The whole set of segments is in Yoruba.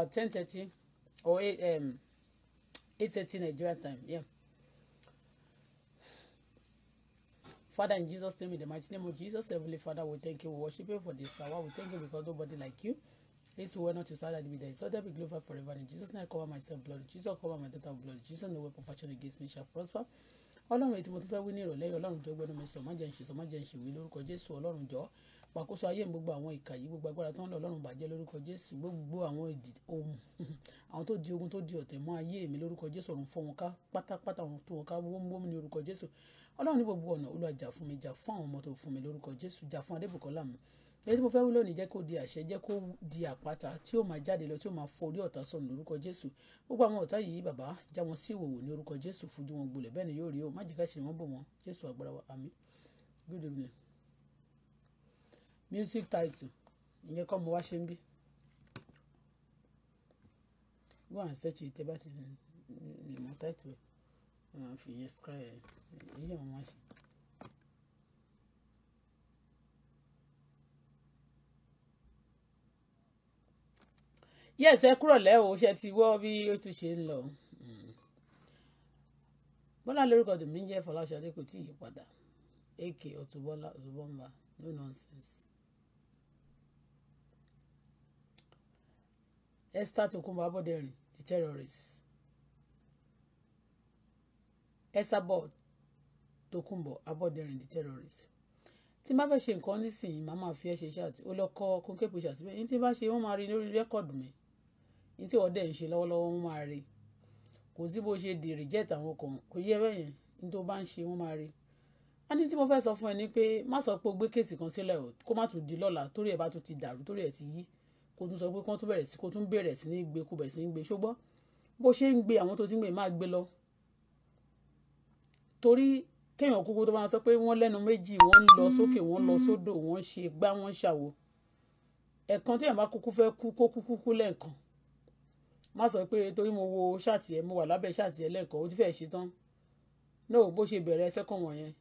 about ten thirty or eight um, eight thirty Nigeria time yeah. Father, in Jesus' name, in the mighty name of Jesus, Heavenly Father, we thank you. We worship you for this hour. We thank you because nobody like you. It's well not to start at me there. So that be glorified forever. In Jesus' name, I cover myself, blood. Jesus, cover my daughter, blood. Jesus, no way perfection against me shall prosper. Ọlọ́run ètò mo tún fẹ́ wí ní ìrọ̀lẹ́ yìí ọlọ́run jọ gbẹ́nu mi sọ má jẹ́ ń ṣe sọ má jẹ́ ń ṣe wí lórúkọ Jésù ọlọ́run jọ pàkóso ayé mi gbogbo àwọn ìkà yìí gbogbo agbára tó ń lọ ọlọ́run bàjẹ́ lórúkọ jésù gbogbo àwọn ìdí ohun àwọn tó di ogun tó di ọ̀tẹ̀ mọ́ ayé mi lórúkọ jésù ọ̀run fọ́ wọn ká pátápátá wọn tó wọn ká wọ́mwọ́m ní orúkọ jésù ọlọ́run ní gbogbo ọ̀nà olúwa jà fún mi jà fún àwọn ọmọ tó fún mi lórúkọ jésù jà fún adébùkọ́lá mi èyí tí mo fẹ́ wí lónìí jẹ́ kó di àṣẹ jẹ́ kó di àpáta tí ó máa jáde lọ tí ó máa fọ orí ọ̀tá sọnù lórúkọ jésù gbogbo àwọn ọ̀tá yìí bàbá já wọn sí ìwòwò ní orúkọ jésù fojú wọn gbolẹ̀ bẹ́ẹ̀ ni yóò rí o má jẹ́ ká ṣe wọ́n bò wọ́n jésù agbára wa àmín music title ìyẹn kọ́ mo wá ṣe ń bí go and search it bá ti lè mọ title ẹ̀ wọ́n fi yẹn sky ẹ̀ èyí àwọn wá ṣe. yes ẹ kúrò lẹ́ o ṣe ti wọ́ bí ó tún ṣe ń lọ hmm. bọ́lá lórúkọ tèmi ń jẹ́ fọláṣadé kò tí ì yí padà èkè ọ̀túnbọ́lá no nonsense. Esther Tokunbo Aboderin the terrorist Esabod Tokunbo Aboderin the terrorist tí má fẹ́ ṣe nǹkan nísìnyí màá máa fi ẹ́ ṣe iṣẹ́ àti ó lọ kọ́ àti bẹ́ẹ̀ ní bá ṣe wọ́n máa rí lórí rẹ́kọ̀dù mi ní tí ọ̀dẹ̀ ń ṣe lọ́wọ́lọ́wọ́ wọ́n máa rí kò sí bó ṣe di reject àwọn kan kò yẹ bẹ́ẹ̀ yẹn ní tó bá ń ṣe wọ́n máa rí. a ní tí mo fẹ́ sọ fún ẹ ni pé má sọ pé o gbé kéèsì kan sílẹ̀ o kó má tún di lọ́la torí ẹ̀ bá tún ti dàrú torí ẹ̀ ti yí kó tún sọ pé kó tún bẹ̀rẹ̀ sí kó tún bẹ̀rẹ̀ sí ní gbé kó bẹ̀rẹ̀ sí ní gbé ṣùgbọ́n bó ṣe ń gbé àwọn tó ti ń gbé máa gbé lọ torí kéèyàn kúkú tó bá sọ pé wọ́n lẹ́nu méjì wọ́n ń lọ sókè wọ́n lọ sódò wọ́n ń ṣe gbá wọ́n ń ṣàwò ẹ̀kan téèyàn bá kúkú fẹ́ kú kó kúkú kú lẹ́ẹ̀kan má sọ pé torí mo wo ṣáàtì ẹ mo wà lábẹ́ ṣáàtì ẹ lẹ́ẹ̀kan ó ti fẹ́ẹ́ ṣe tán náà bó ṣe bẹ̀rẹ̀ second one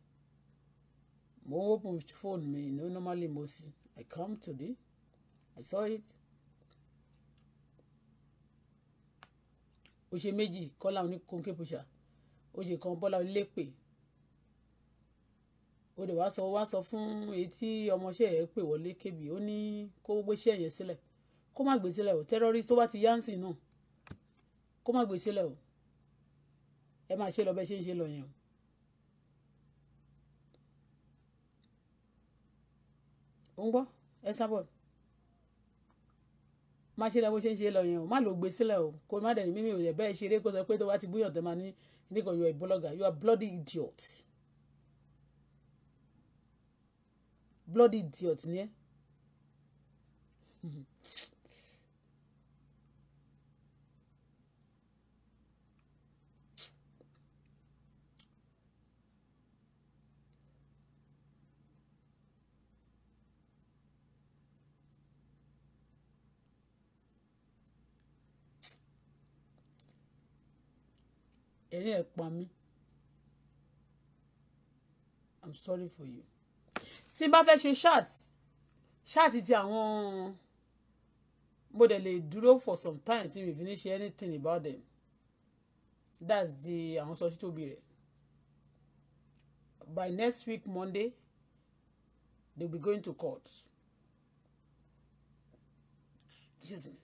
mo open phone mi you normally mo see I come today I saw it ó ṣe méjì kọ́lá oníkóńké pòṣà ó ṣe kan bọ́lá onílépè ó dẹ̀ wá sọ wá sọ fún etí ọmọọṣẹ́ ẹ̀ pè wọlé kébì ó ní kó gbé iṣẹ́ yẹn sílẹ̀ kó má gbé e sílẹ̀ o terrorist tó bá ti yánsìn náà kó má gbé e sílẹ̀ o ẹ máa ṣe lọ bẹ́ẹ̀ ṣe ń ṣe lọ yẹn o. ó ń gbọ́ ẹ sábọ̀ má ṣe lọ bó ṣe ń ṣe lọ yẹn o má lọ gbé sílẹ̀ o kó má dẹ̀ ní mímí ò dẹ̀ bẹ́ẹ̀ ṣeré kó sọ pé tó bá ti búyàn tẹ̀ máa ní nígbà you are a blogger you are bloody idiot bloody idiot ni ẹ́ ẹ̀rí ẹ̀ pa mí i'm sorry for you tí n bá fẹ́ ṣe chat chat ti àwọn mo lè dúró for some time till we finish anything about them that's the àwọn sọ sí tóbi rẹ̀ by next week monday they'll be going to court excuse me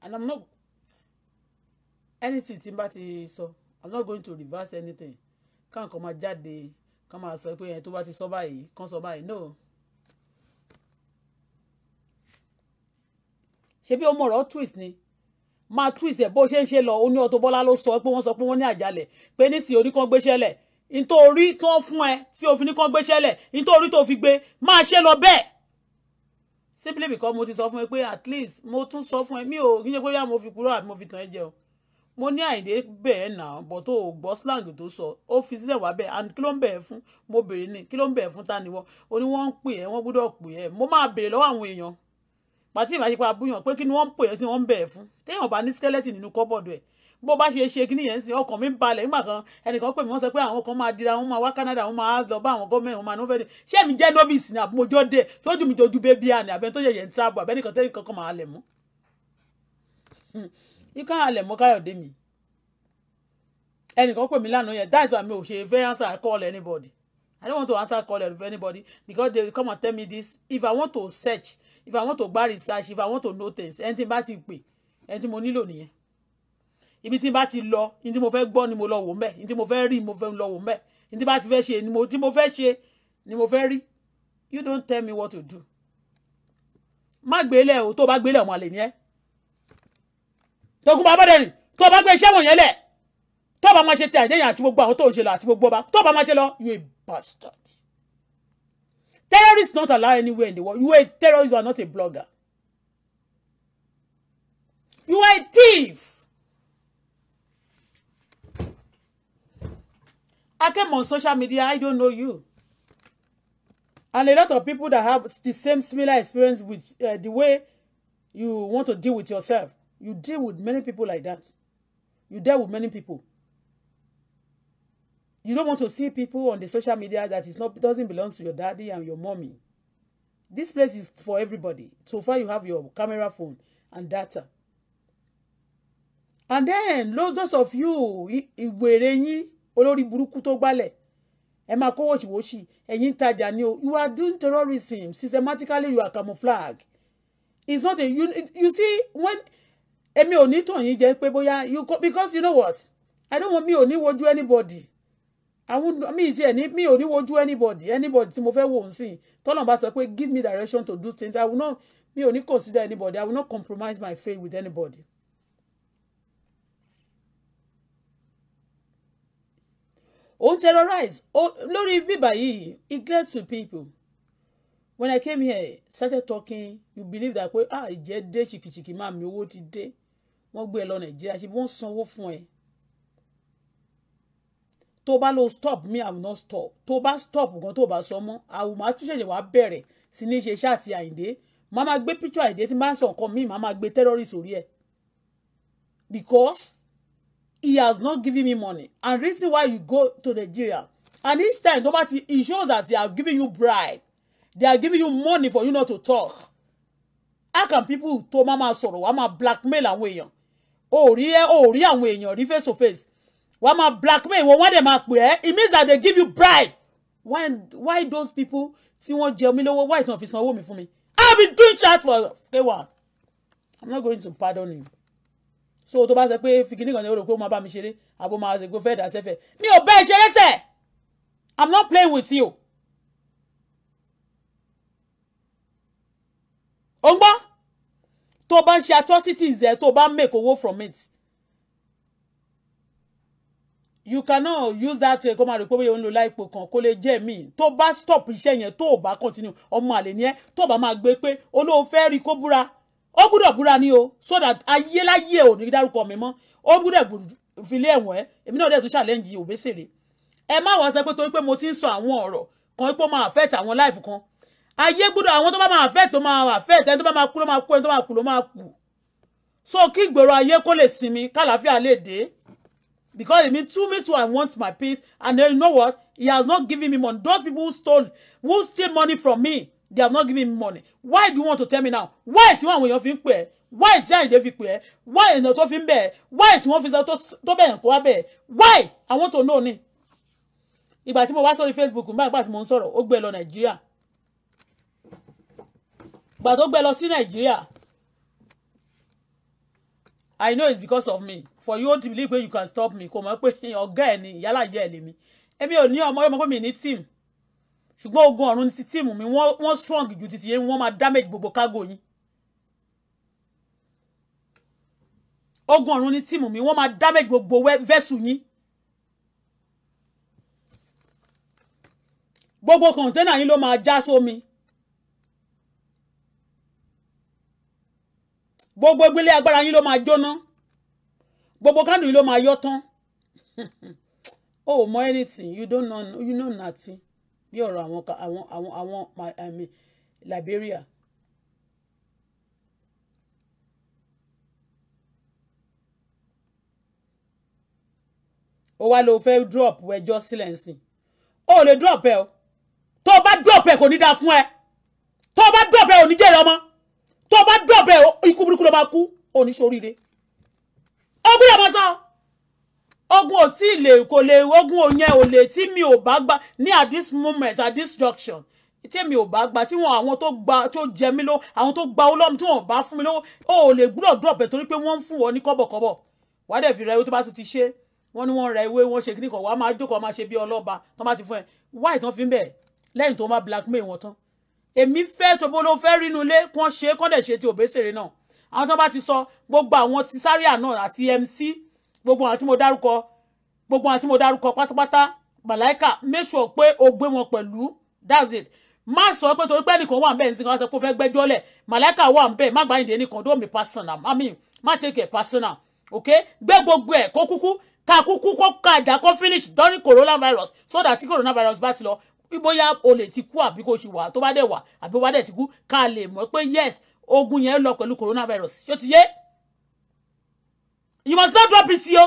and i'm not anything tí n bá ti sọ i'm not going to reverse anything káwọn kan máa jáde kán máa sọ pé ẹ tó bá ti sọ báyìí kán sọ báyìí no. ṣé bí ọmọ ọ̀rọ̀ twist ni máa twist ẹ̀ bó ṣe ń ṣe lọ ó ní Auto Bola ló sọ pé wọ́n sọ pé wọ́n ní àjálẹ̀ pé nísìnyí oníkan gbéṣẹ́ lẹ̀ nítorí tó ń fún ẹ tí òfin nìkan gbéṣẹ́ lẹ̀ nítorí tó fi gbé máa ṣe lọ bẹ́ẹ̀ simply because mo ti sọ fún ẹ pé at least mo tún sọ fún ẹ mi ò kí n ṣe pé yá mo fi kúrò àbí mo fi tàn ẹ jẹ mo ní àyìndé bẹ́ẹ̀ na bọ́ tó o gbọ́ slang tó sọ ó fi sílẹ̀ wá bẹ́ẹ̀ and kí ló ń bẹ̀ẹ́ fún mo bèrè ní kí ló ń bẹ̀ẹ́ fún ta ni wọ́n ó ní wọ́n ń pè ẹ́ wọ́n gbọ́dọ̀ pè ẹ́ mo máa bèrè lọ́wọ́ àwọn èèyàn pàtí ìbáṣepọ̀ abúyàn pé kí ni wọ́n ń pè ẹ́ tí wọ́n ń bẹ̀ẹ́ fún téèyàn bá ní skeleton nínú kọ́bọ̀dù ẹ̀ bó bá ṣe ṣe mi balẹ̀ nígbà kan ẹnìkan pè mí sọ pé àwọn kan máa dira wọn máa wá Canada lọ bá àwọn wọn máa ṣé you can't halẹ̀ mọ́ káyọ̀dé mi ẹnìkan pè mí lánàá yẹn that's why mi ò ṣe fẹ́ answer I call anybody i don't want to answer call of anybody because they come and tell me this if i want to search if i want to gba research if i want to know things ẹni tí n bá ti pè ẹni tí mo nílò nìyẹn ibi tí n bá ti lọ ní tí mo fẹ́ gbọ́ ni mo lọ wò ń bẹ̀ ní tí mo fẹ́ rí ni mo fẹ́ lọ wò ń bẹ̀ ní tí bá ti fẹ́ ṣe ni mo tí mo fẹ́ ṣe ni mo fẹ́ rí you don't tell me what to do má gbélé o tó bá gbélé ọmọ àlè ni ẹ́ Tokunbo Abọ́dẹ̀rìn tó bá gbé iṣẹ́ wọ̀nyẹn lẹ̀ tó bá máa ṣe ti àìdẹ́yìn àti gbogbo àwọn tó ń ṣe lọ àti gbogbo ọba tó bá máa ṣe lọ you a bastard. Terrorists not allow anywhere in the world. You are a terrorist, you are not a blogger. You are a thief. I came on social media, I don't know you. And a lot of people that have the same similar experience with uh, the way you want to deal with yourself. You deal with many people like that. You deal with many people. You don't want to see people on the social media that is not doesn't belong to your daddy and your mommy. This place is for everybody. So far, you have your camera phone and data. And then those, those of you ìwèrè yín olórí burúkú tó gbálẹ̀ ẹ máa kó wòṣìwòṣì ẹ̀yin tajà ni o you are doing terrorism systematically you are camouflage it's not a you, you see when èmi ò ní tàn yín jẹ́ pé bóyá you go because you know what i don't want mi ò ní wojú anybody àwọn mi ti ẹ̀ ní mi ò ní wojú anybody anybody tí mo fẹ́ wò ó sí tọ́lọ̀ bá sọ pé give me direction to do things i will not mi ò ní consider anybody i will not compromise my faith with anybody. ó ń terrorize lórí bíbà yìí he get to people when i came here started talking you believe that pé ah ìjẹ́ dé ṣìkìṣìkì máa mi owó ti dé wọ́n gbé ẹ lọ nàìjíríà ṣe bí wọ́n sanwó fún ẹ tó bá lọ stop me i not stop tó bá stop gan tó bá sọ mọ́ àwọn màá tún ṣẹ̀ṣẹ̀ wá bẹ̀rẹ̀ sí ní ṣe iṣẹ́ àti àyíǹde màá máa gbé picture àyíǹde tí máa ń sọ nǹkan míì màá máa gbé terrorist orí ẹ because he has not given me money and reason why you go to Nigeria and each time tó bá ti he shows that they are giving you bribe they are giving you money for you not to talk how can people tó máa máa sọ̀rọ̀ wá máa blackmail àwọn èèyàn ò rí ẹ ò rí àwọn èèyàn rí face to face wàá máa blackmail wọn wọ́n dẹ̀ máa pè ẹ́ it means that they give you bribe why why those people tí wọ́n jẹ omi lówó why ìtàn fi san owó mi fún mi i been doing chat for kewa i'm not going to pardon you. so tó bá sọ pé fìkìnnì kan ní o rò pé ó máa bá mi ṣeré àbó máa ṣe pé ó fẹ́ dà sẹ́fẹ̀ mi ò bẹ́ẹ̀ ṣeré sẹ̀ i'm not playing with you. ó ń gbọ́ tó bá ń ṣe atrocities ẹ tó bá make owó from it you cannot use that kó máa rò pé òun ló láìpò kan kó lè jẹ́ mi tó bá stop iṣẹ́ yẹn tó bá continue ọmọ àlè ni ẹ tó bá máa gbé pé olóhùn fẹ́ rí kó búra ó gbúdọ̀ búra ni o so that ayéláyé ò ní dárúkọ mi mọ́ ó gbúdọ̀ filé ẹ̀wọ̀n ẹ̀ èmi náà dẹ̀ tún challenge Obesere ẹ má wá sọ pé torí pé mo ti ń sọ àwọn ọ̀rọ̀ kan pé ó máa affect àwọn life kan ayé gbọ́dọ̀ àwọn tó bá máa fẹ́ tó máa wà fẹ́ tẹ́ni tó bá máa kú ló máa kú ẹni tó máa kú ló máa kú so kí ìgbèrò ayé kó lè sinmi kálàáfíà lè dé because èmi too me too I want my peace and then you know what he has not given me money those people who stole who steal money from me they have not given me money why do you want to tell me now why tí wọn àwọn èèyàn fi ń pè é why tí àyìndé fi pè é why èèyàn tó fi ń bẹ̀ ẹ́ why tí wọ́n fi sọ tó bẹ̀yàn kó wá bẹ̀ why I want to know ni ìgbà tí mo wá sórí Facebook nígbà tí mo ń sọ̀rọ̀ ó gbé lọ Nàìjíríà gbà tó gbé lọ sí nàìjíríà i know it's because of me for you to believe pé you can stop me kò mọ̀ pé ọ̀gá ẹ̀ ni ìyálà yẹ́ ẹ̀ lèmi èmi ò ní ọmọ ọmọ pé mi ní team ṣùgbọ́n ogun ọ̀run ti tíìmù mi wọ́n strong ju titi yẹn wọ́n máa damage gbogbo kágò yín ogun ọ̀run ni team. mi wọ́n máa damage gbogbo vẹ́sù yín gbogbo kọ̀ǹtẹ́nà yín ló máa já sómi. So gbogbo gbélé agbára yín ló máa jóná gbogbo kánú yín ló máa yọ tán o oh, ò mọ anything you don't know you know nothing bí ọ̀rọ̀ àwọn àwọn àwọn àwọn àmì Liberia. ó wá ló fẹ́ drop ẹjọ́ sílẹ̀ ń sìn o ò lè drop ẹ o tó o bá drop ẹ kò ní dáa fún ẹ tó o bá drop ẹ ò ní jèrè ọmọ tó bá dọ̀bẹ̀ ikú burúkú ló máa kú oníṣoríire ogun yàrá sọ ogun ò tí ì lè kò lè ogun òyìn ò lè tí mi ò bá gbà ní at this moment at this junction tèmi ò bá gba tí wọn àwọn tó gba tó jẹ mí ló àwọn tó gba owó lọ́mú tí wọn bá fún mi lówó ó ò lè gbúdọ̀ drop ẹ̀ torí pé wọ́n ń fún wọn ní kọ́bọ̀kọ́bọ̀ wàá dẹ̀ fi ra ewé tó bá tún ti ṣe wọ́n ní wọ́n ra ewé wọ́n ṣe kíníkan wàá máa jókòó máa ṣe bí ọlọ́ba tó bá ti fún ẹ wáì tán fi ń bẹ̀ lẹ́yìn tó máa blackmail wọn tán èmi fẹ́ tòbó ló fẹ́ rínú ilé kán ṣe kán dẹ̀ ṣe ti òbésèré náà àwọn tó bá ti sọ gbogbo àwọn ti sáríà náà àti MC gbogbo àwọn tí mo dárúkọ gbogbo àwọn tí mo dárúkọ pátápátá màláìkà make sure pé o gbé wọn pẹ̀lú that's it má sọ pé torí pé ẹnìkan wà ń bẹ̀ nìkan sọ pé ó fẹ́ gbẹ́jọ́ lẹ̀ màláìkà wà ń bẹ̀ má gbà yìndé nìkan don't personal I mean má take it personal okay gbé gbogbo ẹ̀ kó kúkú ká kúkú kó ká kó finish during coronavirus so that tí coronavirus bá ti lọ bí bóyá olè ti kú àbí kò sì wà tó bá dẹ̀ wà àbí ó bá dẹ̀ ti kú ká lè mọ̀ pé yes ogun yẹn lọ pẹ̀lú coronavirus ṣó ti yé you must not drop it yo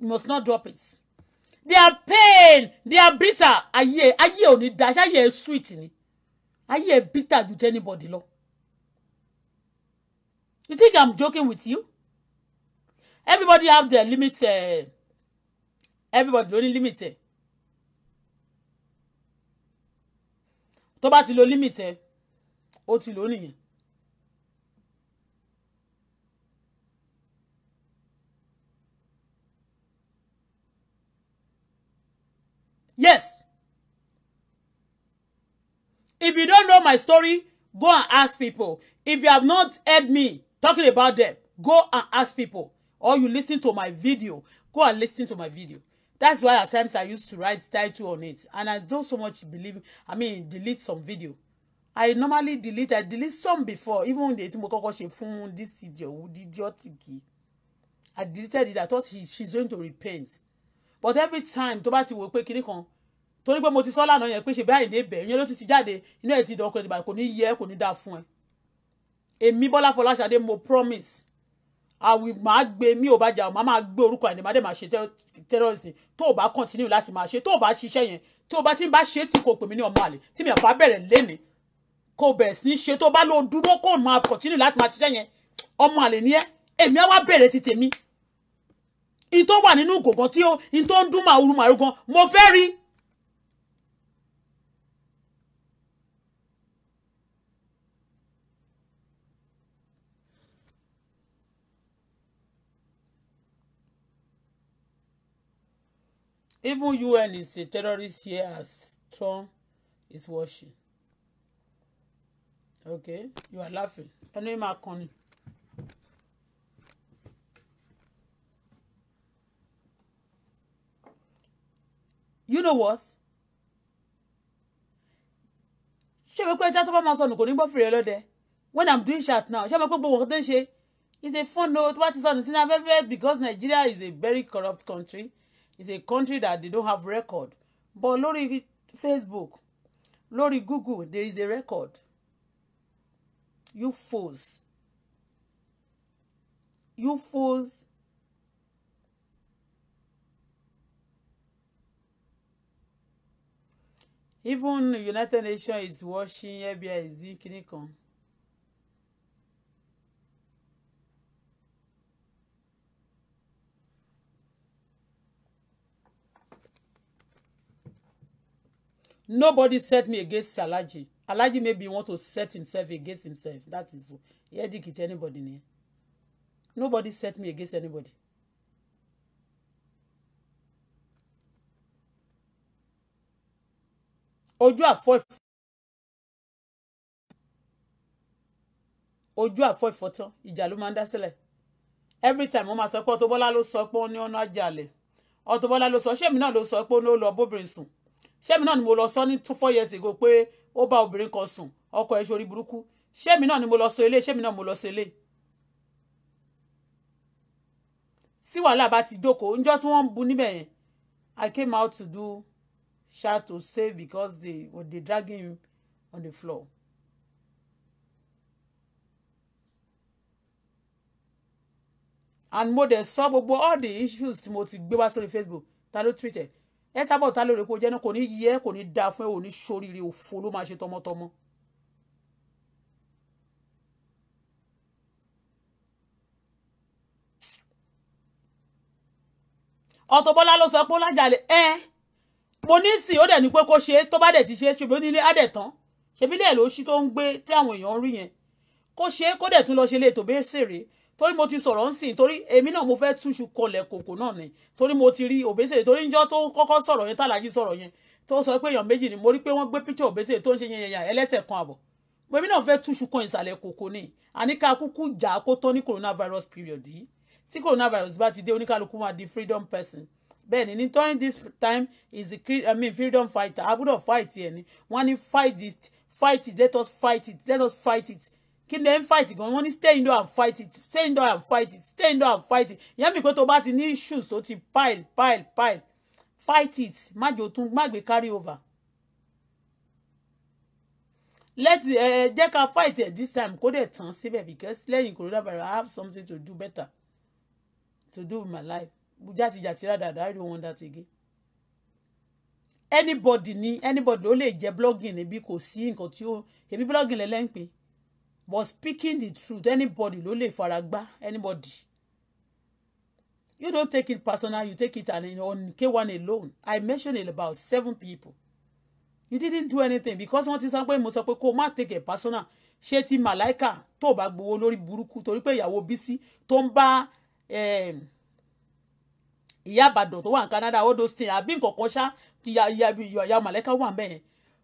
you must not drop it they are pain they are bitter ayé ayé ò ní da ṣáyé ẹ sweet ni ayé ẹ bitter ju anybody lọ you think i'm joking with you everybody have their limit uh, everybody only ní limit Uh, tó bá ti lo limit ẹ ó ti lò nìyẹn. yes if you don't know my story go and ask people if you have not heard me talking about them go and ask people or you listen to my video go and listen to my video that's why at times i used to write title on it and i don't so much believe i mean delete some video i normally delete i delete some before even the tí mo kọ́kọ́ ṣe fún this idiot idiotic i deleted it i thought she, she's going to repent but every time tó bá ti wò pé kinní kan torí pé mo ti sọ lánàá yẹn pé ṣe báyìí dé bẹ̀ yẹn ló ti ti jáde inú ẹ̀ ti dọ̀kọ̀ ẹ̀ dìbà kò ní yẹ kò ní dáa fún ẹ èmi Bọ́lá Fọláṣadé mo promise àwì máa gbé mi ò bá jà máa máa gbé orúkọ àìní máa dẹ̀ máa ṣe terrorist tó o bá continue láti máa ṣe tó o bá ṣiṣẹ́ yẹn tó o bá ti ń bá ṣe tí kò pè mí ní ọmọ àlè tí mi àbá bẹ̀rẹ̀ lénìí kò bẹ̀rẹ̀ sí ní ṣe tó o bá lọ dúró kó o máa continue láti máa ṣiṣẹ́ yẹn ọmọ àlè ni ẹ́ èmi á wá bẹ̀rẹ̀ ti tèmi in tó wà nínú gògán tí ó in tó ń dún màrú màrú gan mo fẹ́ rí Even UN is a terrorist here as Trump is watching. Okay, you are laughing. Ẹnu máa kan ni. You know what? Ṣé mo pé chat tó bá máa sọnù kò ní gbọ́ When I'm doing chat now, ṣé mo pé gbogbo nǹkan tó ń It's a fun note, What tó bá ti I've ever heard because Nigeria is a very corrupt country it's a country that they don't have record but lórí Facebook lórí Google there is a record you fools you fools even United Nations is watching FBI is doing kini nobody set me against Alhaji Alhaji maybe want to set himself against himself that is yẹ́dìkì tí anybody ni nobody set me against anybody. ojú àfọ ìfọ ojú àfọ ìfọtán ìjà ló máa ń every time wọ́n máa sọ pé Auto Bola ló sọ pé ó ní ọ̀nà àjàlẹ̀ Auto Bola lo sọ ṣé èmi náà ló sọ pé ó ní ó lọ ṣẹ́mi náà ni mo lọ sọ ní two four years ago pé ó bá obìnrin kan sùn ọkọ ẹ̀ ṣorí burúkú ṣẹ́mi náà ni mo lọ sọ eléyìí ṣẹ́mi náà mo lọ sọ eléyìí. tí wàhálà bá ti jókòó njọ́ tí wọ́n ń bu níbẹ̀ yẹn I came out to do shout to save because they were they dragging him on the floor. and mo dẹ̀ sọ gbogbo all the issues tí mo ti gbé wá sórí Facebook ta ló treat ẹ sábọ̀ ta lóore kó jẹ́ náà kò ní yẹ kò ní dáa fún ẹ ò ní ṣoríire òfo ló máa ṣe tọmọtọmọ. Auto Bola ló sọ pé ó lájàlè ẹ mo ní sìn ó dẹ̀ ní pé kó ṣe é tó bá dẹ̀ ti ṣe é ṣùgbọ́n nílé á dẹ̀ tán ṣebí lẹ́ẹ̀ ló ṣí tó ń gbé tí àwọn èèyàn ń rí yẹn kó ṣe kó dẹ̀ tún lọ ṣe lè tó bẹ́ẹ̀ torí mo ti sọ̀rọ̀ ń sìn torí èmi náà mo fẹ́ túṣu kọlẹ̀ kòkò náà ni torí mo ti rí òbẹ́sẹ̀ torí njọ́ tó kọ́kọ́ sọ̀rọ̀ yẹn tàlàjì sọ̀rọ̀ yẹn tó sọ pé èèyàn méjì ni mo rí pé wọ́n gbé píṣọ̀ òbẹ́sẹ̀ tó ń ṣe yẹn yẹn ẹlẹ́sẹ̀ kan àbọ̀ èmi náà fẹ́ túṣu kan ìsàlẹ̀ kòkò ni àníkà kúkú jà kó tán ní coronavirus period yìí tí coronavirus bá ti dé oníkálukú máa di freedom person bẹ́ẹ̀ ni nítorí this time is the I mean, freedom fighter a gbọ́dọ̀ fight yẹn ni wọ́n ní fight it fight it let us fight it let us fight it kí lè ń fight gan wọ́n ní stay indoor and fight it stay indoor and fight it stay indoor and fight it ìyẹn mi pé tó bá ti ní issues tó ti pile pile pile fight it má jò tún má gbé carry over let ẹ eh, eh, jẹ́ ká fight it this time kó dẹ̀ tán síbẹ̀ because lẹ́yìn coronavirus I have something to do better to do with my life jàtijàti rádàdà I don't want that again anybody ni anybody ló lè jẹ́ blogging níbi kò sí nǹkan tí ó ṣèbí blogging lẹ́lẹ́ ń pè but speaking the truth anybody ló lè faragbá anybody you don't take it personal you take it and on K1 alone I mentioned about seven people you didn't do anything because wọ́n ti sọ pé mo sọ pé kó o má take it personal ṣé ti màláìkà tó o bá gbowó lórí burúkú torí pé ìyàwó Bísí tó ń bá ehm, ìyá àbàdàn tó wà ní Canada all those things àbí nǹkan kan ṣá ìyá ìyá màláìkà wà mẹ́yẹn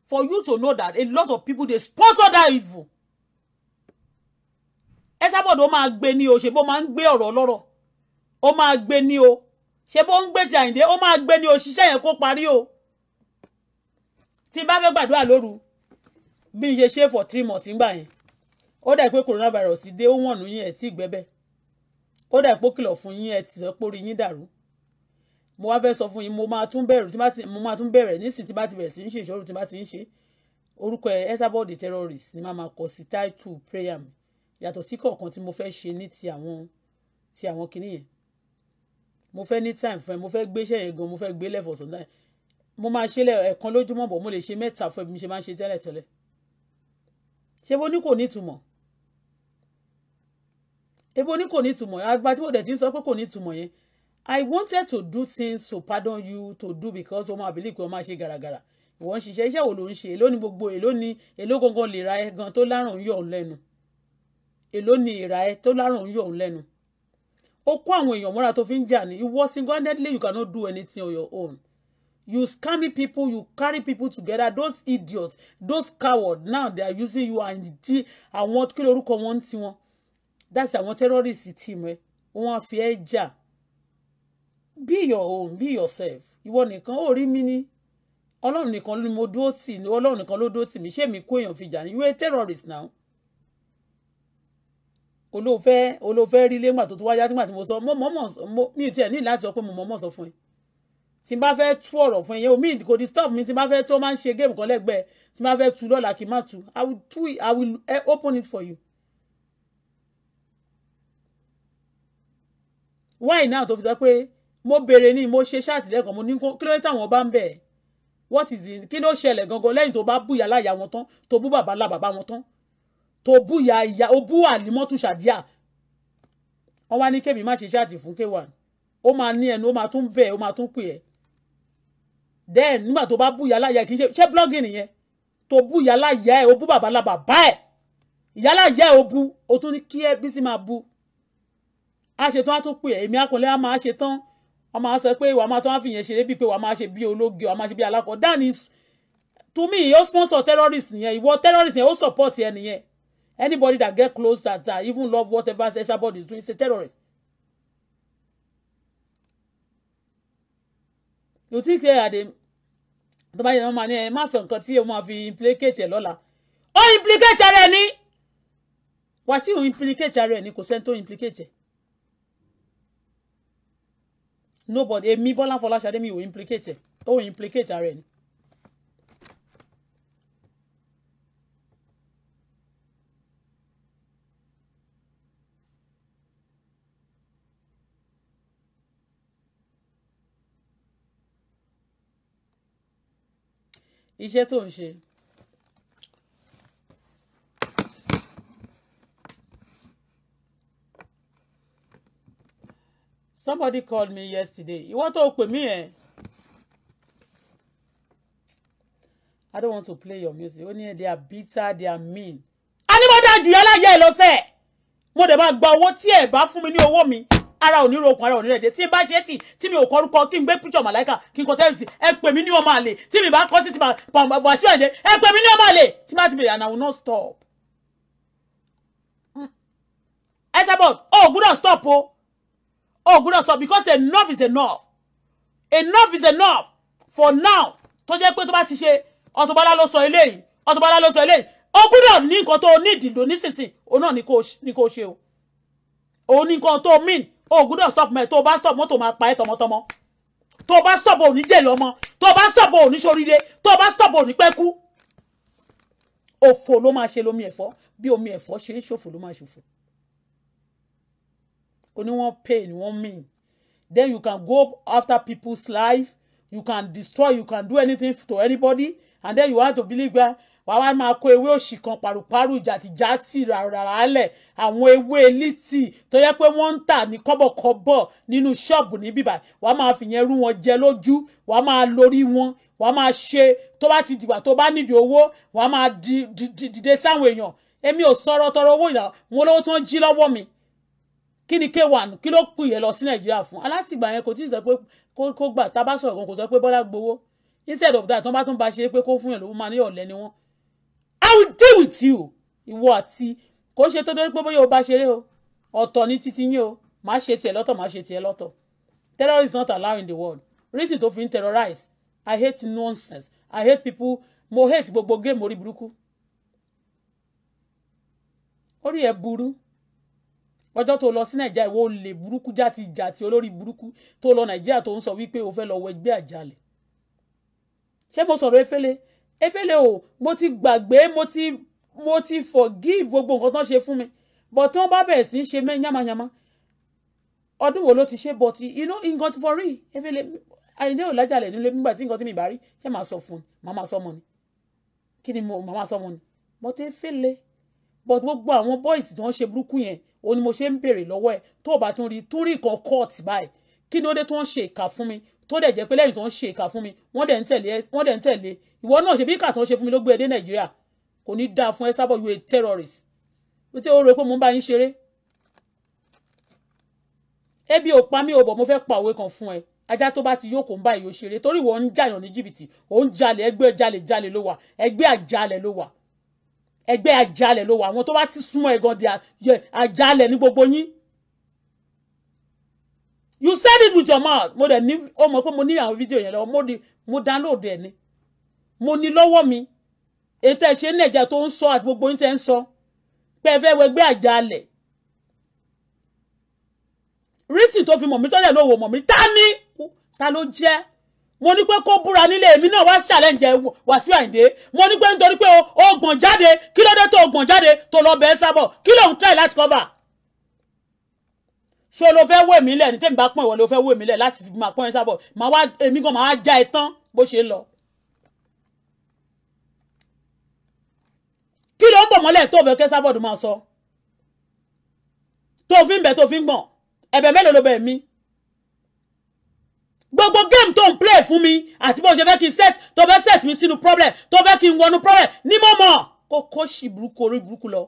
for you to know that a lot of people dey sponsor that evil Esabod ó máa gbé ni o ṣe bó máa ń gbé ọ̀rọ̀ lọ́rọ̀ ó máa gbé ni o ṣe bó ń gbé ti Àyìndé ó máa gbé ni o ṣiṣẹ́ yẹn kó parí o tí n bá fẹ́ gbàdúrà lóru bí n ṣe ṣe for three months ngbà yẹn ó dà pé coronavirus dé ó wọ̀nù yín ẹ̀ tí gbẹ́bẹ́ ó dà pé ó kìlọ̀ fún yín ẹ̀ tí sọ pé orí yín dàrú mo wá fẹ́ sọ fún yín mo máa tún bẹ̀rù tí mo máa tún bẹ̀rẹ̀ nísìnyí tí bá ti bẹ̀rẹ̀ sí ń ṣe ìṣòro tí bá ti ń ṣe orúkọ ẹ̀ Esabod terrorist ni màá máa kọ sí title prayer mi yàtọ̀ sí kọ̀ọ̀kan tí mo fẹ́ ṣe ní ti àwọn ti àwọn kinní yẹn mo fẹ́ ní time fún mo fẹ́ gbé iṣẹ́ yẹn gan mo fẹ́ gbé lẹ́fọ̀ sọ̀dá mo máa ṣe ẹ̀ẹ̀kan lójúmọ́ bọ̀ mo lè ṣe mẹ́ta fún ẹ ṣe máa ń ṣe tẹ́lẹ̀tẹ́lẹ̀ ṣé bó ní kò ní ìtumọ̀ ebo ní kò ní ìtumọ̀ àgbà tí mo dẹ̀ ti ń sọ pé kò ní ìtumọ̀ yẹn I wanted to do things to pardon you to do because o máa believe pé o máa ṣe gàràgàrà ìwọ ń ṣiṣẹ́ iṣẹ́ wo ló ń ṣe èló ni gbogbo èló ni èló gangan lè ra ẹgan tó lárùn yọ̀ lẹ́nu èló ni ìrà ẹ tó lárùn ń yọ òun lẹ́nu ó kó àwọn èèyàn mọ́ra tó fi ń jà ní ìwọ single-handedly you cannot do anything on your own you scamming people you carry people together those idiots those cowards now they are using you and ti àwọn kí lorúkọ wọn ń tiwọn that's àwọn terrorists team ẹ wọn fi ẹ jà be your own be yourself ìwọ nìkan ó rí mi ní ọlọ́run nìkan ló ní mo dúró tì ní ọlọ́run nìkan ló dúró tì mí ṣé mi kó èèyàn fi jà ní you a terrorist now olóòfẹ́ olóòfẹ́ rí lẹ́gbà tó tún wáyá nígbà tí mo sọ mo mi ò tiẹ̀ ní láti sọ pé mo mọ̀ọ́mọ̀ sọ fún ẹ tí n bá fẹ́ tú ọ̀rọ̀ fún ẹ omi kò disturb mi tí n bá fẹ́ tó máa ń ṣe géèmù kan lẹ́gbẹ̀ẹ́ tí n bá fẹ́ tú lọ́la kì í má tú i will do it i will eh, open it for you. why now tó fi sọ pé mo béèrè ni mo ṣe ṣáàtì lẹ́ẹ̀kan mo ní kí ló ń tàwọn bá ń bẹ̀ what is it kí ló ṣẹlẹ̀ gangan lẹ́yìn tó bá bú láyà wọn tán tó bú bàbá lá bàbá wọn tán tó bú ìyá ìyá ó bú àlímọ́tù ṣàdíà wọ́n wá ní kẹ́mi má ṣe ṣáàtì fún kéwà ó máa ní ẹnu ó máa tún bẹ̀ ó máa tún pè ẹ́ then nígbà tó bá bú ìyá láyà kì í ṣe ṣé blọ́gì nìyẹn tó bú ìyá láyà ẹ̀ ó bú bàbá la bàbá ẹ̀ ìyá láyà ẹ̀ ó bú ó tún ní kí ẹ bí sì máa bú a ṣetán á tún pè ẹ́ èmi akọ̀lẹ́ á máa ṣetán wọ́n máa sọ pé wàá máa tán á fi yẹn pé wàá máa ṣe bíi ológe wàá máa ṣe bíi alákọ̀ọ́ dáàni to me ó sponsor terrorist nìyẹn ìwọ terrorist yẹn ó support ẹ nìyẹn Anybody that get close that uh, even love whatever somebody is doing is a terrorist. You think they eh, are the tó bá yẹ ní wọn máa ní ẹ eh, má sọ nǹkan tí wọn máa fi implicate ẹ lọ́la ó implicate ara ẹ ní Wàsíù implicate ara ẹ ní kò sẹ́ni tó implicate ẹ nobody èmi Bọ́lá Fọláṣadé mi ò implicate ẹ ó implicate ara ẹ iṣẹ́ tó ń ṣe. somebody called me yesterday ìwọ tó pè mí ẹ I don't want to play your music ó ní ẹ they are bitter they are mean. a ní mo dájú yálà yẹ ẹ lọ́sẹ̀ mo dẹ̀ máa gba owó tí ẹ bá fún mi ní owó mi ara ò ní rokun ara ò ní rẹ̀dẹ̀ tí n bá ṣe tì tí mi ò kọrúkọ kí n gbé píṣọ̀ màláìka kí n kọ tẹ́ǹsì ẹ pè mí ní ọmọ àlè tí mi bá kọ́ sí ti Wàsíù Àyìndé ẹ pè mí ní ọmọ àlè tí má ti bèrè and I will not stop. ẹ sábọ̀ o ò gbúdọ̀ stop o o ò gbúdọ̀ stop because enough is enough enough is enough for now tó jẹ́ pé tó bá ti ṣe Auto Bola ló sọ eléyìí Auto Bola ló sọ eléyìí o gbúdọ̀ ní nǹkan tó o ní ìdìlò nísinsìnyí o náà ní kó o ṣe o òun ní nǹkan tó o mean o gbúdọ̀ stop mẹ́ tó o bá stop mọ́tò máa pa ẹ́ tọmọtọmọ tó o bá stop o ní jèrè ọmọ tó o bá stop o ní ṣoríire tó o bá stop o ní pẹ́ kú òfò ló máa ṣe lómi ẹ̀fọ́ bí omi ẹ̀fọ́ ṣe ń ṣòfò ló máa ṣòfò oníwọ̀n pay ni wọ́n mean then you can go after people's life you can destroy you can do anything to anybody and then you want to believe that wàá wá máa kó ewé òṣì kan pàrùpàrù jàtìjàtì ràràlẹ̀ àwọn ewé lítì tó yẹ pé wọ́n ń tà ní kọ́bọ̀kọ́bọ̀ nínú ṣọ́ọ̀bù níbí báyìí wàá máa fìyẹn rú wọn jẹ lójú wàá máa lórí wọn wàá máa ṣe tó bá ti dìgbà tó bá nídìí owó wàá máa dìde sáwọn èèyàn èmi ò sọ̀rọ̀ tọrọ owó ìyá wọn lówó tó ń jí lọ́wọ́ mi kí ni k1 kí ló pè é lọ sí nàìjíríà fún alátìgbà yẹn kò tí ì sọ pé kó gbà tá a bá sọ̀rọ̀ kan kò sọ pé bọ́lá gbowó instead of that wọ́n bá tún ba ṣe pé kó fún yàn lówó máa ní ọ̀lẹ́ ni wọ́n I will deal with you ìwọ àti kò ṣe tó dórí pé bóyá o bá ṣeré o ọ̀tọ̀ ní títí yín o má ṣe tiẹ̀ lọ́tọ̀ má ṣe tiẹ̀ lọ́tọ̀ terror is not allowed in the world reason tó fi terrorize I hate nonsense I hate people mo hate gbogbo géèmù orí burúkú orí ẹ burú ọjọ́ tó lọ sí nàìjíríà ìwọ olè burúkú játi jàti olórí burúkú tó lọ nàìjíríà tó ń sọ wípé o fẹ́ lọ wọ ẹgbẹ́ àjálẹ̀ ṣé mo sọ̀rọ̀ efele efele o mo ti gbàgbé mo ti mo ti forgive gbogbo nǹkan tó ń ṣe fún mi but tí wọ́n bá bẹ̀rẹ̀ sí í ṣe yamayama ọdún wo ló ti ṣe but you know nǹkan ti for real efele àyìndé ò lájàlẹ̀ nílé nígbà tí nǹkan tí mi bá rí ṣé màá sọ fún un màá máa sọ ọmọ ni kí ni màá sọ ọmọ ni but efele but gbogbo àwọn boys tí wọ́n ṣe burúkú yẹn òun ni mo ṣe ń béèrè lọ́wọ́ ẹ̀ tó o bá tún rí tún rí nǹkan court báyìí kí ni ó dé tó ń ṣe ìkà fún mi tó dẹ̀ jẹ́ pé lẹ́yìn tó ń ṣe ìkà fún mi wọ́n dẹ̀ ń tẹ̀lé ìwọ náà ṣe bí kàtó ṣe fún mi ló gbé ẹ dé nàìjíríà kò ní dáa fún ẹ sábọ̀ you a terrorist o tí o rò pé mo ń bá yín ṣeré ebi ò pa mí o bọ̀ mo fẹ́ pa òwe kan fún ẹ ajá tó bá ti yóò kó ń bá èyí ó ṣeré torí ìwọ ń jàyàn ní jìbìtì ò ń jalè ẹgbẹ́ jalè jalè ló wà ẹgbẹ́ àjálẹ̀ ló wà ẹgbẹ́ àjálẹ̀ ló wà àwọn tó bá ti súnmọ́ ẹ̀ gan di àjálẹ̀ ní gbogbo yín you said it with your mouth mo dẹ̀ ní o mọ̀ pé mo ní àwọn fídíò yẹn lọ mo download ẹ̀ ni mo ní lọ́wọ́ mi ètò ẹ̀ṣẹ̀ nàìjà tó ń sọ àti gbogbo yín tẹ́ ń sọ pé ẹ fẹ́ wẹgbẹ́ àjálẹ̀ rísì tó fi mọ̀ mí tọ́jà ló wò mọ̀ mí ta ni ta ló jẹ́ mo ní pé kó búra nílé èmi náà wá ṣàlẹ́ǹjẹ Wàsíù Àyìndé mo ní pé nítorí pé o gbọ̀n jáde kí ló dé tó o gbọ̀n jáde tó lọ bẹ́ẹ̀ sábọ̀ kí ló ń tẹ̀ láti kọ́bà ṣé ló fẹ́ wé mi lẹ̀ ní tèmi bá pọ̀ ìwọ ló fẹ́ wé mi lẹ̀ láti fi máa pọ́n ẹ sábọ̀ èmi gan màá já ẹ tán bó ṣe lọ. kí ló ń bọ̀ mọ́lẹ̀ tó fẹ́ kẹ́ sábọ̀dù máa sọ tó fi ń bẹ̀ tó fi ń gbọ̀n ẹ̀bẹ̀ mélòó ló bẹ̀ mí gbogbo game tó ń play fún mi àti bó ṣe fẹ́ kí n set tó fẹ́ set mi sínú problem tó fẹ́ kí n wọnú problem ní mọ̀ mọ̀ kó kó ṣì burúkú orí burúkú lọ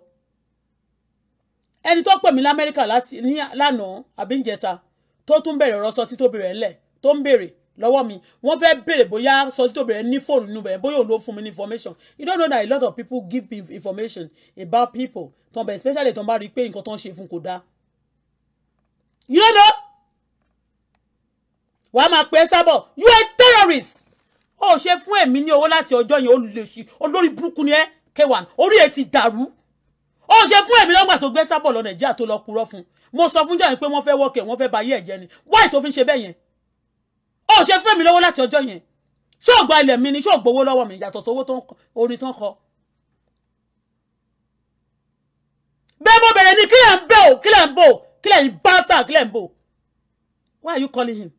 ẹni tó pè mí lamẹ́ríkà lánàá àbí ìjẹta tó tún bẹ̀rẹ̀ ọ̀rọ̀ sọ tító bẹ̀rẹ̀ ńlẹ̀ tó ń bèrè lọ́wọ́ mi wọ́n fẹ́ béèrè bóyá sọ́sítòbìrẹ́ ní fóònù nínú bẹ̀rẹ̀ bóyá òun ló fún mi ní information you don't know that a lot of people give me information about people tó ń bẹ̀ especially tó ń bá rí i pé nǹkan tó ń ṣe fún kò dáa you don't know wàá máa pẹ́ sábọ̀ you a terrorist ó ṣe fún ẹ̀mí ní owó láti ọjọ́ yẹn ó lè ṣí olórí burúkú ni ẹ kẹwàá orí ẹ ti dàrú ó ṣe fún ẹ̀mí lọ́gbà tó gbé sábọ̀ lọ nàìjíríà tó lọ purọ́ fún mo sọ fún jẹ́ pé wọ́n fẹ́ wọ́kẹ̀ wọ́n fẹ́ bayé ẹ̀jẹ̀ ni wáì tó fi ń ṣe bẹ́ẹ̀ yẹn ó ṣe fún mi lọ́wọ́ láti ọjọ́ yẹn ṣé ò gba ilẹ̀ mi ni ṣé ò gbowó lọ́wọ́ mi yàtọ̀ sówó tó ń kọ orin tó ń kọ. bẹ́ẹ̀ mo bẹ̀rẹ̀ ni kílẹ̀ ń bẹ̀ ò kílẹ̀ ń bò kílẹ̀ ń bástà kílẹ̀ ń bò why are you calling him.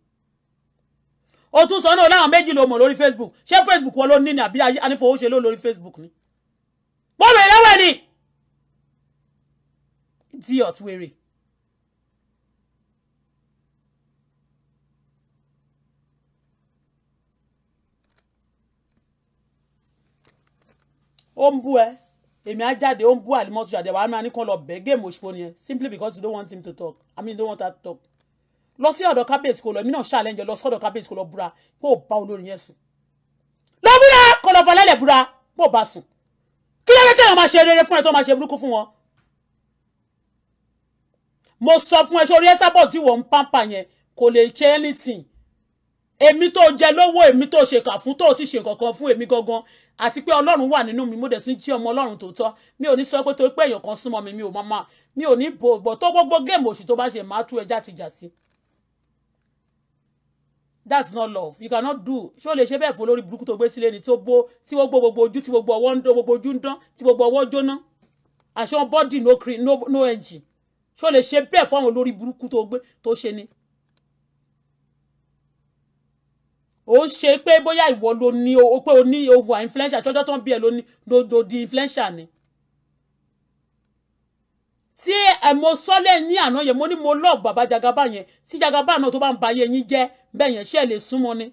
o tún sọ náà láwọn méjì ló mọ̀ lórí facebook ṣé facebook wọn ló ní ní àbí anífowó ṣe ló lórí facebook ni. wọ́n bẹ̀rẹ̀ lọ́wọ́ ẹ̀ ni. idiot wèrè. ó ń bú ẹ èmi á jáde ó ń bú àlímọ́tò ṣàdé wàá máa ní kán lọ bẹ́ géèmù òṣùpọ̀ nìyẹn simply because you don't want him to talk I mean you don't want her to talk lọ sí ọ̀dọ̀ kábíyèsí kò lọ èmi náà ṣàlẹ́njẹ lọ sọ́dọ̀ kábíyèsí kò lọ búra pé ò bá olórin yẹn sùn lọ búra kò lọ fọlẹ́lẹ̀ búra pé ò bá sùn kí ló dé tẹ̀yàn máa ṣe rere fún ẹ tó máa ṣe burúkú fún wọn. mo sọ fún ẹ sórí ẹ sábọ̀ tí wọ́n ń pàǹpà yẹn kò lè ṣe anything èmi tó jẹ lówó èmi tó ṣèkà fún tó ti ṣe kankan fún èmi gangan àti pé ọlọ́run wà nínú mi mo dẹ̀ tún jí ọmọ ọlọ́run tòótọ́ mi ò ní sọ pé torí pé èèyàn kan súnmọ́ mi mi ò máa mi ò ní bò bò tó gbogbo géèmù òṣì tó bá ṣe máa tú ẹ jàtijàti that's not love you cannot do ṣé o lè ṣe bẹ́ẹ̀ fún olórí burúkú tó gbé sílé ni tó gbó tí wọ́n gbó gbogbo ojú tí gbogbo ọwọ́ ń dán gbogbo ojú ń dán tí gbogbo ọwọ́ jóná àṣọ body no cream no no engine ṣé o lè ṣe bẹ́ẹ̀ fún àwọn olórí burúkú tó gbé tó ṣe ni ó ṣe pé bóyá ìwọ ló ní o pé o ní ohun influencer tọ́jọ́ tó ń bí ẹ ló ní dodo di influencer ni. tí ẹ mo sọ́lẹ̀ ní àná yẹn mo ní mo lọ́ọ̀ bàbá jagaba yẹn tí jagaba náà tó bá ń ba ayé yín jẹ́ bẹ́ẹ̀ yẹn ṣe é lè súnmọ́ ni.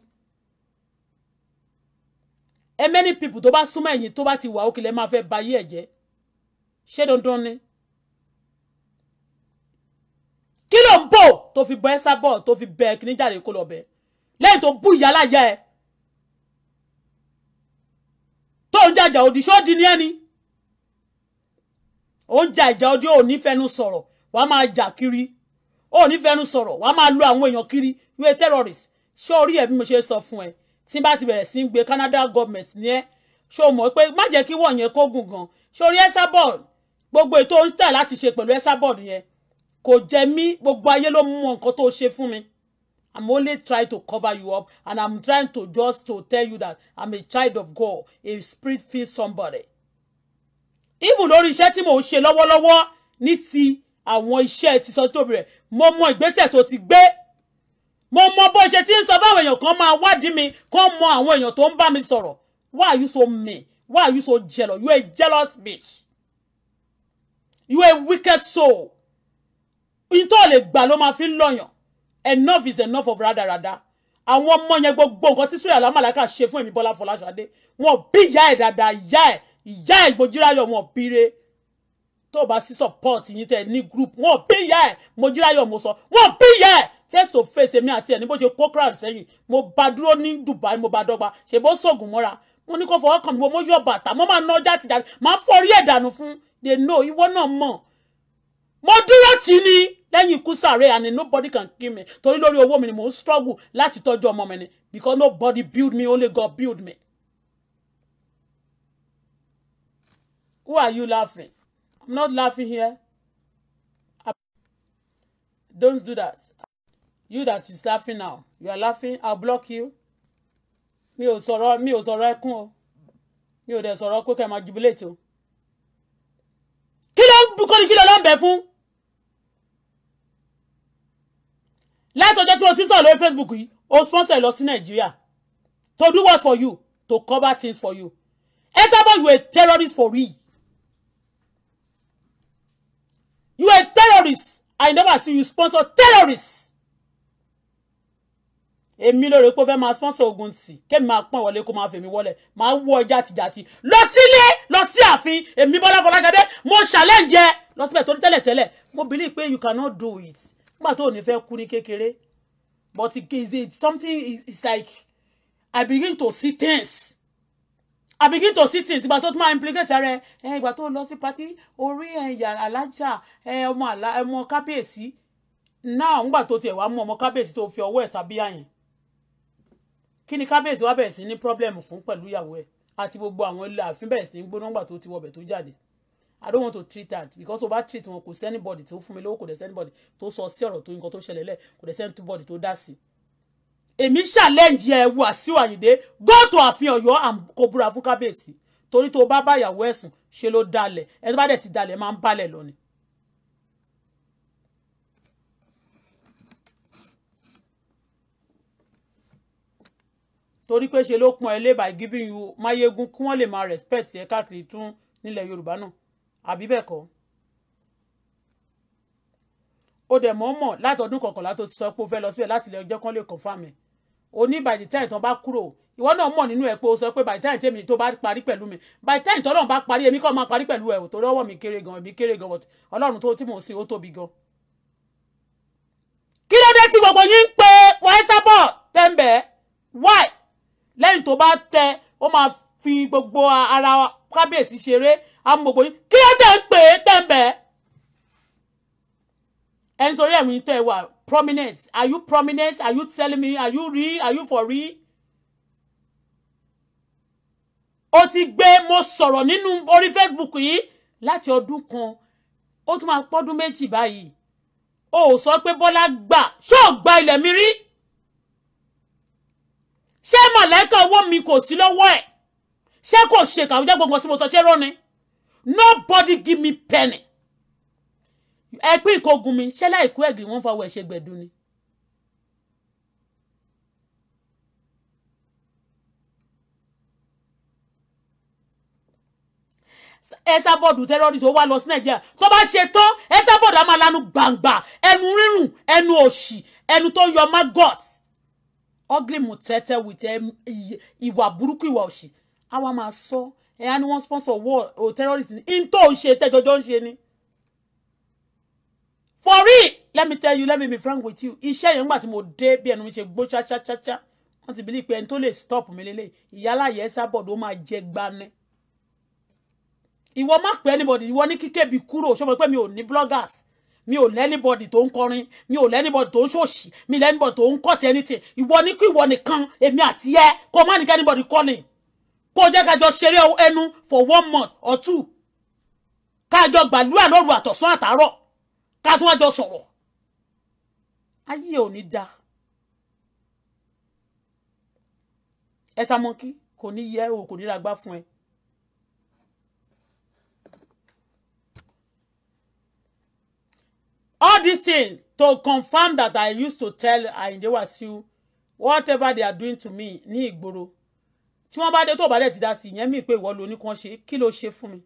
ẹ many people tó bá súnmọ́ ẹ̀yìn tó bá ti wà òkèlè máa fẹ́ ba ayé ẹ̀ jẹ́ ṣé dandan ni. kí ló ń bò tó fi bọ ẹ́ sábọ̀ tó fi bẹ kíní jáde kó lọ bẹ́ẹ̀ lẹ́yìn tó bú ìyá láyà ẹ̀ tó ń jàjà òdì ṣó di ní ẹni ó ń jà ìjà òdì ò ní fẹnu sọ̀rọ̀ wàá máa jà kiri ó ní fẹnu sọ̀rọ̀ wàá máa lo àwọn èèyàn kiri wíwé terrorist ṣé orí ẹ̀ bí mo ṣe sọ fún ẹ tí bá ti bẹ̀rẹ̀ sí ń gbé Canada government ní ẹ ṣé o mọ̀ pé má jẹ́ kí wọ̀nyẹn kó gùn gan ṣé orí ẹ sábọ̀d gbogbo ètò ń tẹ̀ láti ṣe pẹ̀lú ẹ sábọ̀d yẹn kò jẹ mí gbogbo ayé ló mú nǹkan tó ṣe fún mi I'm only trying to cover you up and I'm trying to just to tell you that I'm a child of God, a spirit feed somebody. Even lórí iṣẹ́ tí mò ń ṣe lọ́wọ́lọ́wọ́ ní ti àwọn iṣẹ́ ti sọ tóbi rẹ̀ mo mọ ìgbésẹ̀ tó ti gbé mo mọ bó ṣe ti ń sọ báwọn èèyàn kan máa wádìí mi kán mọ àwọn èèyàn tó ń bá mi sọ̀rọ̀ why are you so mean why are you so jealous you a jealous bitch you a wicked soul ìtọ́ lè gbà ló máa fi ń lọ́yàn enough is enough of rada rada. àwọn ọmọ yẹn gbogbo nǹkan tí sóyà lámàlàkà ṣe fún èmi Bọ́lá Fọláṣadé wọn bí ìyá ẹ̀ dáadáa ìyá ẹ̀ ìyá ẹ̀ Mojíráyọ̀ wọn bíire tó o bá sí support yín tẹ ní group wọn bí ìyá ẹ̀ Mojíráyọ̀ mo sọ wọn bí ìyá ẹ̀ face to face èmi àti ẹ̀ ní bó ṣe crowd sẹ́yìn mo bá dúró ní Dubai mo bá dọ́gba ṣe bó sògùn mọ́ra mo ni ko fọwọ́ kàn mí mo yọ ta. mo máa ná ọjà tìjà máa fọrí ẹ̀ dànù fún they know ìwọ náà mọ̀ mo dúró tì í ni lẹ́yìn ikú sàré and nobody can kill me torí lórí owó mi ni mò ń struggle láti tọ́jú ọmọ mi ni because nobody build me only God build me. Who are you laughing? I'm not laughing here. Don't do that. You that is laughing now. You are laughing. I'll block you. Mi ò sọ̀rọ̀ mi ò sọ̀rọ̀ ẹkún o. Mi ò dẹ̀ sọ̀rọ̀ pé kẹ́ máa jubilate o. Kí ló ń bukọ́ ni kí ló lọ́ọ́ bẹ̀ fún? látọjọ́ tí mo ti on lórí Facebook yìí o sponsor lọ sí Nigeria. to do what for you to cover things for you Esabod you a terrorist for me? you a terrorist I never see you sponsor terrorists èmi lóore pé ó fẹ́ máa sponsor ogun my kémi máa pọ́n wọlé kó máa fèmí wọlé máa wọ jàtijàti lọ sílé lọ sí ààfin èmi Bọ́lá Fọláṣadé mo ṣàlẹ́ǹjẹ lọ síbẹ̀ torí tẹ́lẹ̀tẹ́lẹ̀ mo believe pé you cannot do it nígbà tó ní fẹ́ kú ní kékeré but it's something is like I begin to see things I begin to see things ìgbà tó tún máa implicate rẹ ẹ ìgbà tó lọ sí party orí ẹyà alájà ẹ ọmọ àlá ọmọ kábíyèsí náà ńgbà tó tiẹ̀ wá mú ọmọ kábíyèsí tó fi ọwọ́ ẹ̀ sábíyà yẹn kí ni kábíyèsí wá bẹ̀rẹ̀ sí ní problem fún pẹ̀lú ìyàwó ẹ̀ àti gbogbo àwọn ilé ààfin bẹ̀rẹ̀ sí ní gbóná ńgbà tó ti wọbẹ̀ tó jáde i don't want to treat that because tó bá treat wọn kò sí anybody tó fún mi lówó kò dẹ̀ sí anybody tó sọ sí ọ̀rọ̀ tó nǹkan tó ṣẹlẹ̀ lẹ̀ kò dẹ̀ sí anybody tó dá sí. èmi ṣàlẹ́ǹjì ẹ̀ Wàsíù Àyìndé go to àfihàn yọ kó búra fún kábíyèsí torí tó bá bá ìyàwó ẹ̀sùn ṣe ló dalẹ̀ ẹni tó bá dẹ̀ ti dalẹ̀ máa ń balẹ̀ lọ ni. torí pé ṣe ló pọn ẹ lé by giving you mayegun kí wọ́n lè máa respect ẹ káàkiri tún nílẹ̀ Yorùbá náà àbí bẹ́ẹ̀ kọ́ ó dẹ̀ mọ́ mọ̀ láti ọdún kọkànlá tó ti sọ pé ó fẹ́ lọ síbẹ̀ láti ilẹ̀ ọjọ́ kan lè confam ẹ̀ o ní by the time tán bá kúrò ìwọ náà mọ̀ nínú ẹ̀ pé o sọ pé by the time tèmi tó bá parí pẹ̀lú mi by the time tọ́lọ́run bá parí èmi kọ́ máa parí pẹ̀lú ẹ̀ torí ọwọ́ mi kéré gan mi kéré gan ọlọ́run tó tí mò ń sìn ó tóbi gan. kí ló dé tí gbogbo yín ń pe wẹ́sàbọ̀ tẹ́ǹbẹ̀ why lẹ́yìn tó bá tẹ ó máa fi gbogbo ara kábíyèsí ṣeré amògbò yín kí ló tẹ̀ ń pè é tẹ̀ ẹni torí ẹ̀mí tẹ̀ wà prominent are you prominent are you telling me are you real are you for real o ti gbé mo sọ̀rọ̀ nínú orí Facebook yìí láti ọdún kan ó tún máa pọ́dún méjì báyìí o ò sọ pé Bọ́lá gbà ṣó o gba ilẹ̀ mi rí ṣé mọ̀lẹ́kà owó mi kò sí lọ́wọ́ ẹ̀ ṣé kò ṣe kàwé jẹ́ gbogbo tí mo sọ ṣé rán ni nobody give me penny ẹ pín ìkógun mi ṣé láìkú ẹ̀gì wọ́n fọwọ́ ẹ̀ ṣe gbẹ̀du ni. ẹsàbọọdù tẹrọrìsì ó wá lọ sí nàìjíríà tó bá ṣe tán ẹsàbọọdù á máa lanu gbàǹgbà ẹnu rírùn ẹnu òṣì ẹnu tó yọ magot ugly mutete with ìwà burúkú ìwà òṣì á wá máa sọ ẹ̀yà ni wọ́n sponsor war or terrorist ní in tó ń ṣe tẹ́jọ́jọ́ ń ṣe ni. for real let me tell you let me be frank with you iṣẹ́ yẹn nígbà tí mo dé bí ẹnu mi ṣe gbó ṣáṣáṣáṣá wọ́n ti believe pé ẹni tó lè stop mi lélẹ̀ ìyáláyẹ̀ ẹ sábọ̀dọ̀ ó máa jẹ gbaní. ìwọ má pẹ́ anybody ìwọ ní kíkébì kúrò ṣọmọ pé mi ò ní bloggers mi ò lẹ́nìbọ̀dì tó ń kọrin mi ò lẹ́nìbọ̀dì tó ń ṣòṣì mi lẹ́nìbọ̀dì tó ń kọ̀tì anything ìwọ ní kí ìwọ nìkan èmi àti ẹ kó má ní kẹ́nìbọ̀dì kọ́ni kó jẹ́ ká jọ ṣeré ẹnu for one month or two ká jọ gbàdúrà lóru àtọ̀sán àtàárọ̀ ká tún wá jọ sọ̀rọ̀ ayé ò ní da ẹ̀sà mọ́kí kò ní yẹ o kò ní ra gbá fún ẹ. all these things to confirm that I used to tell Ayinde Wasiu whatever they are doing to me ni igboro tí wọ́n bá dé tó bá dẹ̀ ti dá sí ìyẹn mí pé ìwọ lóní kan ṣe kí ló ṣe fún mi.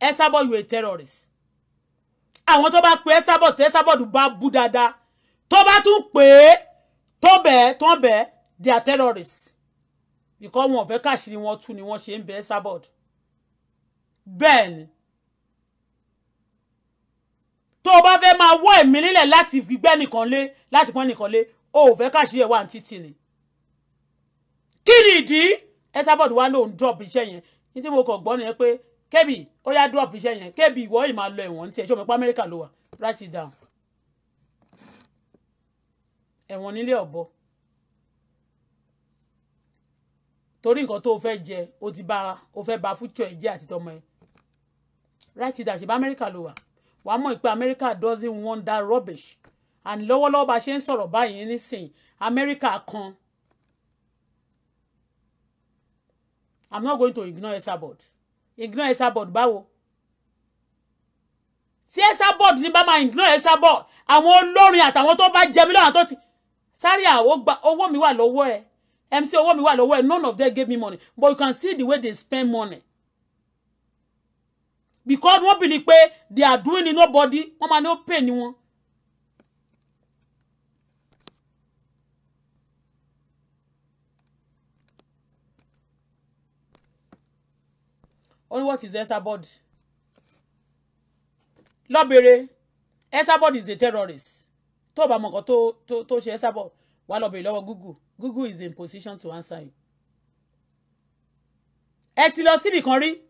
ẹ sábọ̀ you a terrorist àwọn tó bá pè ẹ sábọ̀ tẹ sábọ̀ dùn bá bú dáadáa tó bá tún pè é tó bẹ́ẹ̀ tó bẹ́ẹ̀ they are terrorists because wọn ò fẹ́ káṣírí wọn tú ni wọ́n ṣe ń bẹ ẹ sábọ̀ bẹ́ẹ̀ ni tó o bá fẹ́ máa wọ́ ẹ̀mí lílẹ̀ láti gbígbẹ́ nìkan lé láti pọ́n nìkan lé o ò fẹ́ káṣíyẹ̀ wà ní títì ni. kí ni ìdí Esabod wa lòun drop iṣẹ́ yẹn ní tí mo kàn gbọ́ nìyẹn pé kébì ó yá drop iṣẹ́ yẹn kébì ìwọ yìí máa lọ ẹ̀wọ̀n tiẹ̀ ṣọmọpá Amẹ́ríkà ló wà write it down ẹ̀wọ̀n nílé ọ̀bọ torí nǹkan tó o fẹ́ jẹ o ti bá o fẹ́ ba future ẹ̀ jẹ́ àti ẹ̀ write it down ṣe bá Amẹ́ríkà ló wà wàá mọ̀ pé America doesn't want that rubbish and lọ́wọ́lọ́wọ́ bá ṣe ń sọ̀rọ̀ báyìí nísìn America kan I'm not going to ignore Esabod ignore Esabod báwo tí Esabod ní bá máa ignore Esabod àwọn olórin àtàwọn tó bá jẹ mí lọ́nà tó ti sáré owó mi wà lọ́wọ́ ẹ MC owó mi wà lọ́wọ́ ẹ none of them gave me money but you can see the way they spend money because wọ́n believe pé they are doing it nobody wọ́n máa ní ó pè ní wọn. only what is Esabod lọ́bẹ̀rẹ̀ Esabod is a terrorist tó bá mọ̀ nǹkan tó tó tó ṣe Esabod wà lọ́bẹ̀rẹ̀ lọ́wọ́ Google Google is in position to answer you. ẹ ti lọ síbì kan rí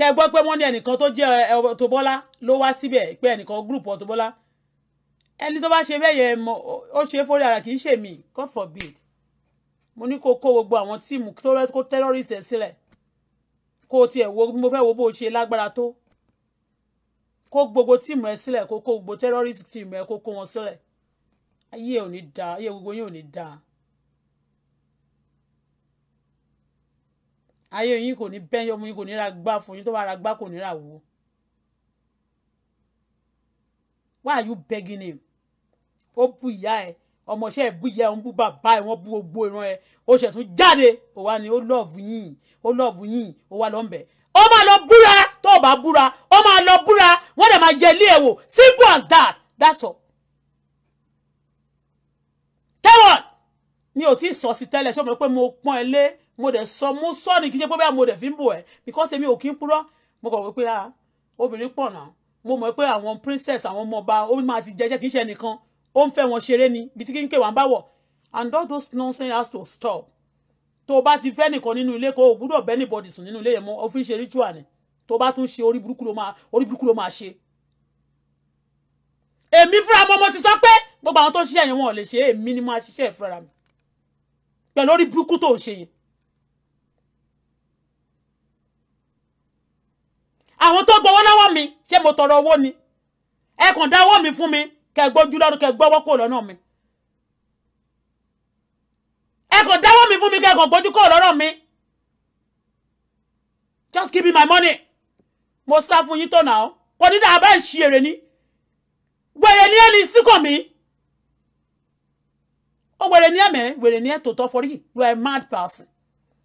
tẹ gbọ́ pé wọ́n ní ẹnìkan tó jẹ́ Auto Bola ló wá síbẹ̀ pé ẹnìkan group Auto Bola ẹni tó bá ṣe bẹ́ẹ̀ yẹn mọ ó ṣe fórí ara kì í ṣe mí God forbid mo ní kó kó gbogbo àwọn tíìmù tó rẹ kó terrorist ẹ sílẹ̀ kó o tiẹ̀ wo mo fẹ́ wo bó o ṣe lágbára tó kó gbogbo tíìmù ẹ sílẹ̀ kó kó gbogbo terrorist tíìmù ẹ kó kó wọn sílẹ̀ ayé ò ní ayé gbogbo yín ò ní ayé yín kò ní bẹ́ẹ̀ ọmọ yín kò ní ra gbá fún yín tó bá ra gbá kò ní ra wò. why are you begging him? ó bú ìyá ẹ ọmọọṣẹ́ ẹ̀ bú ìyá ẹ̀ ń bú bàbá ẹ̀ wọ́n bú gbogbo ìran ẹ̀ ó ṣẹ̀tún jáde ó wá ní ó lọ́ọ̀bù yín ó lọ́ọ̀bù yín ó wá lọ́ọ̀bẹ̀ ó máa lọ búra tó o bá búra ó máa lọ búra wọ́n dẹ̀ máa yẹ ilé ẹ̀ wò simple as that that's all. tẹ́wọ̀n mi ò tí ì sọ sí tẹ́lẹ̀ ṣé o mọ̀ pé mo pọ́n ẹ lé mo dẹ̀ sọ mo sọ ni kì pé bẹ́ẹ̀ mo dẹ̀ fi ń bò ẹ́ because èmi ò kí ń purọ́ mo kọ̀ wípé ah obìnrin pọ̀ náà mo mọ̀ pé àwọn princess àwọn ọmọ ọba ó máa ti jẹ́jẹ́ kì í ṣe ẹnìkan ó ń fẹ́ wọn ṣeré ni bí tí kí n ké wà bá wọ̀ and all those nonsense has to stop tó o bá ti fẹ́ nìkan nínú ilé kó o gbúdọ̀ bẹ́ anybody sùn nínú ilé yẹn mọ́ o fi ń ṣe ritual ni tó o bá tún ṣe orí burúkú ló máa orí burúkú ló máa ṣe. èmi fúnra mọ́ mo ti sọ pé gbogbo àwọn tó ń ṣiṣẹ́ yẹn wọn ò lè ṣe èmi ni mo máa ṣiṣẹ́ ìfúnra mi pẹ̀lú orí burúkú tó ń ṣe yẹn àwọn tó gbowó lọ́wọ́ mi ṣé mo tọrọ owó ni ẹ kàn dá owó mi fún mi kẹ gbójú lọ́rùn kẹ gbọ́wọ́ kò lọ́nà mi ẹ kàn dá owó mi fún mi kẹ kàn gbójú kò lọ́rùn mi just give me my money mo sá fún yín tó nà ọ́ kò ní dáa báyìí ṣí èrè ni wèrè ni ẹni síkàn mi ó wèrè ni ẹ̀mẹ́ wèrè ni ẹ̀ tòótọ́ forí you are a mad person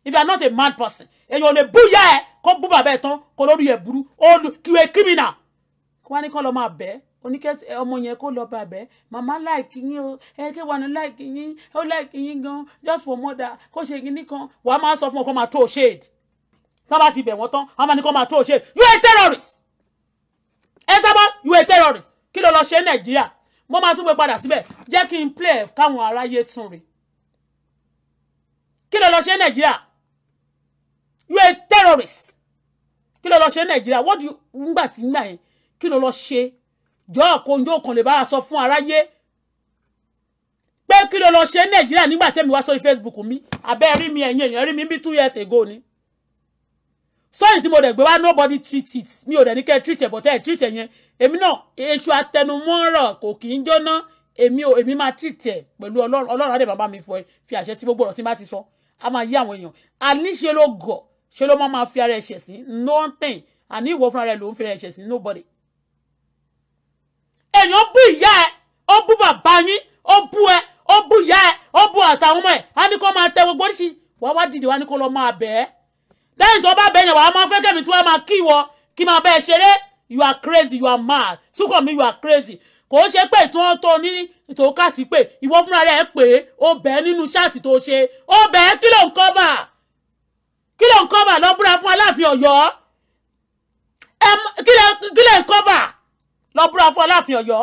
if you are not a mad person èyàn ò lè bú yá come, kó bú bàbá ẹ tán kó lórí ẹ burú olùkíwé criminal kó wá ní kó lọ máa bẹ oníkẹsẹ ọmọ yẹn kó lọ bá bẹ màmá láìkì yín o ẹkẹ wà ní láìkì yín ó gan just for mother kó ṣe yín nìkan wàá máa sọ fún ọkọ máa tó shade tán bá ti bẹ̀ wọ́n tán a máa ní kó máa tó shade you a terrorist ẹ you a terrorist kí ló lọ ṣe nàìjíríà mo máa tún gbé padà síbẹ̀ jẹ́ kí n play káwọn aráyé tún rí kí ló lọ ṣe nàìjíríà you a terrorist kí ló lọ ṣe nàìjíríà what do you ngbà tí ngbà yẹn kí ló lọ ṣe jọ àkóńjọ kan lè bá a sọ fún aráyé pé kí ló lọ ṣe nàìjíríà nígbà tẹ́mi wá sórí facebook mi abẹ́ rí mi ẹ̀yìn èèyàn rí mi bí two years ago ni sọ́yìn tí mo dẹ̀ gbé wá nobody treat it mi ò dẹ̀ ní kẹ́ ẹ treat ẹ̀ bọ̀tẹ́ ẹ̀ treat ẹ̀ yẹn èmi náà èṣù àtẹnumọ́rọ̀ kò kì í jóná èmi ò èmi máa treat ẹ̀ pẹ̀lú ọlọ́run ọlọ́run adé bàbá mi fọ ẹ fi àṣẹ tí gbogbo ọ̀rọ̀ tí má ti sọ a máa yí àwọn èèyàn àníṣe ló gọ̀ ṣé ló máa máa fi ara ẹ̀ sí nothing àní ìwọ fúnra rẹ̀ ló ń fi ara ẹ̀ sí nobody. èèyàn bú ìyá ẹ ó bú bàbá yín ó bú ẹ ó bú ìyá ẹ ó bú àtàwọn ọmọ ẹ á ní kó máa tẹ gbogbo oríṣi wàá wá dìde wá ní kó lọ máa bẹ̀ ẹ́ lẹ́yìn tó bá bẹ̀ yẹn wàá máa fẹ́ kẹ́mi tí wọ́n máa kí wọ kí máa bẹ́ẹ̀ ṣeré you are crazy you are mad sukọ mi you are crazy kò ó ṣe pé tí wọ́n tó ní tòkásí pé ìwọ fúnra rẹ̀ pé ó bẹ̀ nínú ṣáàtì tó ṣe ó bẹ̀ kí ló ń cover kí ló ń cover lọ búra fún aláàfin Ọ̀yọ́ kí ló ń cover lọ búra fún aláàfin Ọ̀yọ́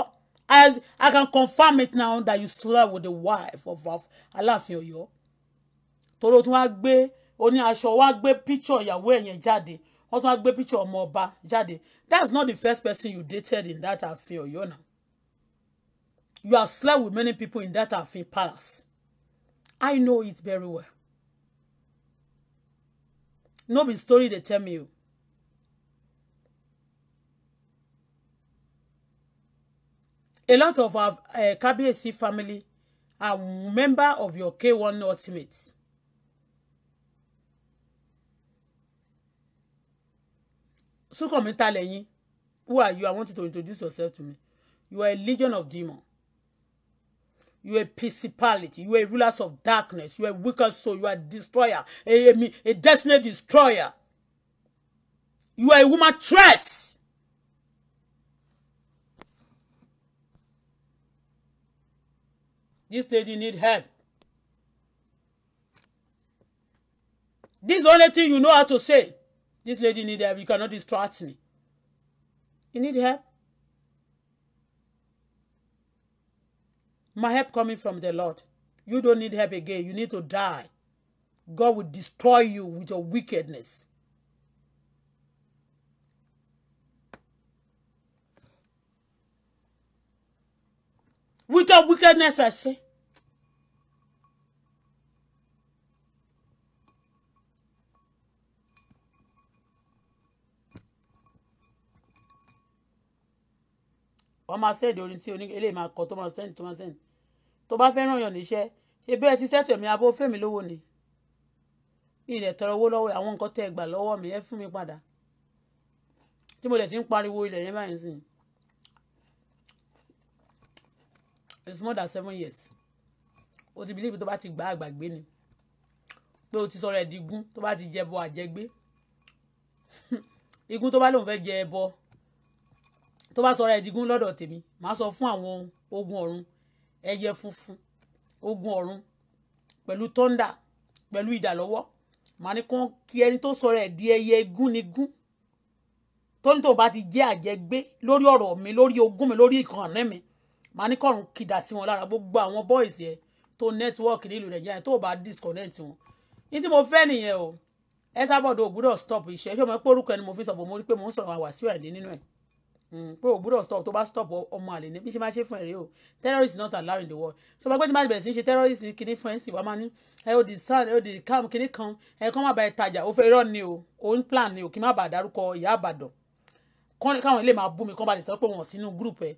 as I can confirm it now that you slept with the wife of aláàfin Ọ̀yọ́ torí o tún wá gbé o ní aṣọ wá gbé picture ìyàwó ẹ̀yẹn jáde wọ́n tún wá gbé picture ọmọ ọba jáde that's not the first person you dated in that ààfin Ọ̀yọ́ na. you have slept with many people in that ààfin palace I know it very well no be story they tell me a lot of our uh, Kabiyesi family are member of your K1 Ultimate. and tell me, who are you? I want you to introduce yourself to me. You are a legion of demons you are principality you are rulers of darkness you are wicked soul you are destroyer a, a, a destiny destroyer you are a woman threat. This lady need help. This only thing you know how to say. This lady need help. You cannot distract me. You need help. My help coming from the Lord. You don't need help again. You need to die. God will destroy you with your wickedness. With your wickedness, I say. wọ́n máa send orin tí eléyìí máa kọ tó máa send tó máa send tó bá fẹ́ràn yàn níṣẹ́ ṣe bẹ́ẹ̀ ti sẹ́tù ẹ̀mí abó fẹ́mi lówó ni ilẹ̀ tọrọ owó lọ́wọ́ àwọn nǹkan tẹ́ gbà lọ́wọ́ mi ẹ fún mi padà tí mo dẹ̀ ti ń pariwo ilẹ̀ yẹn báyìí sìn it's more than seven years o ti believe tó bá ti gbà àgbàgbé ni pé o ti sọ̀rọ̀ ẹ̀dígún tó bá ti jẹ bọ àjẹgbé igun tó bá lóun fẹ́ jẹ ẹbọ tó bá sọra ẹ̀dígún lọ́dọ̀ tèmi màá sọ fún àwọn ogun ọ̀run ẹyẹ funfun ogun ọ̀run pẹ̀lú tọ́ndà pẹ̀lú idà lọ́wọ́ màá ní kán kí ẹni tó sọra ẹ̀ di ẹyẹ gúnigún tó ní tó bá ti jẹ́ àjẹgbé lórí ọ̀rọ̀ mi lórí ogún mi lórí ìkànnì mi màá ní kọ́run kìdà sí wọn lára gbogbo àwọn boys yẹn tó nẹ́tíwọ́ọ̀kì nílùú nàìjíríà tó bá disconnect wọn ní tí mo fẹ́ nìyẹn o ẹ sábọ̀dọ̀ ògbúdọ̀ stop iṣẹ́ ṣé o mọ̀ pé orúkọ ẹni mo fi sọ̀bọ̀ mo rí pé mo ń sọ̀rọ̀ àwàsíwà ẹ̀dín nínú ẹ̀ Hmm, pé o gbúdọ̀ stop tó bá stop ọmọ àlè ní bí ṣe máa ṣe fún ẹ̀rẹ́ o terrorist not allowed in the world So bá gbé tí máa bẹ̀rẹ̀ sí ṣe terrorist kìíní fún ẹ̀ sì wá máa ní ẹ o di san ẹ o di calm kìíní kan ẹ kàn má ba ẹ tajà o fẹ́ irọ́ ni o òun plan ni o kí má ba dárúkọ ìyá àbàdàn káwọn ilé máa bú mi kán ba lè sọ pé wọn sínú group ẹ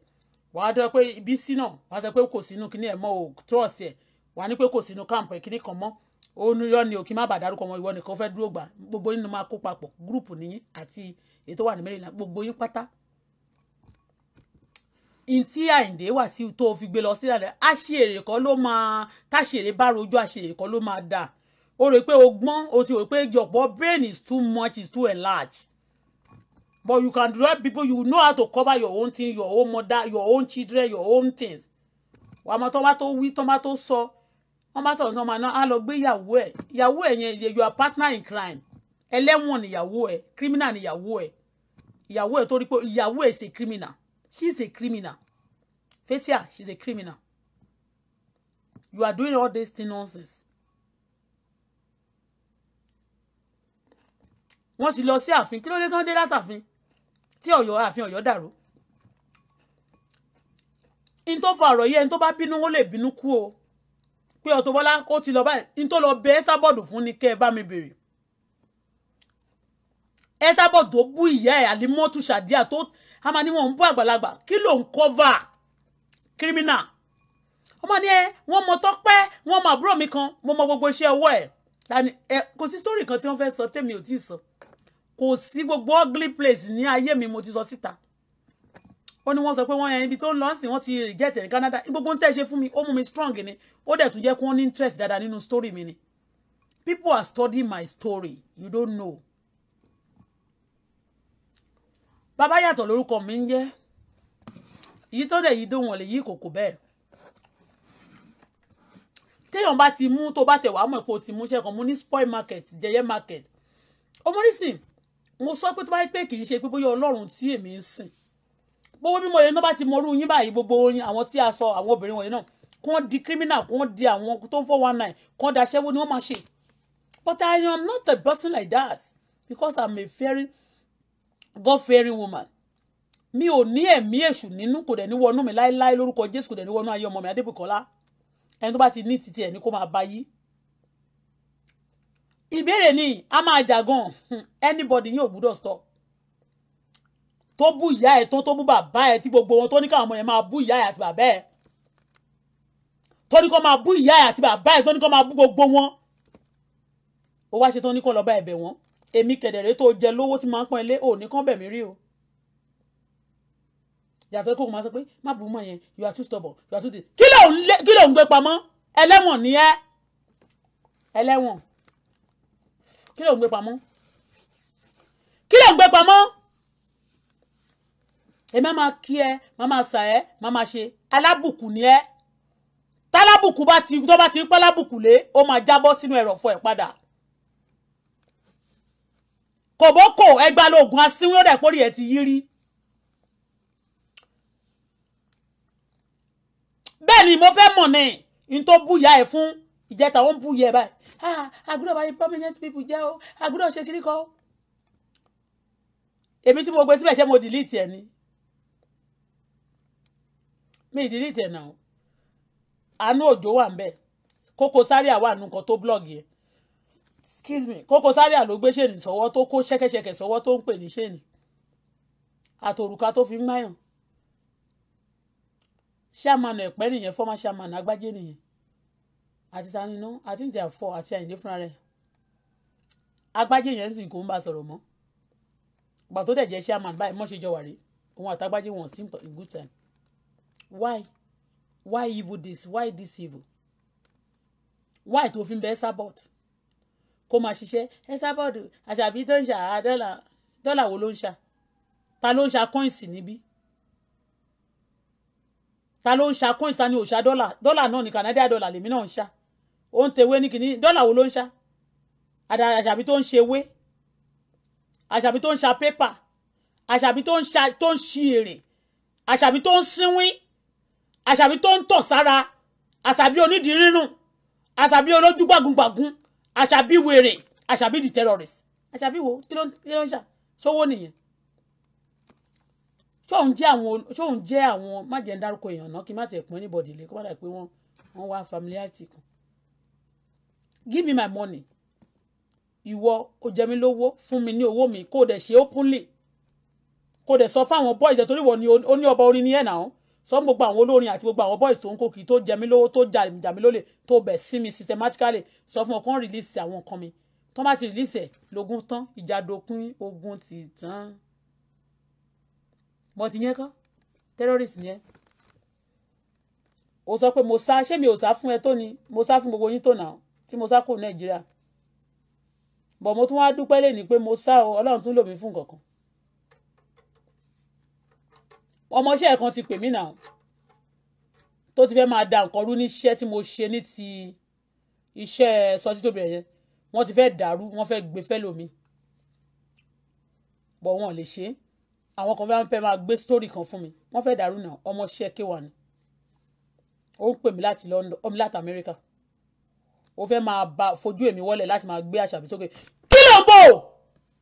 wàá dọ́ pé ibi sí náà wàá sọ pé kò sínú kìíní ẹ̀ mọ́ o trust ẹ̀ wàá ní pé kò sínú camp ẹ̀ kìíní kan mọ́ ó ní irọ́ ni o kí má ba dárúkọ wọn ìwọ nìkan fẹ́ dúró gbà gbogbo yín ni máa kó papọ̀ group nìyí àti ètò wà ní mẹ́rìnlá gbogbo yín pátá ntí àyìndé wàsíù tó fi gbé lọ sí dàdà àṣìèrè kọ́ ló máa táṣìèrè bá rojú àṣìèrè kọ́ ló máa dà o rò pé o gbọ́n o ti rò pé your brain is too much is too enlarged but you can drive people you know how to cover your own thing your own mother your own children your own things wàá mọ tọ́ba tó wí tọ́ba tó sọ wọ́n bá sọ̀rọ̀ sọ́mọ náà á lọ gbé ìyàwó ẹ̀ ìyàwó ẹ̀ yẹn you partner in crime ẹlẹ́wọ̀n nìyàwó ẹ̀ criminal nìyàwó ẹ̀ ìyàwó ẹ̀ torí pé ìyàwó ẹ̀ ṣe criminal she's a criminal Fathia she's a criminal you are doing all this thing nonsense wọ́n ti lọ sí ààfin kí ló dé tán dé látàfin tí Ọ̀yọ́ ààfin Ọ̀yọ́ dàrú in tó fa ọ̀rọ̀ yìí ẹni tó bá bínú ó lè bínú kú o pé Auto Bola kó ti lọ báyìí in tó lọ bẹ Esabod fún ni kẹ́ ẹ bá mi bèrè Esabod tó bú ìyá ẹ̀ Alimọ́tù Sàdíà tó a máa ní wọn ń bú àgbàlagbà kí ló ń kọ́fà kírímínà ọmọ ni ẹ wọn mọ tọpẹ wọn mọ àbúrò mi kan mo mọ gbogbo iṣẹ́ ọwọ́ ẹ tani ẹ kò sí sítórì kan tí wọ́n fẹ́ sọ tèmi ò tí ì sọ kò sí gbogbo ugly place ní ayé mi mo ti sọ síta ó ní wọ́n sọ pé wọ́n yẹn ibi tó ń lọ sí wọ́n ti reject ẹ Canada gbogbo ń tẹ ṣe fún mi ó mú mi strong ni ó dẹ̀ tún jẹ́ kó ní interest dáadáa nínú story mi ni people are studying my story you don't know bàbá yàtọ̀ lórúkọ mi ń jẹ́ yìí tó dẹ̀ yìí dóhùn ọ̀lẹ̀ yìí kòkò bẹ́ẹ̀ téèyàn bá ti mú tó bá tẹ̀ wá mọ̀ pé o ti mú ṣẹ́kan mú ní spoil market jẹyẹ market ọmọ nísìn mo sọ pé tó bá yẹ pé kì í ṣe pé bóyá ọlọ́run tí èmi ń sìn gbogbo bí mo yẹ ní bá ti mọrú yín báyìí gbogbo yín àwọn tí a sọ àwọn obìnrin wọ̀nyí náà kí wọ́n di criminal kí wọ́n di àwọn tó ń fọ́ one nine kí wọ́n daṣẹ́wó ni wọ́n máa ṣe but I am not a person like that because I'm a very God-fearing woman mi ò ní ẹ̀mí èṣù nínú kò dẹ̀ ní wọnú mi láéláé lórúkọ Jésù kò dẹ̀ ní wọnú ayé ọmọ mi Adébùkọ́lá ẹni tó bá ti ní títí ẹ̀ ní kó máa bá yí. ìbéèrè ni a máa jà anybody yóò gbúdọ̀ stop tó bú ìyá ẹ̀ tó tó bú bàbá ẹ̀ tí gbogbo wọn tó ní káwọn ọmọ yẹn máa bú ìyá ẹ̀ àti bàbá ẹ̀ tó ní kó máa bú ìyá ẹ̀ àti bàbá ẹ̀ tó ní kó máa bú gbogbo wọn ó wá ṣe tó ní kó lọ bá ẹ̀bẹ̀ wọn èmi kẹ̀dẹ̀rẹ́ tó jẹ lówó tí máa ń pọ́n ilé òní kán bẹ̀ mí rí o yàtọ̀ kó máa sọ pé má bù mọ̀ yẹn you are too stubborn you are too this kí ló ń gbé pamọ́ ẹlẹ́wọ̀n ni ẹ́ ẹlẹ́wọ̀n kí ló ń gbé pamọ́ kí ló ń gbé pamọ́ èmi máa kí ẹ máa máa sà ẹ máa máa ṣe alábùkù ni ẹ tálábùkù bá ti tó bá ti ń pálábùkù lé ó máa jábọ́ sínú ẹ̀rọ̀fọ̀ ẹ̀ padà kòbókò ẹgbàá lóògùn asínwó dẹ̀ pórí ẹ̀ ti yí rí. bẹ́ẹ̀ ni mo fẹ́ mọ̀ ní n tó búyà ẹ̀ fún ìjẹta ó ń búyà ẹ̀ báyìí àgùdọ̀ bá prominent people jẹ́ o àgùdọ̀ ṣe kiri kọ́ èmi tí mo gbé síbẹ̀ ṣé mo delete ẹ̀ ni mi delete ẹ̀ náà àánú òjò wà ń bẹ̀ Koko Zaria wà nù nǹkan tó blog yẹn excuse me Koko Zaria ló gbé ṣèlì sọ́wọ́ tó kó ṣẹ́kẹ́ṣẹkẹ̀ sọ́wọ́ tó ń pè ní ṣèlì àtòrùka tó fi ń máyàn ṣàmánà ẹ̀pẹ́ nìyẹn fọ́mà ṣàmánà agbájé nìyẹn àti saninu àti ìjà fọ àti àyìndé fúnra rẹ̀ agbájé yẹn sì kò ń bá sọ̀rọ̀ mọ́ gbà tó dẹ̀ jẹ́ ṣàmánà báyìí mọ́ ṣe jọ wà òun àtàgbájé wọn sí in good time why why evil this why this evil why tó fi ń bẹ́ẹ́ kó máa ṣiṣẹ́ ẹ sábọ̀dù àṣàbí tó ń ṣà á dọ́là dọ́là wo ló ń ṣà ta ló ń ṣà kọ́ìnsì níbí ta ló ń ṣà kọ́ìnsì ni òṣà dọ́là dọ́là náà ni Canadian dollar lèmi náà ń ṣà ó ń tewé ní kìíní dọ́là wo ló ń ṣà àṣàbí tó ń ṣe wé àṣàbí tó ń ṣà pépà àṣàbí tó ń ṣà tó ń ṣi èrè àṣàbí tó ń sínwín àṣàbí tó ń tọ̀ sára àṣàbí onídìí rírùn àṣàbí olójú gbàgùngbàgùn àṣàbí wèrè àṣàbí the terrorist àṣàbí wo kí ló ń ṣà ṣówó nìyẹn ṣóun jẹ́ àwọn ṣóun jẹ́ àwọn má jẹ́ ń dárúkọ èèyàn náà kí n má tẹ̀ pín anybody lé kó má dà pé wọ́n wọ́n wá familiarity kan give me my money ìwọ o jẹ mí lówó fún mi ní owó mi kó o dẹ̀ ṣe openly kó o dẹ̀ sọ fáwọn boys ẹ̀ torí wọ́n ní ọba orin ní ẹ̀ náà sọ gbogbo àwọn olórin àti gbogbo àwọn boys tó ń kó kiri tó jẹ mí lówó tó jà jà mí lólè tó bẹ̀ sí mi systematically sọ fún ọkàn release àwọn nǹkan mi tó bá ti release ẹ̀ lógún tán ìjà dókun ogun ti tán mọ ti yẹn kọ́ terrorist yẹn o sọ pé mo sá ṣé mi ò sá fún ẹ tó ni mo sá fún gbogbo yín tó nà tí mo sá kúrò nàìjíríà bọ̀ mo tún wá dúpẹ́ lè ní pé mo sá o ọlọ́run tún lò mí fún nǹkan kan ọmọọṣẹ́ ẹ̀ kan ti pè mí náà tó ti fẹ́ máa da nǹkan rú níṣẹ́ tí mo ṣe ní ti iṣẹ́ sọtítóbi ẹ̀yẹ wọ́n ti fẹ́ dàrú wọ́n fẹ́ gbé fẹ́ lómi bọ̀ wọn lè ṣe àwọn kan fẹ́ máa gbé sítórì kan fún mi wọ́n fẹ́ dàrú náà ọmọọṣẹ́ kéwà ni ó ń pè mí láti London ọmọ láti Amẹ́ríkà ó fẹ́ máa ba fojú èmi wọlé láti máa gbé àṣà mi sókè kí ló ń bò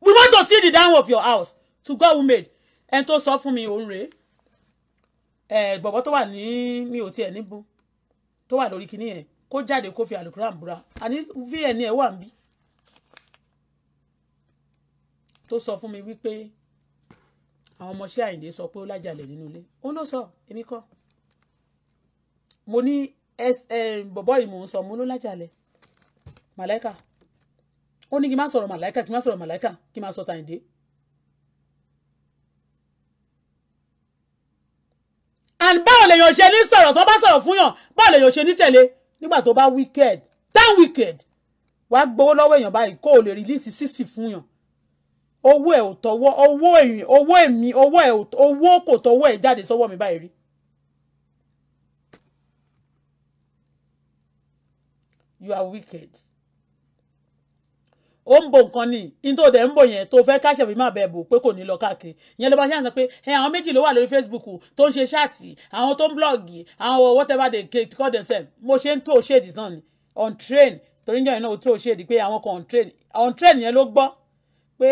we want to see the down of your house to God who made ẹni tó sọ fún mi òun rèé bọ̀bọ̀ tó wà ní mi ò tiẹ̀ níbo tó wà lórí kinní yẹn kó jáde kó fi alukuran búra àní vn ẹ wà ń bí tó sọ fún mi wípé àwọn ọmọọṣẹ́ àyìndé sọ pé ó lájàlẹ̀ nínú ilé ó ló sọ èmi kọ́ mo ní bọ̀bọ̀ yìí mò ń sọ mo ló lájàlẹ̀ màláìkà ó ní kí n má sọ̀rọ̀ màláìkà kí n má sọ̀rọ̀ màláìkà kí n má sọ tàyìndé lèèyàn ṣe ní sọ̀rọ̀ tó bá sọ̀rọ̀ fún yàn báwo lèèyàn ṣe ní tẹ̀lé nígbà tó bá wicked that wicked wàá gbowó lọ́wọ́ èèyàn báyìí kó o lè release sísì fún yàn owó ẹ̀ ò tọwọ́ owó èyìn owó èmi owó ẹ̀ owó kò tọwọ́ ẹ̀ jáde sọ́wọ́ mi báyìí rí. you are wicked ó ń bo nǹkan ni in tó dẹ̀ ń bò yẹn tó fẹ́ káṣẹ̀ fi máa bẹ̀ bò pé kò ní lọ káàkiri ìyẹn ló bá ṣe àṣà pé ẹ àwọn méjì ló wà lórí Facebook tó ń ṣe ṣáàtì àwọn tó ń blọ́ọ̀gì àwọn whatever they call themselves mo ṣe ń tó ṣèdì náà ni on train torí ń jẹ́ ìnáwó tó ṣèdì pé àwọn kan on train on train yẹn ló gbọ́ pé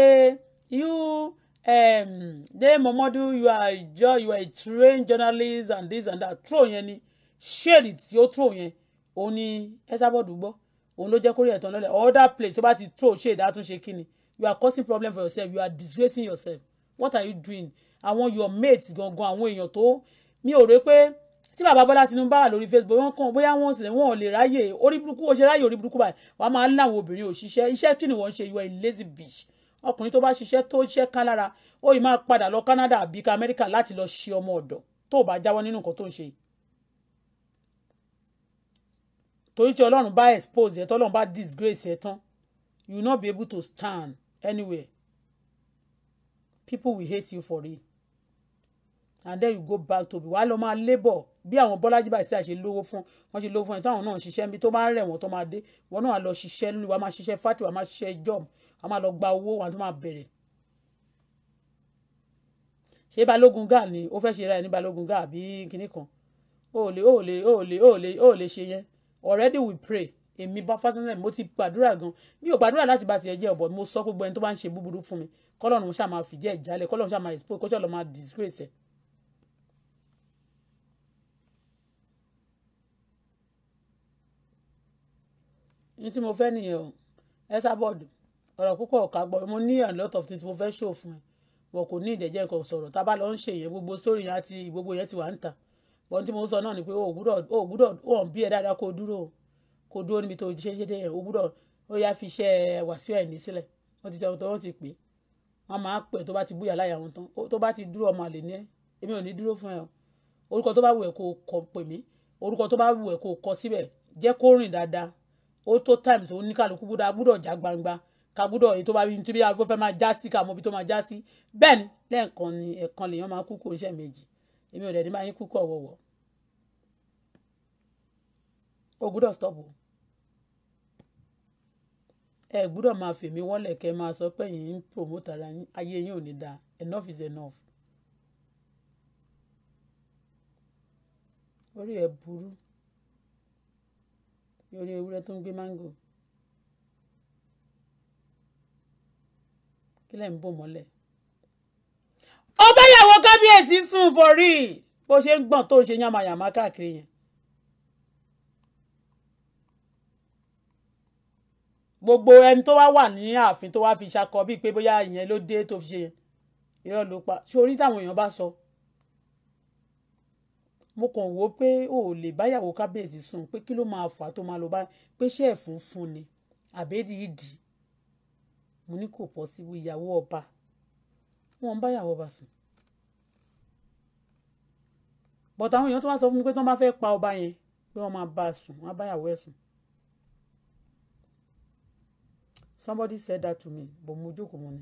you um, dey Momodu you are jo you are a trained journalist and this and that throw yẹn ni ṣèdì tí ó throw yẹn òun ni Esabod gbọ́ òun ló jẹ́ kórè ẹ̀tàn lọ́lẹ̀ other place tó bá ti throw shade àtúnṣe kí ni you are causing problem for yourself you are disgracing yourself what are you doing àwọn your mates gangan àwọn èèyàn tó mi ò rè pé tí bàbá Bọ́lá Tinubu bá wà lórí Facebook wọn kàn bóyá wọn sì wọn ò lè ráyè orí burúkú o ṣe ráyè orí burúkú báyìí wàá máa ń láwọn obìnrin ò ṣiṣẹ́ iṣẹ́ kí ni wọ́n ń ṣe you are a lazy bitch ọkùnrin tó bá ṣiṣẹ́ tó ṣiṣẹ́ ká lára ó yìí máa padà lọ Canada àbí ká láti lọ ṣe ọmọ ọ̀dọ̀ tó bá jáwọ́ nínú nǹkan tó ń ṣe yìí torí tí ọlọ́run bá expose ẹ tọ́lọ́run bá disgrace ẹ tán you will not be able to stand anywhere people will hate you for it and then you go back to wàá lọ máa labour bí àwọn bọ́lájí báyìí sí àṣẹ lówó fún wọn ṣe lówó fún ẹ táwọn náà ṣiṣẹ́ níbi tó bá rẹ̀ wọ́n tó máa dé wọn náà lọ ṣiṣẹ́ nínú wa máa ṣiṣẹ́ fátì wa máa ṣiṣẹ́ job wa máa lọ gba owó wa tó máa bẹ̀rẹ̀. ṣé balógun gáà ni ó fẹ́ ṣe ra ẹ ní balógun gáà bí kinní kan ó lè ó lè ó lè ó lè ṣe yẹn already we pray èmi bá fásitì mo ti gbàdúrà gan mi ò gbàdúrà láti bá tiẹ̀ jẹ́ ọ̀bọ̀ mo sọ gbogbo ẹni tó bá ń ṣe búburú fún mi kọ́lọ́run mo ṣáà máa fìjẹ́ ìjálẹ̀ kọ́lọ́run ṣáà máa expose kọ́ṣọ́ lọ máa disgrace ẹ̀. ní tí mo fẹ́ nìyẹn o ẹ sábọ̀dù ọ̀rọ̀ púpọ̀ ọ̀ka gbọ́ mo ní a lot of things mo fẹ́ show fún ẹ wọn kò ní ìdẹ́jẹ́ nǹkan sọ̀rọ̀ tá a bá lọ ń ṣèyẹn gbogbo story yẹn àti gbogbo yẹn ti wà ń ta bọ́n tí mo sọ náà ni pé òwúrọ̀ òwúrọ̀ òun bí ẹ dáadáa kó dúró kó dúró níbi tó ṣe ṣe dé yẹn òwúrọ̀ ó yá fi iṣẹ́ wàsíù ẹ̀ ní sílẹ̀ wọ́n ti sọ tó wọ́n ti pè wọ́n máa pè tó bá ti búyà láyà wọn tán tó bá ti dúró ọmọ àlè ní ẹ èmi ò ní dúró fún ẹ o orúkọ tó bá wù ẹ́ kó kọ pè mí orúkọ tó bá wù ẹ́ kó kọ síbẹ̀ jẹ́ kó rìn dáadáa ó times ó ní kálukú gbúdọ̀ agbúdọ̀ já gbangba kagbúdọ̀ èyí tó bá rí nítorí àwọn fẹ́ máa já sí ká mọ̀ bí tó máa já sí bẹ́ẹ̀ ni lẹ́ẹ̀kan ni ẹ̀kan lèèyàn máa kú kó iṣẹ́ méjì èmi ò dẹ̀ máa yín kú kọ̀ wọ̀wọ̀ ó stop o ẹ gbúdọ̀ fèmí wọ́lẹ̀ kẹ́ máa sọ pé yìí promote ayé is enough. orí e buru bí orí ewúrẹ́ tó ń ń bò mọ́lẹ̀. bá yàwó kábíyèsí sùn forí bó ṣe ń gbọ̀n tó ṣe káàkiri yẹn gbogbo ẹni tó wá wà ní ààfin tó wá fi ṣakọ bíi pé bóyá ìyẹn ló dé tó fi ṣe irọ́ ló pa sórí táwọn èèyàn bá sọ mo kàn wò ó pé o ò lè báyàwó kábíyèsí sùn pé kí ló máa fà á tó máa lọ bá pé ṣé ẹ̀fún fún ni àbẹ́rì ìdì mo ní kò pọ̀ sí ìyàwó ọba wọn báyàwó ọba sùn bọ̀tà àwọn èèyàn tó wá sọ fún mi pé tí wọ́n bá fẹ́ pa ọba yẹn pé wọ́n máa bá a sùn wọ́n á báyàwó ẹ̀ sùn somebody said that to me But mo jókòó mo ni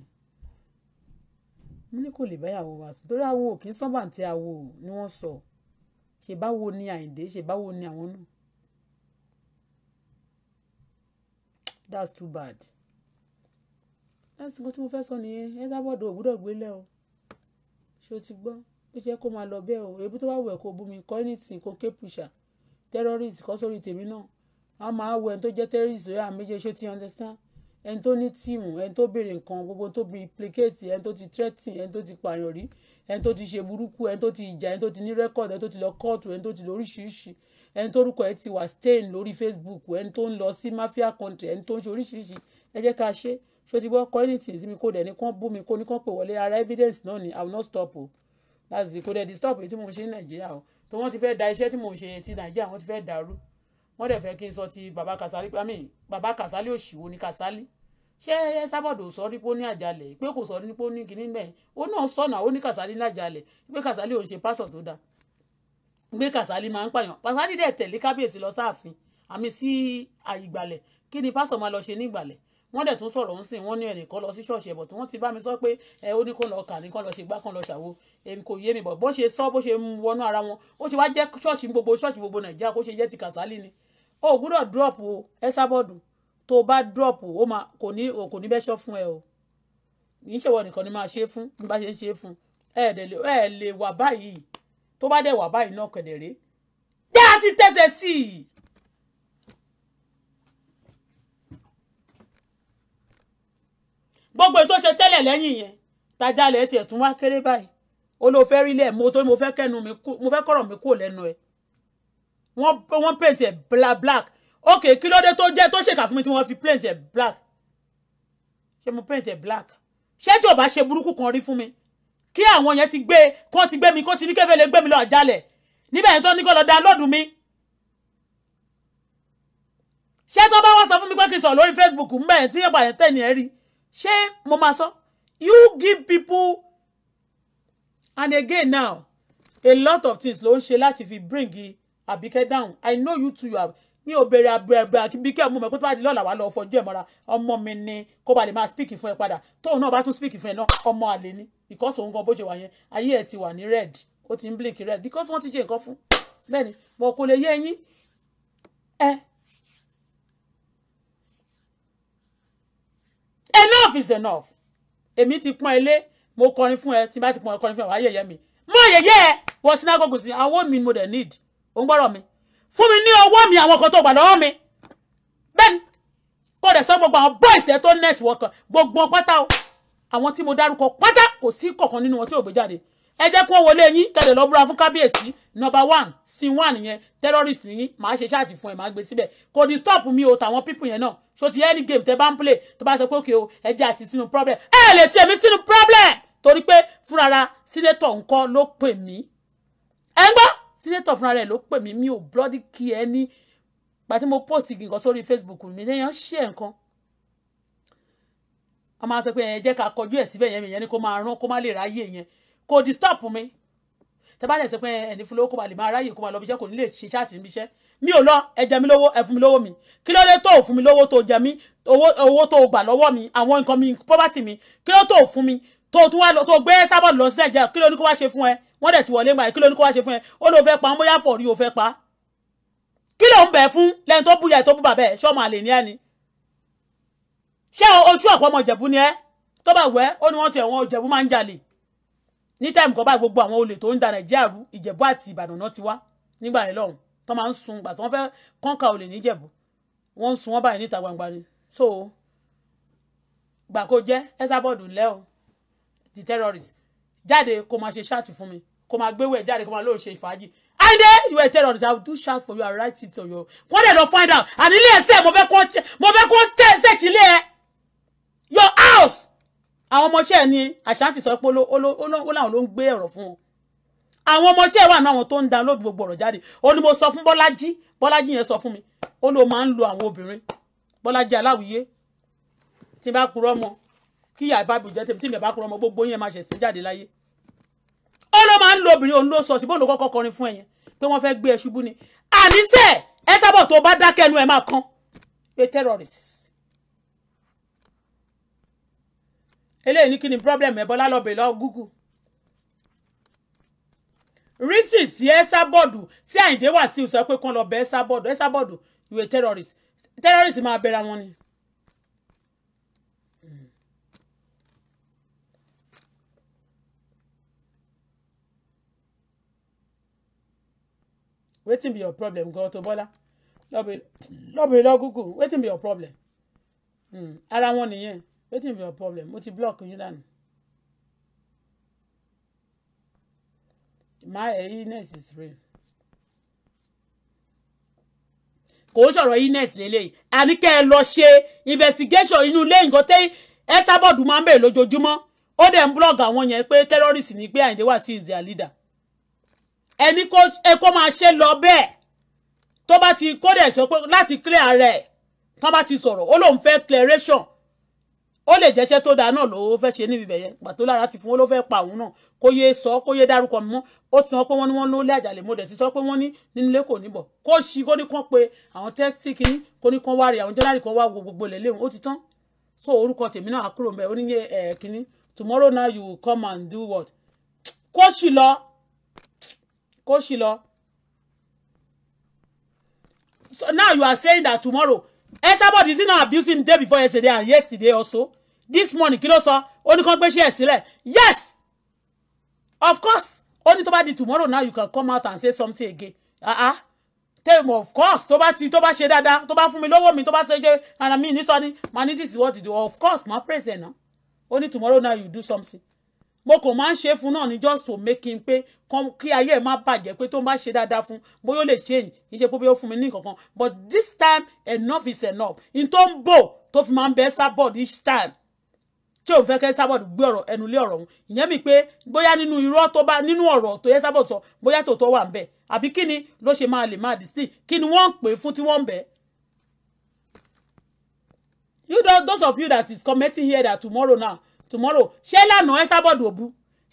mo ní kò lè báyàwó wa sùn torí awo kì í sábà tí awo ni wọ́n sọ ṣe báwo ni àyìndé ṣe báwo ni àwọn náà that's too bad That's nǹkan tí mo fẹ́ sọ nìyẹn ẹ sábọ̀dọ̀ ògbúdọ̀ gbélé o ṣé o ti gbọ́ ó ṣe kó máa lọ bẹ́ẹ̀ o èébú tó bá wẹ̀ kó bú mi kọ́ anything kó ké pùṣà terrorist kọ́ sórí tèmi náà a máa wẹ̀ tó jẹ́ terrorist lóyè àmì méje ṣé o ti understand ẹni tó ní tíìmù ẹni tó béèrè nǹkan gbogbo tó bí implicate ẹni tó ti threatening ẹni tó ti pààyàn rí ẹni tó ti ṣe burúkú ẹni tó ti ìjà ẹni tó ti ní rẹ́kọ̀dù ẹni tó ti lọ kóòtù ẹni tó ti lọ ẹni tó rúkọ ẹ ti wà stain lórí Facebook ẹni tó ń lọ sí mafia country ẹni tó ń ṣe oríṣiríṣi ẹ jẹ́ ká ṣe ṣó ti gbọ́ kọ́ anything tí mi kò dẹ̀ ní kán bú mi kó ní kán pè wọlé ara evidence náà ni I will not stop o láti kó dẹ̀ stop èyí tí mo ṣe ní Nàìjíríà o tó wọ́n ti fẹ́ da iṣẹ́ tí mo ṣe ti Nàìjíríà wọ́n ti fẹ́ dàrú wọ́n dẹ̀ fẹ́ kí n sọ ti baba Kasali I mean baba Kasali òṣìwò ni Kasali ṣé sábọ̀dọ̀ sọ rí pé ó ní àjálẹ̀ pé kò sọ rí pé ó ní kinní bẹ́ẹ̀ ó náà sọ̀nà ó ní kàsálí ní àjálẹ̀ pé kàsálí ò ń ṣe pásọ̀ tó dáa pé kàsálí máa ń pààyàn kàsálí dẹ̀ tẹ̀lé kábíyèsí lọ sáàfin àmì sí àìgbàlẹ̀ kí ni pásọ̀ máa lọ ṣe nígbàlẹ̀ wọ́n dẹ̀ tún sọ̀rọ̀ ń sìn wọ́n ní ẹnì kan lọ sí ṣọ́ọ̀ṣì ẹ̀bọ̀ tí wọ́n ti bá mi sọ pé ẹ ó ní kó lọ kà ní kó lọ ṣe gbá kó lọ ṣàwo èmi kò yé mi bọ̀ bó ṣe sọ bó ṣe wọnú ara wọn ó ṣe wá jẹ́ ṣọ́ọ̀ṣì gbogbo ṣọ́ọ̀ṣì gbogbo nàìjíríà kó ṣe jẹ́ ti kàsálì ni o gbúdọ̀ drop o ẹ sábọ̀dù tó bá drop ó máa kò ní o kò ní bẹ́ṣọ́ fún ẹ o kì í nìkan ni máa ṣe fún bí bá ṣe ń ṣe fún ẹ ẹ lè wà báyìí tó bá dẹ̀ wà báyìí náà kẹ̀dẹ̀ rèé dá a ti tẹ̀sẹ̀ sí i. gbogbo ètò ṣe tẹ́lẹ̀ lẹ́yìn yẹn tajalẹ̀ tiẹ̀ tún wá kéré báyìí ó ló fẹ́ rí lẹ̀ mo tó mo fẹ́ kẹ́nu mi mo fẹ́ kọ̀rọ̀ mi kúrò lẹ́nu ẹ̀ wọ́n wọ́n pèntì ẹ̀ black ok kí ló dé tó jẹ́ tó ṣèkà fún mi tí wọ́n fi paint ẹ̀ black ṣé mo paint ẹ̀ black ṣé tí ò bá ṣe burúkú kan rí fún mi kí àwọn yẹn ti gbé kán ti gbé mi kán ti ní kẹfẹ́ lè gbé mi lọ àjálẹ̀ níbẹ̀ yẹn tó ní kó lọ download mi ṣé tó bá wọ́n sọ fún mi pé kí n sọ lórí Facebook ń bẹ̀ tí ọ̀pọ̀ àyẹ̀ tẹ̀lé ẹ̀ rí ṣé mo máa sọ you give people and again now a lot of things ló ń ṣe láti fi bring Àbíkẹ́ down I know you too you have mi ò béèrè àbẹ̀rẹ̀ bí kí ẹ̀ mú mi pé tó bá di lọ́la wà lọ fọjú ẹ̀ mọ́ra ọmọ mi ni kó ba lè máa speak fún ẹ padà tóun náà bá tún speak fún ẹ náà ọmọ àlè ni because òun gan bó ṣe wà yẹn ayé ẹ̀ ti wà ní red ó ti ń blink red because wọ́n ti ṣe nǹkan fún bẹ́ẹ̀ ni mo kò lè yé yín ẹ. enough is enough èmi ti pọ́n ilé mo kọrin fún ẹ tí n bá ti pọ́n kọrin fún ẹ wàá yẹ̀yẹ́ mi mo yẹ̀yẹ́ ẹ wọ sinagogo sí àwọn mi mo dẹ̀ need òun gbọ́dọ̀ mi fún mi ní ọwọ́ mi àwọn kan tó gbà lọ́wọ́ mi bẹ́ẹ̀ ni kó dẹ̀ sọ gbogbo àwọn boys ẹ̀ tó network gbogbo pátá o àwọn tí mo dárúkọ pátá kò sí kọ̀ọ̀kan nínú wọn tí ò gbé jáde ẹ jẹ́ kó wọlé yín kẹlẹ̀ lọ búra fún kábíyèsí number one sin one yẹn terrorist yín màá ṣe ṣáàtì fún ẹ màá gbé síbẹ̀ kò ní stop mi o tàwọn people yẹn náà so ti any game tẹ bá ń play tó bá sọ pé òkè o ẹ jẹ́ àti sínú problem ẹ lè tiẹ̀ mi sínú problem torí pé fúnra sínétọ̀ ńkọ́ ló pè mí ẹ ń gbọ́ sínétọ̀ fúnra rẹ̀ ló pè mí mi ò bloody kí ẹ ní pàtí mo post nǹkan sórí Facebook mi lẹ́yìn ṣe nǹkan wọ́n máa sọ pé ẹ jẹ́ ká kọjú ẹ̀ síbẹ̀ yẹn mi yẹn ni kó máa rán kó má lè ráyè yẹn kò disturb mi tẹ́bá dẹ̀ sọ pé ẹni fún lówó kó má lè máa ráyè kó má lọ bíṣẹ́ kò ní lè ṣe ṣáàtì níbi iṣẹ́ mi ò lọ ẹ jẹ mi lówó ẹ fún mi lówó mi kí ló dé tó ò fún mi lówó tó jẹ mi owó tó gbà lọ́wọ́ mi àwọn nǹkan mi property mi kí ló tó ò fún mi tó tún wá lọ tó gbé sábọ̀dù lọ sí nàìjíríà kí ló ní kó wá ṣe fún ẹ wọ́n dẹ̀ ti wọlé gbà kí ló ní kó wá ṣe fún ẹ ó ló fẹ́ pa bóyá fọ̀ rí o fẹ́ pa kí ló ń bẹ̀ fún lẹ́yìn tó búyà tó bú bàbá ẹ̀ ṣọ́mọ àlè ní ẹni ṣé oṣù àpọ̀mọ ìjẹ̀bú ni ẹ tó bá wẹ́ ó ní wọ́n ti ẹ̀wọ̀n ìjẹ̀bú máa ń jalè ní táìmù kan báyìí gbogbo àwọn olè tó ń da nàìjíríà rú ìjẹ̀bú àti ìbàdàn náà ti wá nígbà yẹn lọ́hùn tó máa ń sun gbà tó wọ́n fẹ́ kọ́ńkà olè níjẹ̀bú wọ́n ń sun wọ́n báyìí níta gbangba ni so gbà kó jẹ́ ẹ́sàbọ̀dù lẹ́ o the terrorist jáde kó máa ṣe ṣáàtì fún mi kó máa gbé wẹ̀ jáde kó máa lóun ṣe ìfàájì ayinde you were us. i will do shout for you and write it on your kó dẹ̀ lọ find out and ilé ẹsẹ̀ mo fẹ́ kó mo fẹ́ kó ṣèṣì ilé ẹ your house àwọn ọmọọṣẹ́ ẹ ní àṣàǹtì sọ pé ó láwọn ló ń gbé ọ̀rọ̀ fún wọn àwọn ọmọọṣẹ́ wà náà àwọn tó ń da lóbi gbogbo ọ̀rọ̀ jáde ó ní mo sọ fún bọ́lájí bọ́lájí yẹn sọ fún mi ó ló máa ń lo àwọn obìnrin bọ́lájí aláwìyé tí n bá purọ́ mọ́ kí ìyá ìbábí jẹ́ tèmi tí mi bá purọ́ mọ́ gbogbo yẹn máa ṣẹ̀sìn jáde láyé ó ló máa ń lo obìnrin òun ló sọ sí bóun ló kọ́kọ́ kọrin fún ẹ̀yẹn pé wọ́n fẹ́ gbé ẹ ṣubú ni àníṣe ẹ sábọ̀ tó bá dákẹ́ ẹnu ẹ máa kán pé terrorist. eléyìí ní kí ni problem ẹ bọ́lá lọ́bẹ̀ lọ Google. reason tí ẹ sábọ̀dù tí àyíǹde wà sí ìsọ pé lọ bẹ ẹ sábọ̀dù ẹ sábọ̀dù you terrorist terrorist máa bẹ̀rẹ̀ wọn ni. wetin be your problem gan Auto Bola lọ́bìnrin lọ́gùgù wetin be your problem hmm, ara wọn nìyẹn wetin be your problem mo ti block yín dànù. my illness is real. kò ó sọ̀rọ̀ illness lélẹ́yìí àní kẹ́ ẹ lọ ṣe investigation inú ilé nǹkan tẹ́ ẹ sábọ̀dù máa ń bẹ̀rẹ̀ lójoojúmọ́ ó dẹ̀ ń blog àwọn yẹn pé terrorist ní pé Àyìndé Wasiu is their leader ẹni kó ẹ kó máa ṣe lọ bẹ́ẹ̀ tó bá ti kó dẹ̀ sọ pé láti clear rẹ̀ tó bá ti sọ̀rọ̀ ó lóun fẹ́ clearation ó lè jẹ́ṣẹ́ tó dáa náà ló fẹ́ ṣe níbi bẹ̀yẹn pàtó lára ti fún ó ló fẹ́ pa òun náà kó yé sọ kó yé dárúkọ mọ́ ó ti sọ pé wọ́n ní wọ́n ló lé àjàlè mo dẹ̀ ti sọ pé wọ́n ní nínú ilé kò ní bọ̀ kó ṣí kó ní kán pe àwọn tẹ́sítì kìíní kó ní kán wá rí àwọn jọ́nárì kan wá wo gbogbo ilẹ̀ léwu ó ti tán so orúkọ tèmi náà àkúrò mbẹ oníyẹ ẹ kìíní tomorrow now you come and do what kó ṣì lọ kó ṣì lọ. So now you are saying that tomorrow Esabod is now abusing day before yesterday and yesterday also this morning kí ló sọ ó ní kán gbé ṣe ẹ̀ sílẹ̀ yes of course ó ní tó bá di tomorrow now you can come out and say something again ah uh -uh. tell me of course tó bá ti tó bá ṣe dáadáa tó bá fún mi lówó mi tó bá ṣe jẹ ara mi ní sọ ni ma ní this is what to do of course my present. ẹ̀ ó ní tomorrow now you do something mo kò máa ń ṣe fún náà ní just to make him pé kí ayé ẹ̀ má bàjẹ́ pé tó ń bá ṣe dáadáa fún bóyá ó lè change kì í ṣe pé bóyá ó fún mi ní nǹkan kan but this time enough is enough in tó ń bò tó fi máa ń bẹ Esabod each time tí òun fẹ́ kẹ́ Esabod gbé ọ̀rọ̀ ẹnu lé ọ̀rọ̀ òun ìyẹn mi pé bóyá nínú irọ́ tó bá nínú ọ̀rọ̀ tó yẹ Esabod sọ bóyá tòótọ́ wà ń bẹ̀ àbí kí ni ló ṣe máa lè máa display kí ni wọ́n ń pè fún tí wọ́n ń bẹ̀ you know those of you that is commenting here that tomorrow now tomorrow ṣé lánàá ẹ sábọ̀dù òbu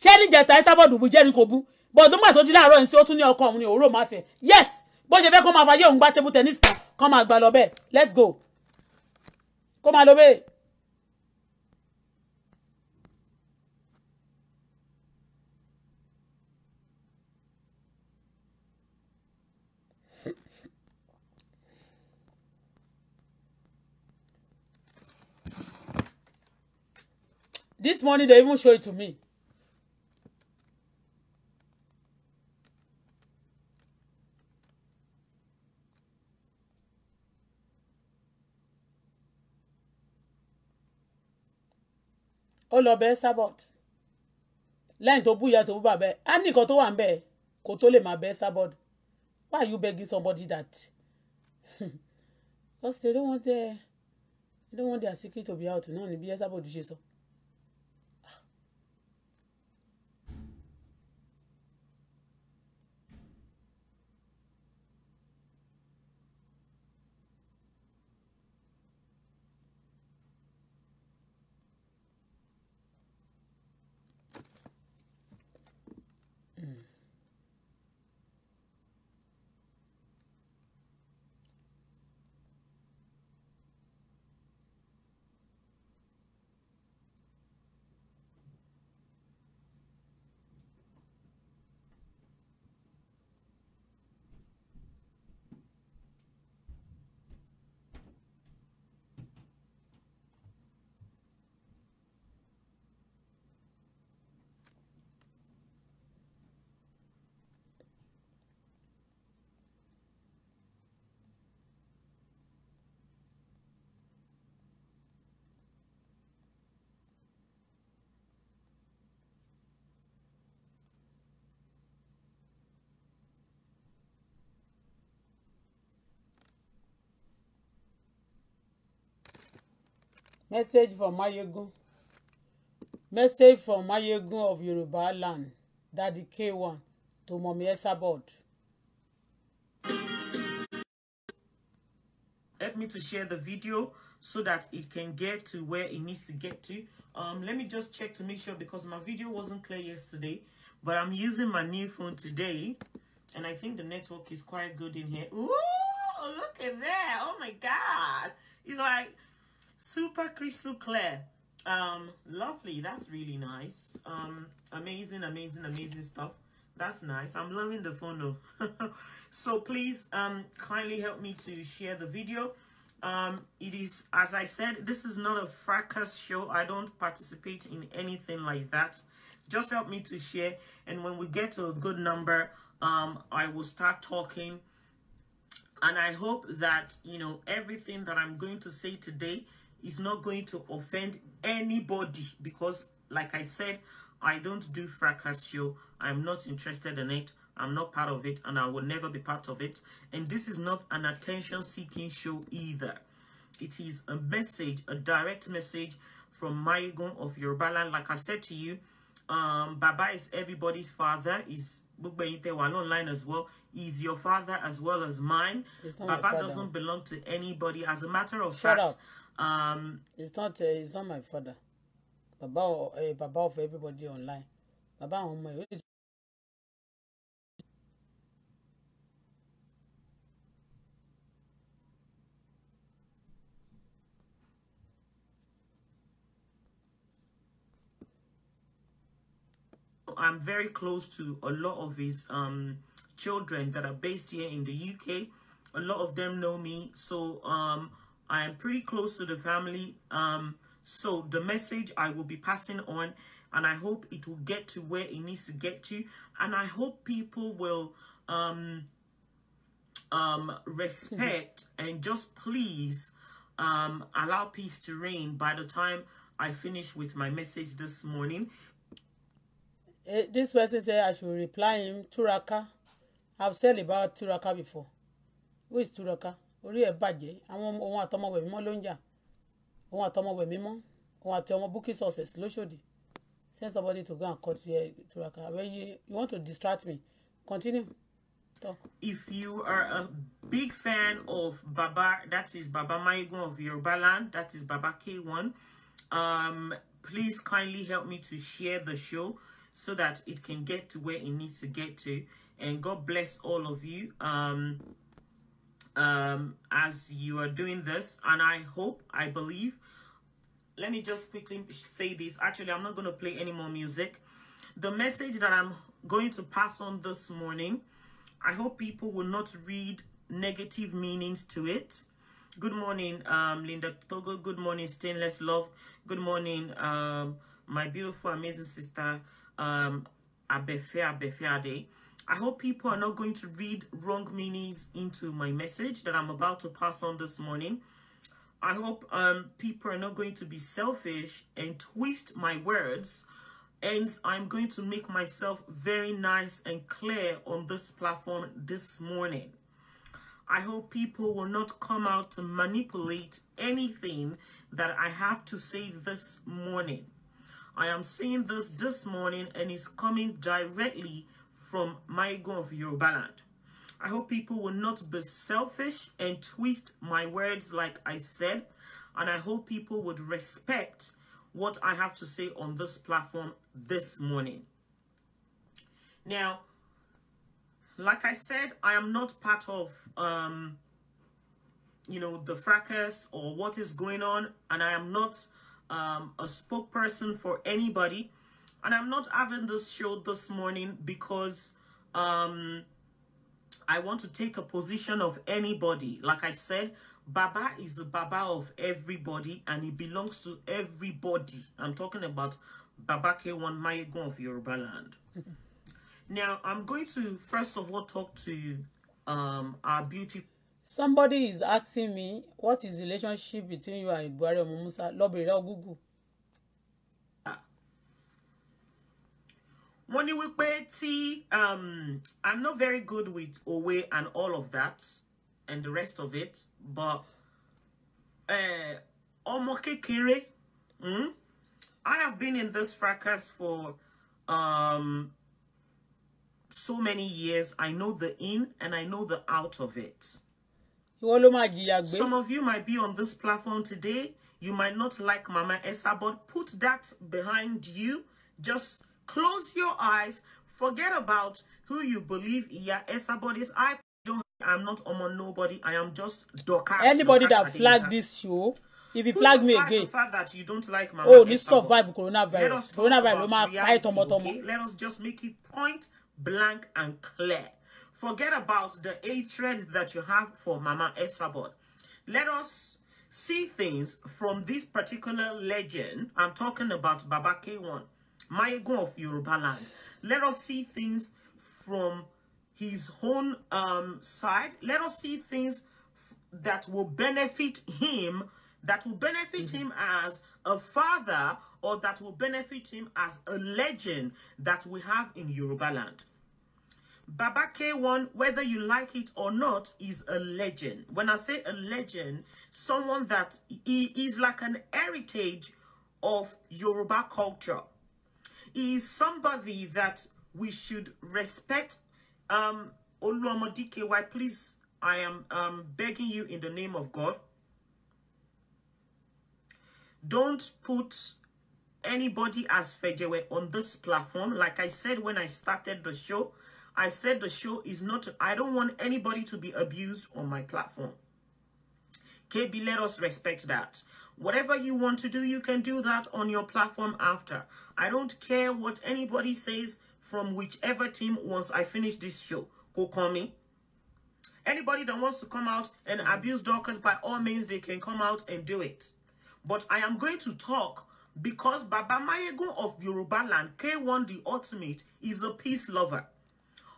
ṣé níjẹta ẹ sábọ̀dù òbu jẹ́rìí kò bú but nígbà tó ti láàárọ̀ ní sí ó tún ní ọkọ òun ní òróró máa ṣe yes bó ṣe fẹ́ kó máa fàyè òun gbá table tennis kan máa gbà lọ bẹ́ẹ̀ let's go kó máa lọ bẹ́ẹ̀. This morning they even show it to me. Oh lọ bẹ Sabot lẹ́yìn tó bú ìyá tó bú bàbá ẹ á koto nǹkan tó wà ń bẹ kó why you begging somebody that because they don't want their they don't want their secret to be out No ní be ẹ Sabot ṣe So. Message from Mayegun. Message from Mayegun of Yoruba land, Daddy K1 to Mommy Esabod. Help me to share the video so that it can get to where it needs to get to. Um, let me just check to make sure because my video wasn't clear yesterday, but I'm using my new phone today, and I think the network is quite good in here. Ooh, look at that! Oh my God! It's like Super crystal clear. Um, lovely. That's really nice. Um, amazing, amazing, amazing stuff. That's nice. I'm loving the phone though. so please, um, kindly help me to share the video. Um, it is, as I said, this is not a fracas show. I don't participate in anything like that. Just help me to share. And when we get to a good number, um, I will start talking. And I hope that, you know, everything that I'm going to say today is not going to offend anybody because like i said i don't do fracas show. i'm not interested in it i'm not part of it and i will never be part of it and this is not an attention seeking show either it is a message a direct message from my Maigun of your balance. like i said to you um baba is everybody's father is Bugbeite online as well is your father as well as mine. Baba doesn't belong to anybody. As a matter of Shut fact, up. Um, it's not. Uh, it's not my father. Baba, uh, Baba for everybody online. Baba my. Eh, I'm very close to a lot of his um, children that are based here in the UK. A lot of them know me, so um, I am pretty close to the family. Um, so the message I will be passing on, and I hope it will get to where it needs to get to. And I hope people will um, um, respect and just please um, allow peace to reign by the time I finish with my message this morning. Eh, this person said I should reply him, Turaka. I've said about Turaka before. Who is Turaka? orí ẹ̀ bàjẹ́ àwọn ohun ló ohun àti ọmọ booking sources send somebody to go and cut you want to distract me continue. Talk. If you are a big fan of Baba, that is Baba Maigun of land that is Baba K1, um, please kindly help me to share the show so that it can get to where it needs to get to. And God bless all of you. Um, um, as you are doing this. And I hope, I believe, let me just quickly say this. Actually, I'm not going to play any more music. The message that I'm going to pass on this morning, I hope people will not read negative meanings to it. Good morning, um, Linda Togo. Good morning, Stainless Love. Good morning, um, my beautiful, amazing sister, um, Abefe Day. I hope people are not going to read wrong meanings into my message that I'm about to pass on this morning. I hope um, people are not going to be selfish and twist my words. And I'm going to make myself very nice and clear on this platform this morning. I hope people will not come out to manipulate anything that I have to say this morning. I am saying this this morning and it's coming directly from my go of Yoruba land. I hope people will not be selfish and twist my words like I said. And I hope people would respect what I have to say on this platform this morning. Now, like I said, I am not part of, um, you know, the fracas or what is going on. And I am not um, a spokesperson for anybody. and I'm not having this show this morning because um, I want to take a position of anybody. Like I said, Baba is the Baba of everybody and he belongs to everybody. I'm talking about Baba K1 Mayegun of Yoruba land. now, I'm going to first of all talk to um, our beauty. Somebody is asking me, what is the relationship between you and Buhari Omo Musa? Lobira Ogugu. Money with wípé um, i'm not very good with òwe and all of that and the rest of it but uh, i have been in this fracas for um, so many years i know the in and i know the out of it some of you might be on this platform today you might not like mama esa but put that behind you just Close your eyes. Forget about who you believe yeah, eh, somebody's. I don't. I'm not among nobody. I am just Dorcas. Anybody that flagged this show, if you flag me again, the fact that you don't like my oh, this survive coronavirus. Let us coronavirus. Reality, fight on okay? Let us just make it point blank and clear. Forget about the hatred that you have for Mama Esabod. Let us see things from this particular legend. I'm talking about Baba K1 go of Yoruba land. Let us see things from his own um, side. Let us see things that will benefit him, that will benefit mm -hmm. him as a father or that will benefit him as a legend that we have in Yoruba land. Baba K1, whether you like it or not, is a legend. When I say a legend, someone that he is like an heritage of Yoruba culture is somebody that we should respect. Um, Oluomodi KY, please, I am um, begging you in the name of God. Don't put anybody as Fejewe on this platform. Like I said when I started the show, I said the show is not, I don't want anybody to be abused on my platform. KB, let us respect that. Whatever you want to do, you can do that on your platform after. I don't care what anybody says from whichever team once I finish this show. Go call me. Anybody that wants to come out and abuse Dorcas, by all means, they can come out and do it. But I am going to talk because Baba Mayego of Yoruba land, K1 the Ultimate, is a peace lover.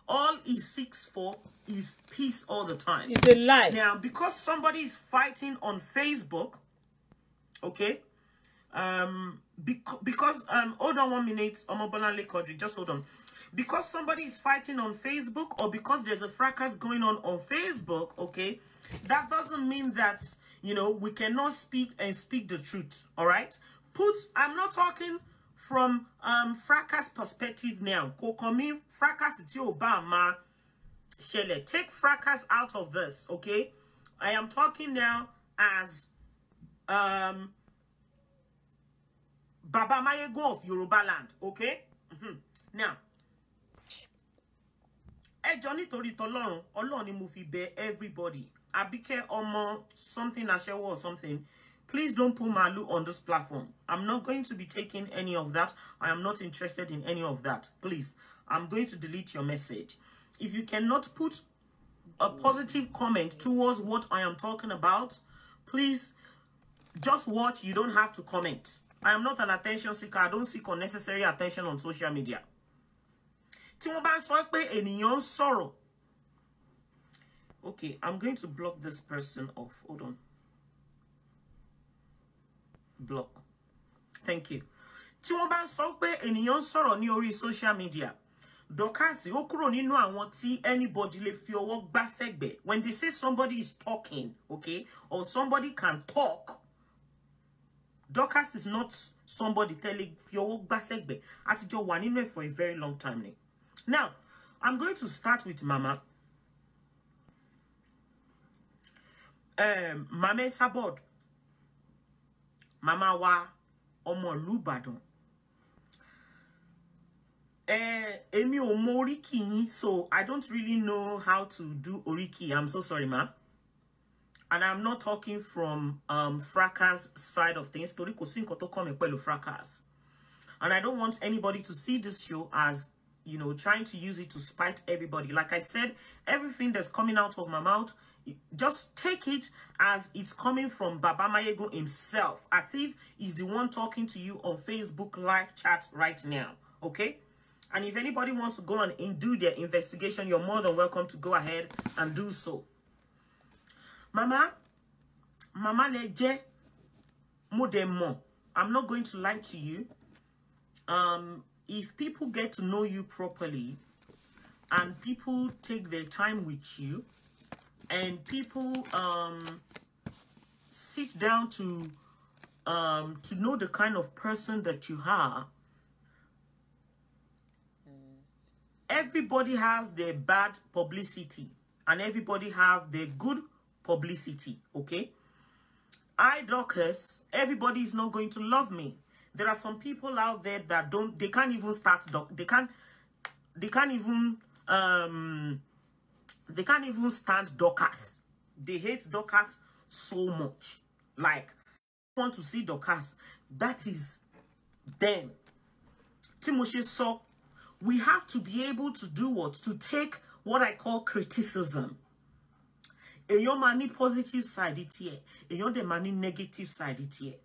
All he seeks for is peace all the time. It's a lie. Now, because somebody is fighting on Facebook, Okay. Um, beca because, um, hold on one minute, I'm Omobolanle Kodri, just hold on. Because somebody is fighting on Facebook or because there's a fracas going on on Facebook, okay, that doesn't mean that, you know, we cannot speak and speak the truth, all right? Put, I'm not talking from um, fracas perspective now. Kokomi fracas ti Obama Shelly, Take fracas out of this, okay? I am talking now as um, Baba maye go of Yoruba land, okay? Mm-hmm. Now, ẹjọ́ nítorí tọlọ́run, Ọlọ́run ni mo fi be everybody. Abike Omo something Ashewo or something. Please don't put Malu on this platform. I'm not going to be taking any of that. I am not interested in any of that. Please, I'm going to delete your message. If you cannot put a positive comment towards what I am talking about, please just watch. You don't have to comment. I am not an attention seeker. I don't seek unnecessary attention on social media. Tí wọ́n bá ń sọ pé ènìyàn ń sọ̀rọ̀. Okay, I'm going to block this person off. Hold on. Block. Thank you. Tí wọ́n bá ń sọ pé ènìyàn ń sọ̀rọ̀ ní orí social media. Dọ́kàsì ó kúrò nínú àwọn tí anybody lè fi ọwọ́ gbá sẹ́gbẹ̀ẹ́. When they say somebody is talking, okay, or somebody can talk, Dorcas is not somebody telling your owó gbá sẹ́gbẹ̀ àtijọ́ wà nínú ẹ̀ for a very long time ni now I'm going to start with mama um, mama sabod. mama wa omo ìlú Eh, èmi ò mọ oríkì so I don't really know how to do oríkì I'm so sorry ma and i'm not talking from um fracas side of things torí kò sí nǹkan tó kàn pẹ̀lú fracas and i don't want anybody to see this show as you know trying to use it to spite everybody like i said everything that's coming out of my mouth just take it as it's coming from Baba Mayego himself, as if he's the one talking to you on Facebook live chat right now, okay? And if anybody wants to go and do their investigation, you're more than welcome to go ahead and do so. Mama, Mama Leje, Mudemo, I'm not going to lie to you. Um, if people get to know you properly and people take their time with you and people um, sit down to um, to know the kind of person that you are, everybody has their bad publicity and everybody have their good publicity, okay? I, Dorcas, everybody is not going to love me. There are some people out there that don't, they can't even start, doc, they can't, they can't even, um, they can't even stand Dorcas. They hate Dorcas so much. Like, want to see Dorcas. That is them. Timoshe so we have to be able to do what? To take what I call criticism èèyàn máa ní positive side it èèyàn dẹ̀ máa ní negative side it tiẹ̀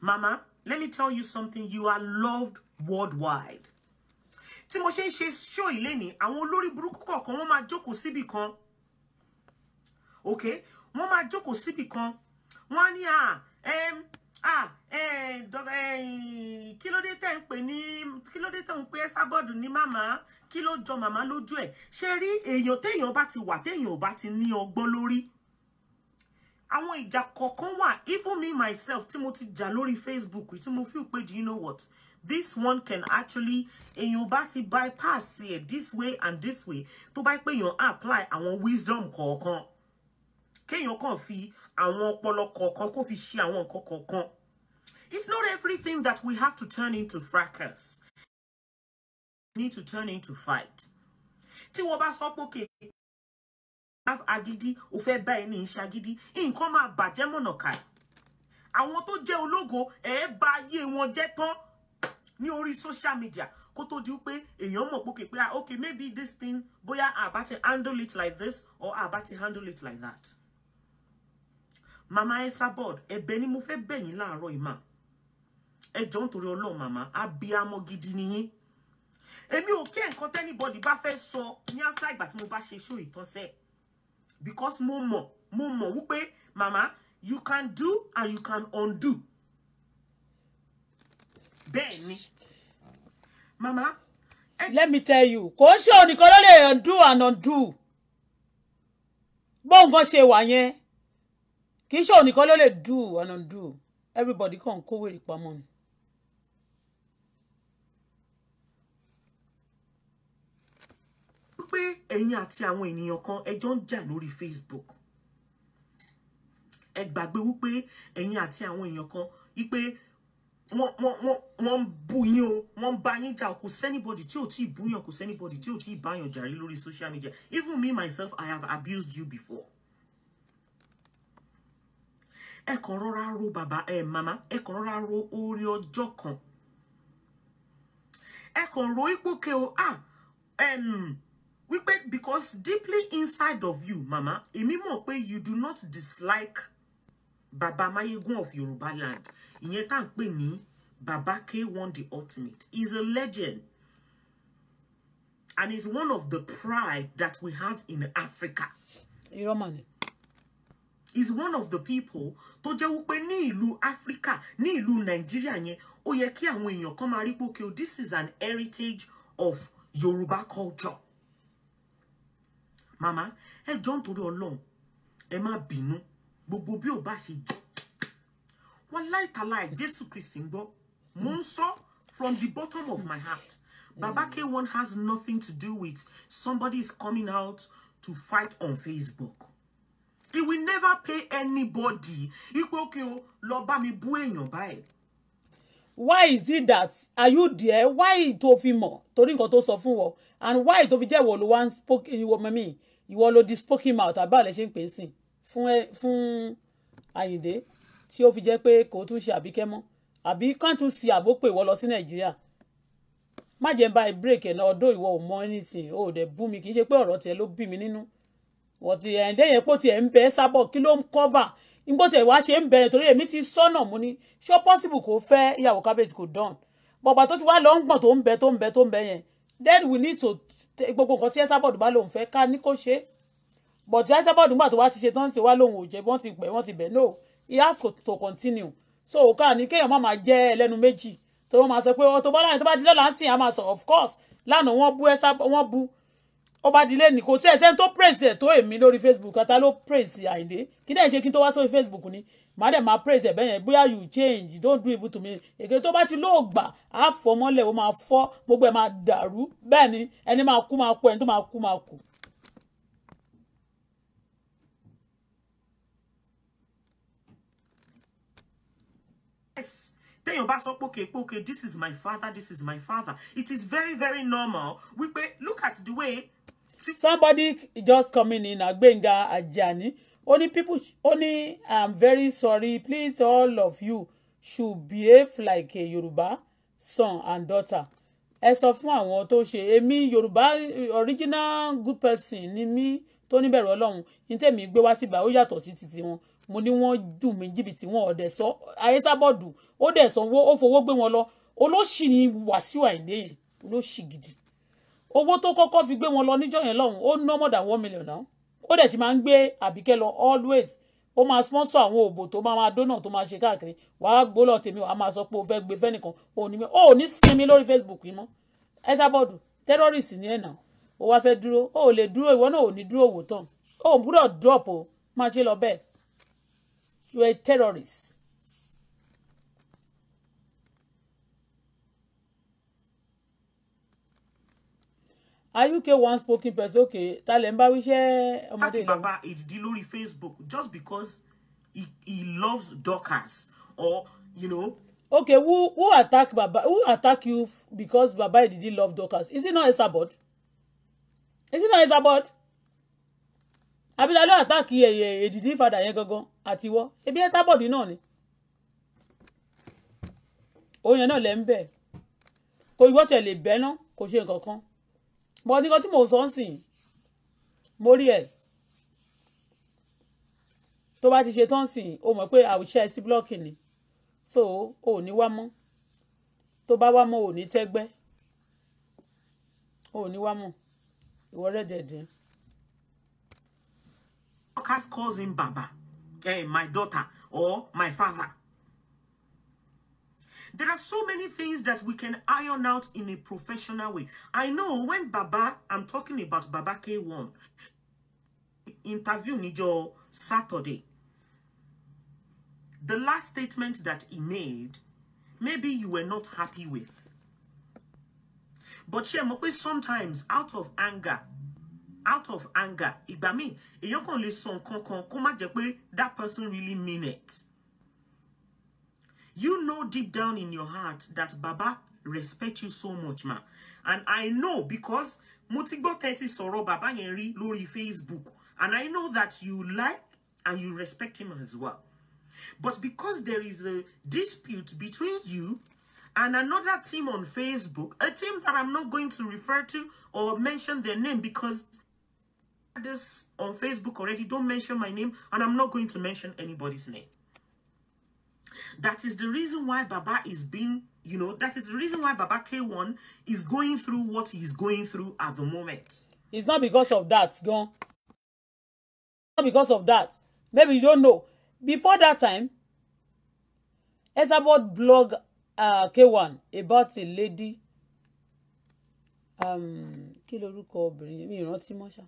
mama let me tell you something you are loved worldwide tí mo ṣe ń show ileni. ní àwọn olórí burúkú kọ̀ọ̀kan wọ́n máa jókòó síbì kan ok wọ́n máa jókòó síbì kan wọ́n ah, ah Eh. Dog. Eh. tẹ̀ ń pè ní kí ló dé tẹ̀ ń pè ẹ́ sábọ́ọ̀dù ní kí ló jọ màmá lójú ẹ̀ ṣe rí èèyàn téèyàn bá ti wà téèyàn bá ti ní ọgbọ́n lórí àwọn ìjà kọ̀ọ̀kan wà even me myself tí mo ti jà lórí Facebook tí mo feel pé do you know what this one can actually èèyàn bá ti bypass ẹ̀ this way and this way tó bá pé èèyàn apply àwọn wisdom kọ̀ọ̀kan kéèyàn kàn fi àwọn ọpọlọ kọ̀ọ̀kan kó fi ṣe àwọn nǹkan kọ̀ọ̀kan it's not everything that we have to turn into fracas need to turn into fight tí wọ́n bá sọ pé òkè agídí ò fẹ́ bá ẹni ìṣagídí nǹkan máa bàjẹ́ mọ̀nàkà àwọn tó jẹ́ ológo e bá ayé wọn jẹ́ tán ní orí social media kó tó di pé èèyàn mọ̀ pókè pé ah, ok maybe this thing boya àbá ti handle it like this or àbá ti handle it like that. mama Esabod ẹ̀bẹ̀ ni mo fe bẹ̀ yín láàárọ̀ ìmà ẹ jọ̀ọ́ nítorí Ọlọ́run màmá abiyamọ gidi niyín èmi ò care nǹkan anybody, bá fẹ́ so ní after ìgbà tí mo bá ṣe show ìtọ́sẹ̀ because mo mọ̀ mo mọ̀ wípé màmá you can do and you can undo Beni, mama, let me tell you kò ń ṣe ònìkan ló undo and undo bó nǹkan ṣe wà yẹn kì í ṣe ònìkan ló do and undo everybody kàn kó wèrè pamọ́ ni. pé ẹ̀yin àti àwọn ènìyàn kan ẹjọ́ ń jà lórí Facebook ẹ gbàgbé wípé ẹ̀yin àti àwọn èèyàn kan wípé wọ́n ń bú yín o wọ́n ń bá yín jà kò sẹ́nibọ́dì tí ò tí ì búyàn kò sẹ́nibọ́dì tí ò tí ì báyàn jàrí lórí social media even me myself I have abused you before. ẹ kàn rọra ro bàbá ẹ màmá ẹ kàn rọra ro orí ọjọ́ kan ẹ kàn ro ipò ke o ah um, wípé because deeply inside of you mama èmi mọ̀ pé you do not dislike baba mayegun of Yoruba land ìyẹn tá à ń pè ní baba K1 the ultimate he is a legend and is one of the pride that we have in Africa. irọ́ mà is one of the people tó jẹ́ wípé ní ìlú Africa ní ìlú Nigeria yẹn ó yẹ kí àwọn èèyàn kan máa rí pé okay this is an heritage of Yoruba culture. Mama, ẹ jọ nítorí ọlọ́run ẹ má bínú gbogbo bí ò bá ṣe jẹ́ wọ́n láìtàlá ẹ̀ jésù kristi ń gbọ́ mo ń sọ from the bottom of my heart baba k1 has nothing to do with somebody is coming out to fight on facebook he will never pay anybody ipò òkè o lọ bá mi bú èèyàn báyìí. why is it that are you there why tó fi mọ̀ torí nǹkan tó sọ fún wọn and why tó fi jẹ́ ìwọ one spoke in your ìwọ mẹ́mí ìwọ ló di spoken mouth àbá lè ṣe ń pè é sìn fún ẹ fún àyìndé tí ó fi jẹ́ pé kò tún ṣe àbíkẹ́ mọ́ àbí kántún sí àbó pè wọ́ lọ sí nàìjíríà má jẹ́ ń báyìí break ẹ̀ náà ọdọ́ ìwọ ò mọ anything ó dẹ̀ bú mi kì í ṣe pé ọ̀rọ̀ tiẹ̀ ló bí mi nínú wọ́n eh, ti ẹ̀ ń dẹ́yẹ̀ pò tiẹ̀ ń bẹ́ sábọ̀ kí ló ń cover nígbà tí ìwà ṣe ń bẹ̀rẹ̀ torí èmi ti sọ́nà mu ni ṣó possible kò fẹ́ ìyàwó kábíyèsí kò dán bọ̀bà tó ti wá lọ ń gbọ̀n tó ń bẹ tó ń bẹ tó ń bẹ yẹn then we need to gbogbo nǹkan tí Esabod bá lòun fẹ́ ká ní kó ṣe but Esabod nígbà tó wá ti ṣe tán ṣe wá lòun ò jẹ wọ́n ti gbẹ̀ wọ́n ti bẹ̀ no he has to continue so òkà ní kéèyàn má máa jẹ́ ẹlẹ́nu méjì tó wọ́n máa sọ pé Auto oh, Bola tó bá di lọ́la ń sìn á máa sọ of course lánàá wọ́n bú Esabod wọ́n bú ó bá dilé ní kò tí ẹ̀ sẹ́ni tó praise ẹ̀ tó èmi lórí Facebook kátà ló praise Àyìndé kí dẹ́ ṣe kí n tó wá sórí Facebook ni má dẹ̀ praise ẹ̀ bẹ́yẹn bóyá you change don't do evil to me èké tó bá ti lóògbà á fọ́ mọ́lẹ̀ ó máa fọ́ gbogbo ẹ̀ máa dàrú bẹ́ẹ̀ ni ẹni máa kú máa kú ẹni tó máa kú máa kú. yes téèyàn bá sọ pókè pókè this is my father this is my father it is very very normal wípé look at the way. somebody just coming in Agbenga Ajani ó ní people ó ní i'm very sorry please all of you should behave like a Yorùbá son and daughter ẹ sọ fún àwọn tó ṣe èmi Yorùbá original good person ni mí tó níbẹ̀rù Ọlọ́run ní tèmi gbé wá tìgbà ó yàtọ̀ sí ti tiwọn mo ní wọ́n dù mí jìbìtì wọn ọ̀dẹ̀ sọ ayésábọ̀dù ó dẹ̀ sanwó ó fowó gbé wọn lọ olóṣì ni Wàsíù Àyìndé yẹn olóṣì gidi owó tó kọ́kọ́ fi gbé wọn lọ níjọ́ yẹn lọ́hùn ó ná mọ̀dà one million náà ó dẹ̀ ti máa ń gbé àbíkẹ́ lọ always ó máa sponsor àwọn òbò tó máa máa dónà tó máa ṣe káàkiri wàá gbólọ̀ tèmi wàá máa sọ pé o fẹ́ gbé fẹ́nìkan ò ní ò ní sinmi lórí Facebook yìí mọ́ ẹ sábọ́ọ̀dù terrorist ní ẹ̀nà ó wá fẹ́ dúró ó lè dúró ìwọ náà ò ní dúró wò tán ó gbúdọ̀ drop o máa ṣe lọ bẹ́ẹ̀ you are a terrorist. a uk one spoken person okay ta lè ń bá wíṣẹ́ ọmọdé ìlú. bàbá èdìdí lórí facebook just because he, he loves dorcas or you know. okay who who attack baba who attack you because baba èdìdí love dorcas is it not esabod is it not esabod abidjan ló attack èdìdí eh, eh, fada yẹn gangan àtiwọ́ ṣebí esabod náà ni òun yẹn náà lẹ́ ń bẹ̀ kò ìwọ́tẹ̀ lè bẹ́ náà kò ṣe nǹkan kan mo ní kan tí mò ń sọ ń sìn mo rí ẹ tó bá ti ṣe tán sìn o mọ̀ pé àwùṣe ẹ sí búlọ́ọ̀kì ni so o ò ní wá mọ́ tó bá wá mọ́ o ò ní tẹ́gbẹ́ o ní wá mọ́ ìwọ rẹ̀ dẹ̀dẹ̀. workers calls him baba eh, my daughter or my father There are so many things that we can iron out in a professional way. I know when Baba, I'm talking about Baba K1, interview Nijo Saturday, the last statement that he made, maybe you were not happy with. But sometimes out of anger, out of anger, ìgbà míì, èèyàn kàn lè sọ nǹkan that person really mean it. You know deep down in your heart that Baba respect you so much, ma. And I know because mo thirty gbọ́ sọ̀rọ̀ bàbá yẹn lórí Facebook. And I know that you like and you respect him as well. But because there is a dispute between you and another team on Facebook, a team that I'm not going to refer to or mention their name because this on Facebook already don't mention my name and I'm not going to mention anybody's name. That is the reason why Baba is being, you know, that is the reason why Baba K1 is going through what he's going through at the moment. It's not because of that, gone. Not because of that. Maybe you don't know. Before that time, Esabod blog uh, K1 about a lady. Um, kí lorúkọ obìnrin mi ìrántí mọ́ ṣá.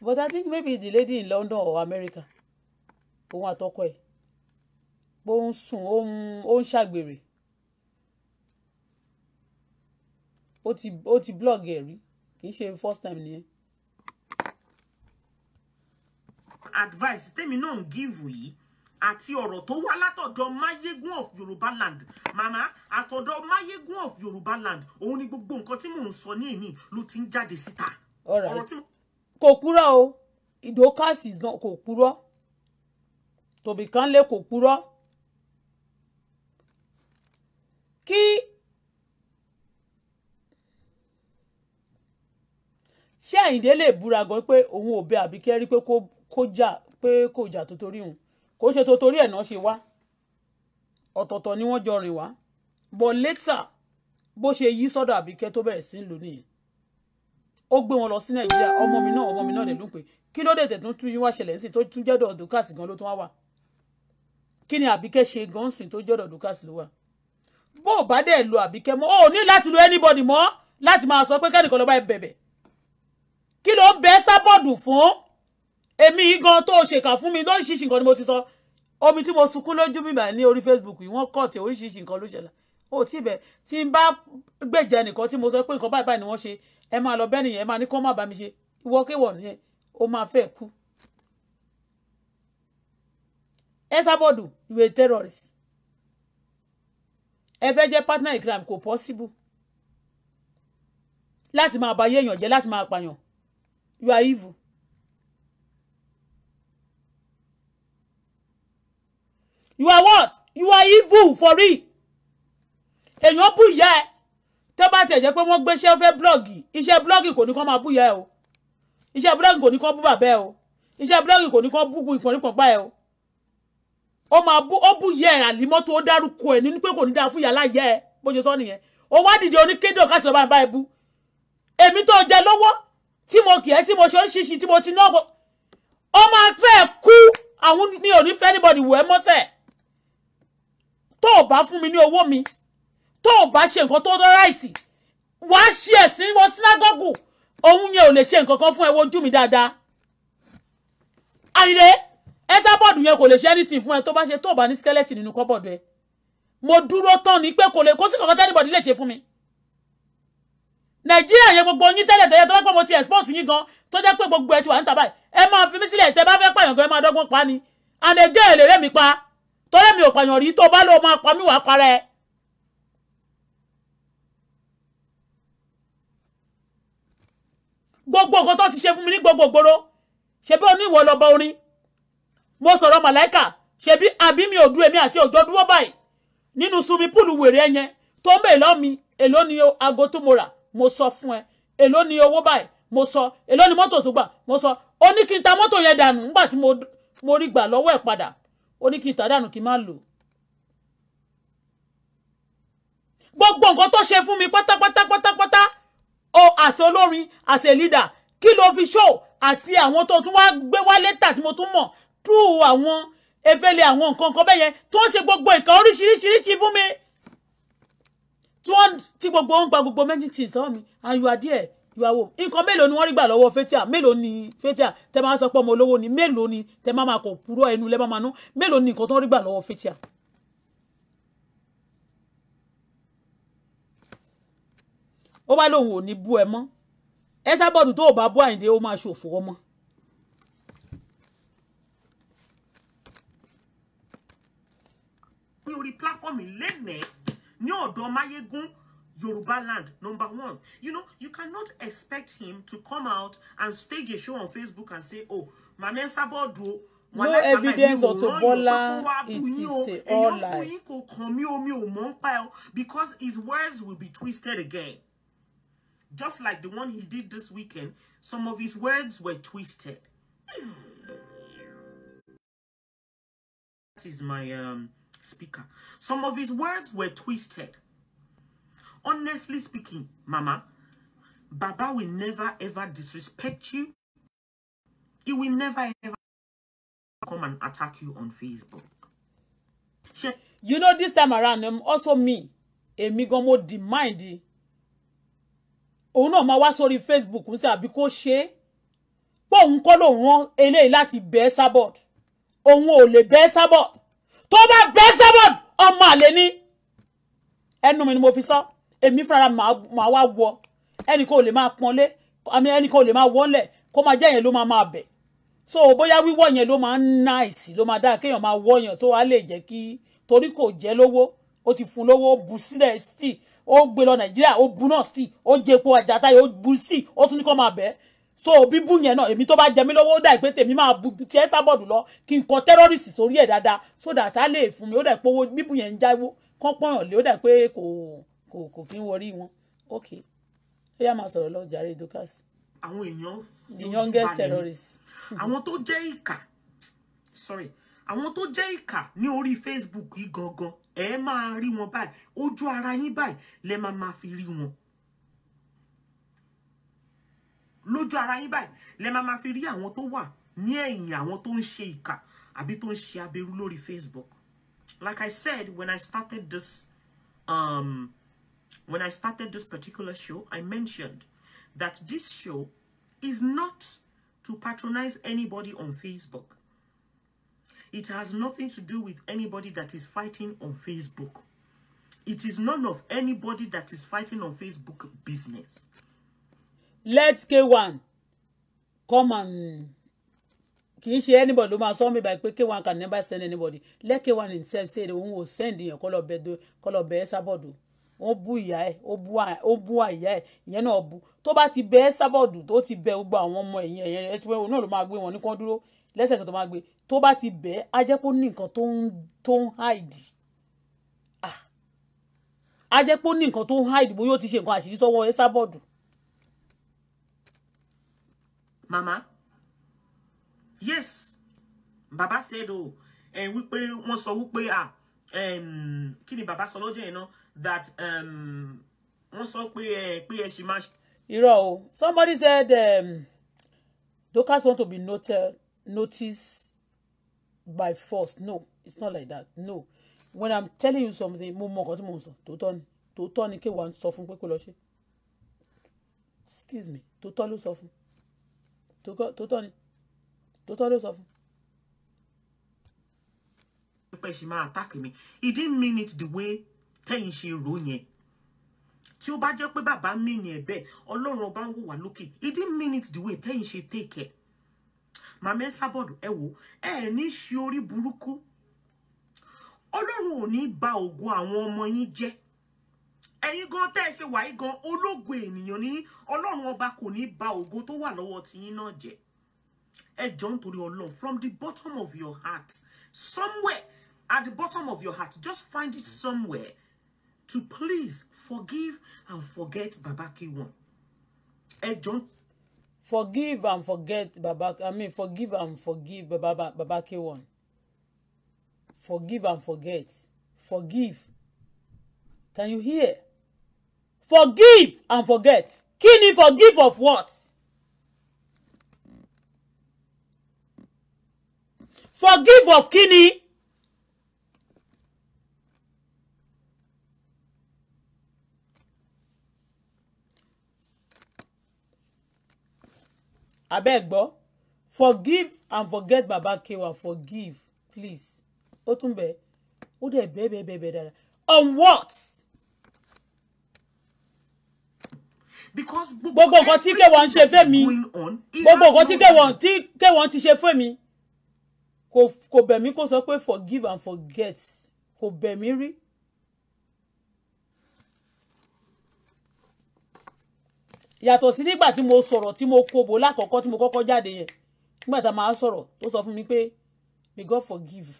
But I think maybe the lady in London or America. Òun àtọkọ ẹ̀ bó ń sùn ó ń ṣàgbèrè ó ti ó ti rí kì í ṣe first time nìyẹn. advice tèmi náà ń gíìvù yìí àti ọ̀rọ̀ tó wá látọ̀dọ̀ Mayegun of Yorùbá land màmá àtọ̀dọ̀ Mayegun of Yorùbá land òun ni gbogbo nǹkan tí mò ń sọ ní ìní ló ti ń jáde síta. kò purọ́ o ìdókàsì kò purọ́ tòbìkánlé kò purọ́ kí ṣé àyíndé lè búra gan pé òun ò bẹ àbíkẹ́ rí pé kó jà pé kò jà tó torí òun kò ṣe tó torí ẹ̀ náà ṣe wá ọ̀tọ̀ọ̀tọ̀ ni wọ́n jọ rìn wá but later bó ṣe yí sọ́dọ̀ àbíkẹ́ tó bẹ̀rẹ̀ sí ń lò nìyẹn ó gbé wọn lọ sí nàìjíríà ọmọ mi náà ọmọ mi náà dẹ̀dún pé kí ló dé tẹ̀tún tún yín wá ṣẹlẹ̀ sí tó tún jẹ́dọ̀ dùkàsì gan ló tún wá wà kí ni àbíkẹ́ ṣe gan sìn tó jẹ́dọ̀ dùkàsì ló wà bó o bá dẹ̀ lo àbíkẹ́ mọ́ o ní láti lo anybody mọ́ láti máa sọ pé kẹ́nìkan ló bá ẹ bẹ̀bẹ̀ kí ló ń bẹ sábọ̀dù fún èmi gan tó o ṣèkà fún mi lóríṣiríṣi nǹkan ni mo ti sọ omi tí mo sunkún lójú bíbà ní orí Facebook yìí wọ́n kọ̀ tí oríṣiríṣi nǹkan ló ṣẹlẹ̀ o tí bẹ̀ tí n bá gbèjà nìkan tí mo sọ pé nǹkan báyìí ni wọ́n ṣe ẹ máa lọ bẹ́ẹ̀ nìyẹn ẹ máa ní kó má bá mi ṣe ìwọ́kéwọ̀ nìyẹn o máa fẹ́ kú ẹ sábọ̀dù you a terrorist ẹ fẹ́ jẹ́ partner in crime kò possible láti máa bà yéèyàn jẹ́ láti máa pààyàn you are evil. you are what you are evil for real èèyàn búyà ẹ tó bá tẹ̀ jẹ́ pé wọ́n gbé iṣẹ́ fẹ́ blọ́ọ̀gì iṣẹ́ blọ́ọ̀gì kò ní kán máa búyà ẹ o iṣẹ́ blọ́ọ̀gì kò ní kán bú bàbá ẹ o iṣẹ́ blọ́ọ̀gì kò ní kán bú ìkànnì kan bá ẹ o ó máa bú ó bú yẹ àlímọ́tò ó dárúkọ ẹ̀ nínú pé kò ní dáa fún yàrá yẹ ẹ bó ṣe sọ nìyẹn ó wá dìde oníkédè ọ̀ká ìṣọ̀rọ̀ bá ẹ bú èmi tó jẹ lọ́wọ́ tí mo kì í tí mo ṣe oríṣiríṣi tí mo ti náà ó máa fẹ́ kú àwọn mi ò ní fẹ́ anybody wò ẹ́ mọ́sẹ̀ tó o bá fún mi ní owó mi tó o bá ṣe nǹkan tó dán ráìtì wàá ṣe ẹ̀sìn wọn sínágọ́gù òun yẹn ò lè ṣe kan fún ẹ wojú mi dáadáa àyìnlẹ́ ẹsẹ bọọdù yẹn kò lè ṣe anything fún ẹ tó bá ṣe tó bá ní skeleton nínú kọbọọdù ẹ mo dúró tán ni pé kò lè kó sí kankan tẹ́lifọ̀dì lè ṣe fún mi nàìjíríà yẹn gbogbo yín tẹ́lẹ̀ tẹ́lẹ̀ tó bá pẹ́ mo ti expose yín gan tó jẹ́ pé gbogbo ẹ ti wà níta báyìí ẹ máa fi mí sílẹ̀ tẹ́ bá fẹ́ pààyàn gan ẹ máa dọ́gbọ́n pa ni ànẹ́gẹ́ èrè rẹ̀ mi pa tọ́lẹ̀ mi ò pààyàn rí tó bá lọ máa pa mí wàá para ẹ. gbogbo nǹkan tó ti ṣe fún mi ní gbogbo ṣe bí oníwọ̀ lọ́ba orin mo sọ̀rọ̀ màláìkà ṣebí àbí mi ò dúró èmi àti òjò dúró báyìí nínú sunmi púùlù wèrè ẹyẹn tó ń bè lọ́ mi èló ni aago tó mo rà mo sọ fún ẹ èló ni owó báyìí mo sọ èló ni mọ́tò tó gbà mo sọ ó ní kí n ta mọ́tò yẹn dànù nígbà tí mo rí gbà lọ́wọ́ ẹ̀ padà ó ní kí n ta dànù kí n má lò. gbogbo nǹkan tó ṣe fún mi pátápátá pátápátá o àṣẹ olórin àṣẹ lídà kí ló fi ṣó àti àwọn tó tún wá gbé wá lẹ́tà tí mo tún mọ̀ through àwọn efele àwọn nǹkan kan bẹ́yẹn tó ń ṣe gbogbo ìkan oríṣiríṣiríṣi fún mi tí wọ́n ti gbogbo ń gba gbogbo many things lọ́wọ́ mi and you are there you are home nǹkan mélòó ni wọ́n rí gbà lọ́wọ́ fẹ́tíà mélòó ni fẹ́tíà tẹ́ máa ń sọ pé ọmọ olówó ni mélòó ni tẹ́ máa máa kọ̀ púrọ̀ ẹnu lẹ́ máa máa nú mélòó ni nǹkan tó ń rí gbà lọ́wọ́ fẹ́tíà. ó bá lóun ò ní bú ẹ mọ́ ẹ sábọ́ọ̀dù tó o bá bú àyíndé ó máa ṣòfò ọmọ. orí pláfọ́ọ̀mù lẹ́nẹ̀ẹ́ ní ọ̀dọ̀ Máyégún Yoruba land, number one. You know, you cannot expect him to come out and stage a show on Facebook and say, oh, my men sabodo. No evidence Auto Bola, it is a all lie. Because his words will be twisted again. Just like the one he did this weekend, some of his words were twisted. That is my um speaker. Some of his words were twisted. Honestly speaking, Mama, Baba will never ever disrespect you. He will never ever come and attack you on Facebook. She you know, this time around, um, also me, Emigomo gan mo demand. Òun náà máa wá sórí Facebook ń sẹ́ àbí kó ṣe é. Pé òun kọ́ lòun rán eléyìí láti bẹ́ẹ̀ sábọ̀d. Òun tó bá bẹ́ sẹ́bọ̀n ọmọ àlè ni ẹnu mi ni mo fi sọ èmi fúnra màá wá wọ ẹnì kan ò lè máa pọnlé ẹnì kan ò lè máa wọlẹ̀ kó máa jẹ́ yẹn ló máa máa bẹ̀ so bóyá wíwọ̀ yẹn ló máa ń náìsì ló máa dáa kéèyàn máa wọ̀ yẹn tó wá lè jẹ́ kí torí kò jẹ́ lówó ó ti fún lówó ó bu sílẹ̀ sí ó gbé lọ nàìjíríà ó bu náà sí ó jẹ epo àjàtáyé ó bu sí ó tún ní kó máa bẹ́ẹ̀ so bíbú yẹn náà èmi tó bá jẹ mí lọ́wọ́ ó dà pé tèmi máa bu ti ẹ́ sábọ̀dù lọ kí n kọ tẹ́rọ́rìsì sórí ẹ̀ dáadáa so that á lè fún mi ó dà pé owó bíbú yẹn ń jáwó kán pọ̀yàn lé ó dà pé kò kò kò kí n wọrí wọn ok ó yá máa sọ̀rọ̀ lọ jàre dukas. àwọn èèyàn the youngest terrorist. àwọn tó jẹ́ ìkà sorry àwọn tó jẹ́ ìkà ní orí Facebook yìí gangan ẹ máa rí wọn báyìí ojú ara yín báyìí lẹ máa máa fi rí wọn ara yín lẹ ma fi rí àwọn tó wà ní ẹ̀yìn àwọn tó ìkà àbí tó lórí Facebook like I said when I started this um when I started this particular show I mentioned that this show is not to patronize anybody on Facebook it has nothing to do with anybody that is fighting on Facebook. It is none of anybody that is fighting on Facebook business. let K1 come and kì í ṣe anybody ló máa sọ mi báyìí pé K1 can never send anybody let K1 himself say òun ò send yẹn kọlọbẹ kọlọbẹ ẹ sábọdù ó bú ìyá ẹ ó bú àyà ẹ ìyẹn náà bú tó bá ti bẹ ẹ sábọdù tó ti bẹ gbogbo àwọn ọmọ ẹ̀yìn ẹ̀yìn ẹ ti pé òun náà ló máa gbé wọn ní kán dúró lẹ́sẹ̀ kan tó máa gbé tó bá ti bẹ á jẹ́ pé ó ní nǹkan tó ń tó ń hide ah. á jẹ́ pé ó ní nǹkan tó ń hide bóyá ó ti ṣe nǹkan àṣírí sọ́wọ́ ẹ sábọdù mama yes baba said oh eh, wípé wọ́n sọ wípé ah um, kí ni baba sọ lọ́jọ́ yẹn that um, wọ́n sọ pé ẹ eh, pé ẹ ṣì máa. irọ́ o somebody said um, Dorcas want to be noted, notice by force no it's not like that no when i'm telling you something mo mọ nǹkan tí mo ń sọ tòótọ́ ni tòótọ́ ni kéwàá ń sọ fún pé kó lọ ṣe excuse me tòótọ́ ló sọ fún tótọ́ ni tótọ́ ló sọ fún. pé ṣe máa attack mi he didn't mean it the way tẹ́yìn ṣe rò yẹn tí ó bá jẹ́ pé bàbá mìíní ẹ̀ bẹ́ẹ̀ ọlọ́run ọba ń wò lókè he didn't mean it the way tẹ́yìn ṣe take ẹ̀ màmá ẹ sábọ̀dù ẹ wò ẹ ní ṣe orí burúkú ọlọ́run ò ní ba ògo àwọn ọmọ yín jẹ́ ẹ̀yin gan tẹ́ ṣe wàyí gan ológo ènìyàn ní ọlọ́run ọba kò ní ba ògo tó wà lọ́wọ́ tiyín náà jẹ́ ẹ jọ nítorí ọlọ́run from the bottom of your heart somewhere at the bottom of your heart just find it somewhere to please forgive and forget Baba K1 ẹ jọ. forgive and forget Baba I mean forgive and forgive Baba Baba k forgive and forget forgive can you hear forgive and forget kí ni forgive of what forgive of kí ni. abeg gbọ́ forgive and forget baba kewa forgive please ó tún bẹ̀ ó dẹ̀ bẹ́ẹ̀ on what. gbogbo nǹkan tí kẹwọn ń ṣe fẹ́mi gbogbo nǹkan tí kẹwọn tí kẹwọn ti ṣe fẹ́mi kò kò bẹ̀ mí kó sọ pé forgive and forget kò bẹ̀ mí rí. yàtọ̀ sí nígbà tí mo sọ̀rọ̀ tí mo kobo lákọ̀ọ́kọ́ tí mo kọ́kọ́ jáde yẹn nígbà tá a máa sọ̀rọ̀ tó sọ fún mi pé may God forgive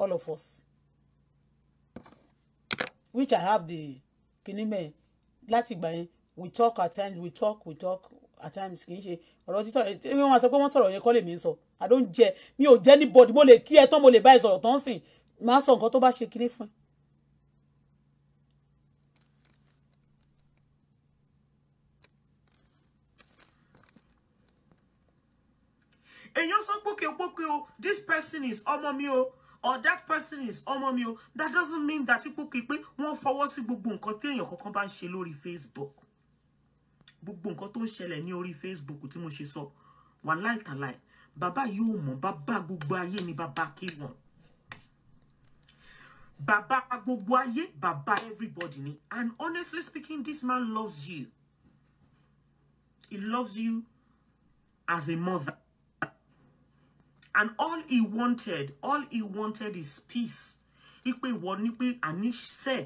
all of us which I have the kìnnìmẹ̀ láti ìgbà yẹn we talk at times we talk we talk at times kì í ṣe ọ̀rọ̀ títọ́ ẹ wọ́n máa sọ pé wọ́n sọ̀rọ̀ yẹn kọ́ lè mí sọ i don't jẹ mi ò jẹ́ anybody mo lè kí ẹ tán mo lè bá ẹ sọ̀rọ̀ tán sìn máa sọ nǹkan tó bá ṣe kinní fún ẹ. èèyàn sọ pókè pókè o this person is ọmọ mi o or that person is ọmọ mi o that doesn't mean that pókè pé wọ́n fọwọ́ sí gbogbo nǹkan téèyàn kankan bá ń ṣe lórí Facebook gbogbo nǹkan tó ń ṣẹlẹ̀ ní orí Facebook tí mo ṣe sọ wà láìtàláì bàbá yóò mọ̀ bàbá gbogbo ayé ni bàbá K1 bàbá gbogbo ayé bàbá everybody ni and honestly speaking this man loves you he loves you as a mother and all he wanted all he wanted is peace ipe ìwọ ni pé àníṣe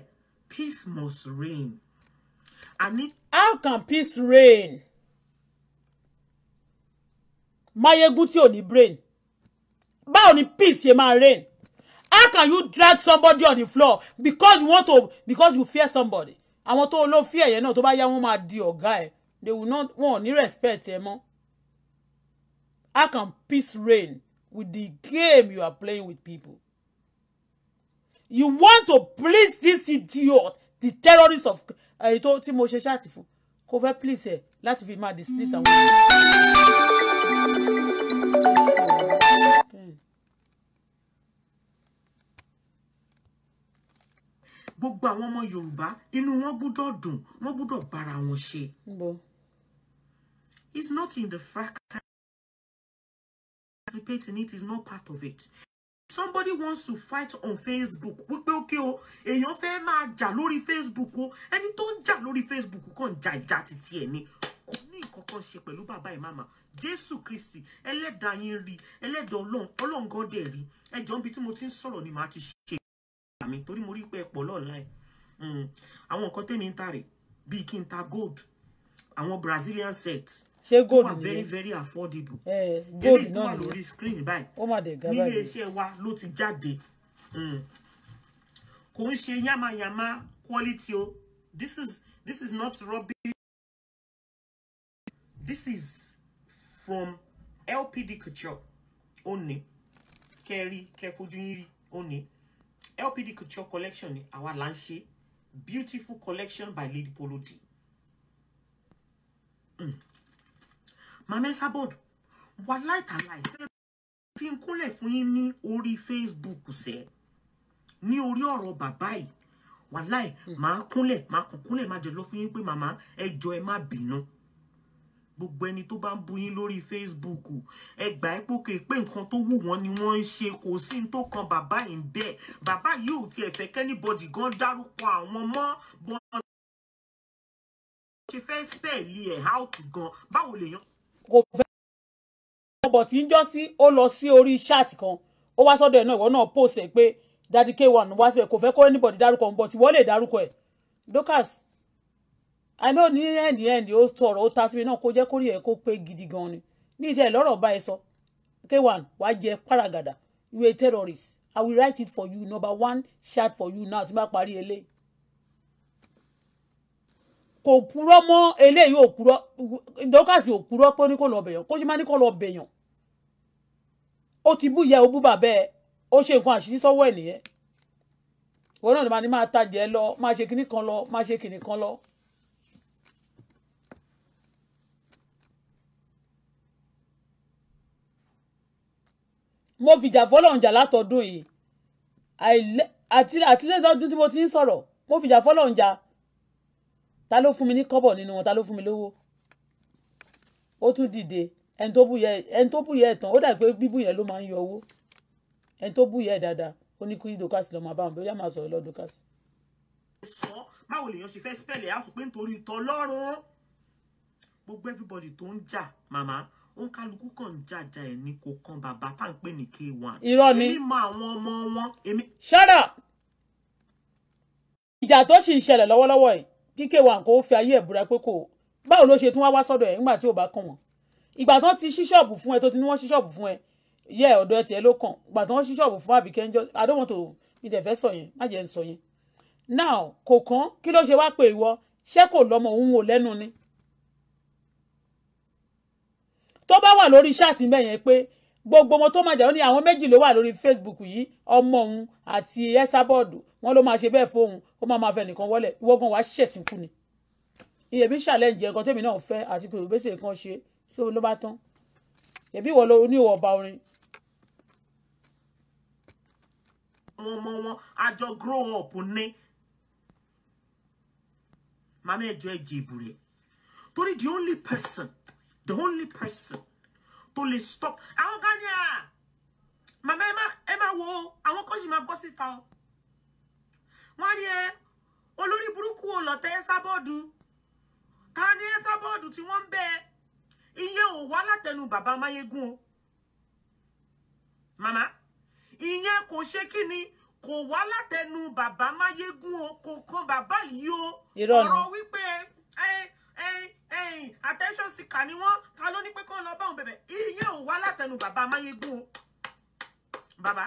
peace must reign àní how can peace reign Mayegun tí on the brain on the peace ṣe máa reign how can you drag somebody on the floor because you want to because you fear somebody I want to ló fear You know to buy your wọn máa di ọ̀gá they will not want. ò respect ẹ mọ́ how can peace reign with the game you are playing with people you want to please this idiot the terrorist of èyí eh, tó tí mo ṣe ṣáàtì fún kò fẹ́ please ẹ̀ láti fi máa displease àwọn. gbogbo àwọn ọmọ yorùbá inú wọn gbúdọ̀ dùn wọn gbúdọ̀ bára wọn ṣe. it's not in the fracas Participating it is not part of it somebody wants to fight on facebook wípé ókè o èèyàn fẹ́ máa jà lórí facebook o ẹni tó ń jà lórí facebook kàn jà ìjà títí ẹ̀ ni kò ní nǹkan kan ṣe pẹ̀lú bàbá ìmáàmà jésù kristi ẹlẹ́dàá yín rí ẹlẹ́dàá ọlọ́run ọlọ́run gan dẹ̀ rí ẹjọ́ níbi tí mo ti ń sọ̀rọ̀ ni màá ti ṣe àmì torí mo rí pé ẹ pọ̀ lọ́ọ̀láì hmm, àwọn nǹkan tẹ́mi ń tà rè bíi kí n ta gold àwọn brazilian sets ṣé gold nìyẹn very very affordable eh, gold náà nìyẹn eléyìí tó wà lórí screen báyìí ó mà dé gàbá nílé iṣẹ́ wa ló ti jáde hmm. kò ń ṣe yamayama quality o this is this is not rubbish this is from LPD Couture ó ní kẹrí kẹfojú yín rí ó ní LPD Couture collection ni àwa là ń ṣe beautiful collection by Lady Polo Dee mamesa board wà láìkàláì fi ń kúnlẹ̀ fún yín ní orí facebook sẹ́ ní orí ọ̀rọ̀ bàbá yìí wàláì máa mm. kúnlẹ̀ máa kàn kúnlẹ̀ máa jẹ lọ fún yín pé màmá ẹ jọ̀ọ́ ẹ má bínú gbogbo ẹni tó bá ń bu yín lórí facebook ẹ gbà ẹ pókè pé nǹkan tó wù wọ́n ni wọ́n ń ṣe kò sí ní tó kan bàbá yìí bẹ́ẹ̀ bàbá yìí ò tiẹ̀ fẹ́ kẹ́nìbọdì gan dárúkọ àwọn mọ́ bọ́n ṣe fẹ́ spẹ́ẹ̀lì ẹ̀ out gan báwo lèèyàn. kò fẹ́ ọbọ̀ tí ń jọ́ sí ó lọ sí orí chat kan ó wá sọ́dọ̀ ẹ̀ náà ìwọ náà post ẹ̀ pé dadi k1 wá sí ẹ̀ kò fẹ́ kó anybody dárúkọ ń bọ̀ tí wọ́n lè dárúkọ ẹ̀ Dorkas i know ní ẹ̀ndì end, ó tọrọ ó ta síbi náà kó jẹ́ kórìí ẹ̀ kó pé gidi gan ni ní ìtẹ̀ lọ́rọ̀ bá ẹ sọ k1 wá jẹ páragàdà you a terrorist i will write it for you number one chat for you now tí bá parí eléyìí kò purọ́ mọ́ eléyìí ò purọ́ dọ́kàsì ò purọ́ pé ní kò lọ bẹ̀yàn kó sì máa ní kò lọ bẹ̀yàn ó ti bú ìyá ó bú bàbá ẹ ó ṣe nǹkan àṣírí sọ́wọ́ ẹ̀ nìyẹn wọn náà ni máa ní máa tajẹ lọ máa ṣe kinní kan lọ máa ṣe kinní kan lọ. mo fìjà fọlọ́run jà yìí àti àtìlẹ́dọ́dún tí mo ti ń sọ̀rọ̀ mo fìjà fọlọ́run ta ló fún mi ní kọ́bọ̀ nínú wọn ta ló fún mi lówó ó tún dìde ẹni tó búyẹ ẹni tó búyẹ ẹ̀tàn ó dàbí pé bíbú yẹn ló máa ń yọ owó ẹni tó búyẹ dáadáa ó ní kí dókàsì lọ́ọ́ máa bá máa sọ̀rọ̀ lọ́ọ́ dókàsì. sọ báwo lèèyàn ṣe fẹ́ spẹ́lẹ̀ á nítorí tọlọ́run gbogbo everybody tó ń jà màmá ó ń kálukú kàn ń jàjà ẹ̀ ní kò kan bàbá tá à ń pè ní k1. irọ́ ni èmi mọ àwọn ọmọ wọn. shut up ìjà tó sì ń ṣẹlẹ̀ lọ́wọ́lọ́wọ́ yìí kíkẹ́ wa kò fi ayé ẹ̀ búra pé kò báwo ló ṣe tún wá wá sọ́dọ̀ ẹ̀ nígbà tí ò bá kàn wọ́n ìgbà tán ti ṣí ṣọ́ọ̀bù fún ẹ tó ti ní wọ́n ṣí ṣọ́ọ̀bù fún ẹ yẹ ọ̀dọ̀ ẹ tiẹ̀ ló kàn ìgbà tán ṣí ṣọ́ọ̀bù fún àbíkẹ́ ńjọ́ I don't want to mi tẹ̀ fẹ́ sọ yẹn má jẹ́ ń sọ yẹn now kò kàn kí ló ṣe wá pé ìwọ ṣé kò lọ́mọ òun ò lẹ́nu ni tó bá wà lórí ṣáàtì mẹ́yẹn pé gbogbo ọmọ tó máa jà ó ní àwọn méjì ló wà lórí Facebook yìí ọmọ òun àti ẹsàbọọdù wọn ló máa ṣe bẹ́ẹ̀ fóun ó máa máa fẹ́ nìkan wọlé ìwọgbọn wàá ṣẹsìn kú ni ìyẹmí ṣàlẹǹjẹ nǹkan tèmi náà fẹ́ àti kò gbèsè nǹkan ṣe tó ló bá tán ẹbí ìwọ ló ní ìwọ ọba orin. àwọn ọmọ wọn àjọ grow up ni mama ẹjọ ẹjẹ ìbúrẹ torí the only person the only person tó lè stop àwọn kan ní à ah, Mama, ẹ má ẹ má wo àwọn kan sì máa bọ́ síta o wọ́n ní ẹ olórí burúkú ò lọ tẹ ẹ sábọ́ọ̀dù ta ni ẹ sábọ́ọ̀dù tí wọ́n ń iye ò wá latenu baba Máyégún o màmá ìyẹn kò ṣe kí ni kò wá látẹnu bàbá o kò kan bàbá yìí o ọ̀rọ̀ wípé ẹ ẹ attention seeker ni wọ́n ta ló ní pé kó lọ báwọn bẹ̀bẹ̀ iye ò wá látẹnu bàbá amáyégún o bàbá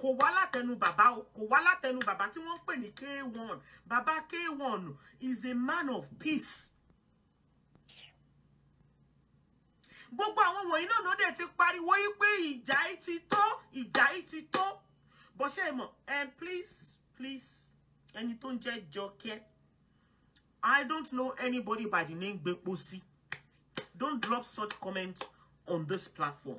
kò wá látẹnu bàbá o kò wá látẹnu bàbá tí wọ́n ń pè ní k1 bàbá k1 is a man of peace gbogbo àwọn wọ̀nyí náà lóde ti pariwo yí pé ìjà yìí ti tó ìjà yìí ti tó bọ́sẹ̀ mọ̀ ẹ eh, please please ẹni tó ń jẹ́ Jọkẹ́ I don't know anybody by the name Beposi. Don't drop such comment on this platform.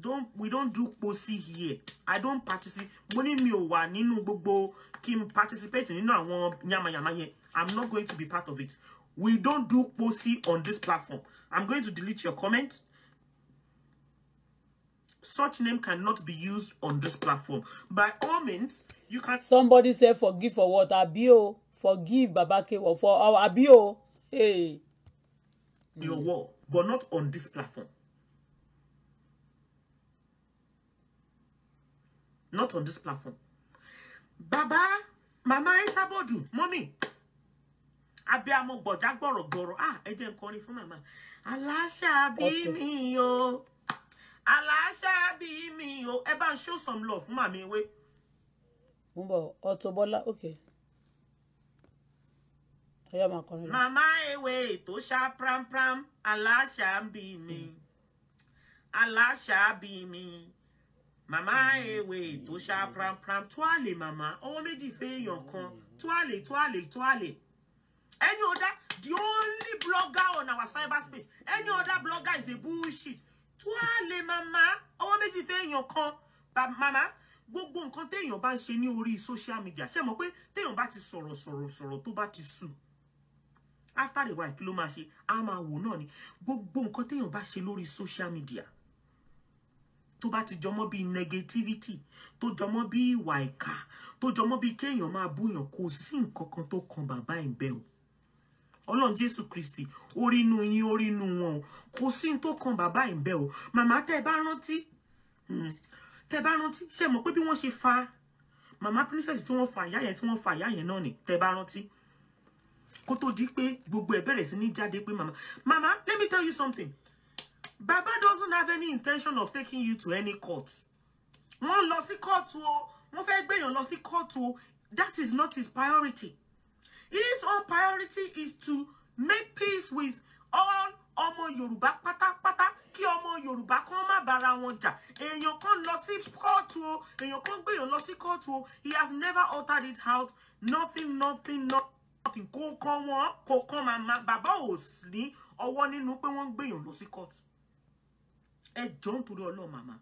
Don't we don't do posi here. I don't participate. Mo ní mi ò wà nínú gbogbo kí n participate nínú àwọn yamayama yẹn. I'm not going to be part of it. We don't do posi on this platform. I'm going to delete your comment. Such name cannot be used on this platform. By all means, you can. Somebody say forgive for what? Abi o forgive baba kewo for our abi o. Hey. your mm. war, but not on this platform not on this platform baba mama Esabodu mọ́mí abiyamọ gbọ̀já gbọ̀rọ̀gbọ̀rọ̀ ah ẹ jẹ́ n kọrin fún màmá aláṣà bí mi o aláṣà bí mi o ẹ bá show some love fún màmí wé. ń bọ̀ Auto okay ẹyà máa kọrin. màmá ewé ètò ṣá prampram aláṣà bí mi hmm. aláṣà bí mi màmá hmm. ewé ètò ṣá prampram tuale màmá ọwọ́ méjì fẹ́ẹ̀yàn kan tuale tuale tuale any other the only blogger on our cyberspace any other hmm. blogger is a bullshit tuale màmá ọwọ́ méjì fẹ́ẹ̀yàn kan màmá gbogbo nǹkan téèyàn bá ń ṣe ní orí social media ṣé mọ̀ pé téèyàn bá ti sọ̀rọ̀ sọ̀rọ̀ sọ̀rọ̀ tó bá ti sùn after the wife kí ló máa ṣe á máa wò náà ni gbogbo nǹkan téèyàn bá ṣe lórí social media tó bá ti jọmọ́ bíi negativity tó jọmọ́ bíi ìwà ìkà tó jọmọ́ bíi kéèyàn máa búyàn kò sí nǹkan kan tó kan bàbá ẹ̀ bẹ́ẹ̀ o ọlọ́run jésù kristi orí inú yín orí inú wọn o kò sí tó kan bàbá ẹ̀ bẹ́ẹ̀ o màmá tẹ́ ẹ bá rántí hmm, tẹ́ ẹ bá rántí ṣe mọ̀ pé bí wọ́n ṣe fa màmá princess tí wọ́n fa ìyá yẹn tí wọ́n fa ìyá yẹn náà ni tẹ́ ẹ bá rántí kó di pé gbogbo ẹ̀ bẹ̀rẹ̀ sí ní jáde pé mama mama let me tell you something baba doesn't have any intention of taking you to any court wọ́n lọ sí kóòtù o wọ́n fẹ́ gbèyàn lọ sí kóòtù o that is not his priority his own priority is to make peace with all Omo Yoruba. pátápátá kí ọmọ yorùbá kan má bara wọn jà èèyàn kan lọ sí kóòtù o èèyàn kan gbèyàn lọ sí kóòtù o he has never uttered it out nothing nothing nothing kò kàn wọ́n kò kàn màmá bàbá ò ní ọwọ́ nínú pé wọ́n ń gbèyàn lọ sí kóòtù ẹ jọ̀ọ́ nítorí ọlọ́run màmá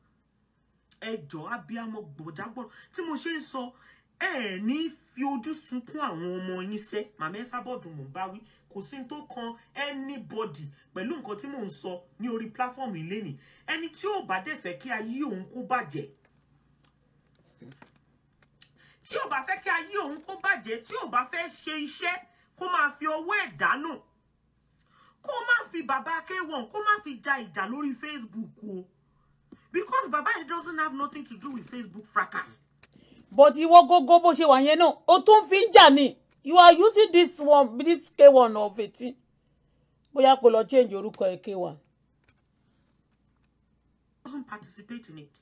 ẹ jọ̀ọ́ abiyamọ gbòdágbọ̀n tí mo ṣe ń sọ ẹ ní fi ojú sunkún àwọn ọmọ yín sẹ́ màmá ẹ sábọ̀dù mò ń bá kò sí tó kan anybody pẹ̀lú nǹkan tí mò ń sọ ní orí platform ìlénìí ẹni tí ò bá dẹ̀ fẹ́ kí ayé òun kó bàjẹ́ tí ò bá fẹ́ kí ayé òun kó bàjẹ́ tí ò bá fẹ́ ṣe iṣẹ́ kó máa fi owó ẹ̀ dánù kó má fi bàbá akéwọ̀n kó má fi ja ìjà lórí Facebook o because bàbá yìí doesn't have nothing to do with Facebook fracas. but ìwọ gógó bó ṣe wà yẹn náà o tún fi ń jà ni you are using this one this k1 of eighteen bóyá kò lọ change orúkọ ẹ k1. doesn't participate in it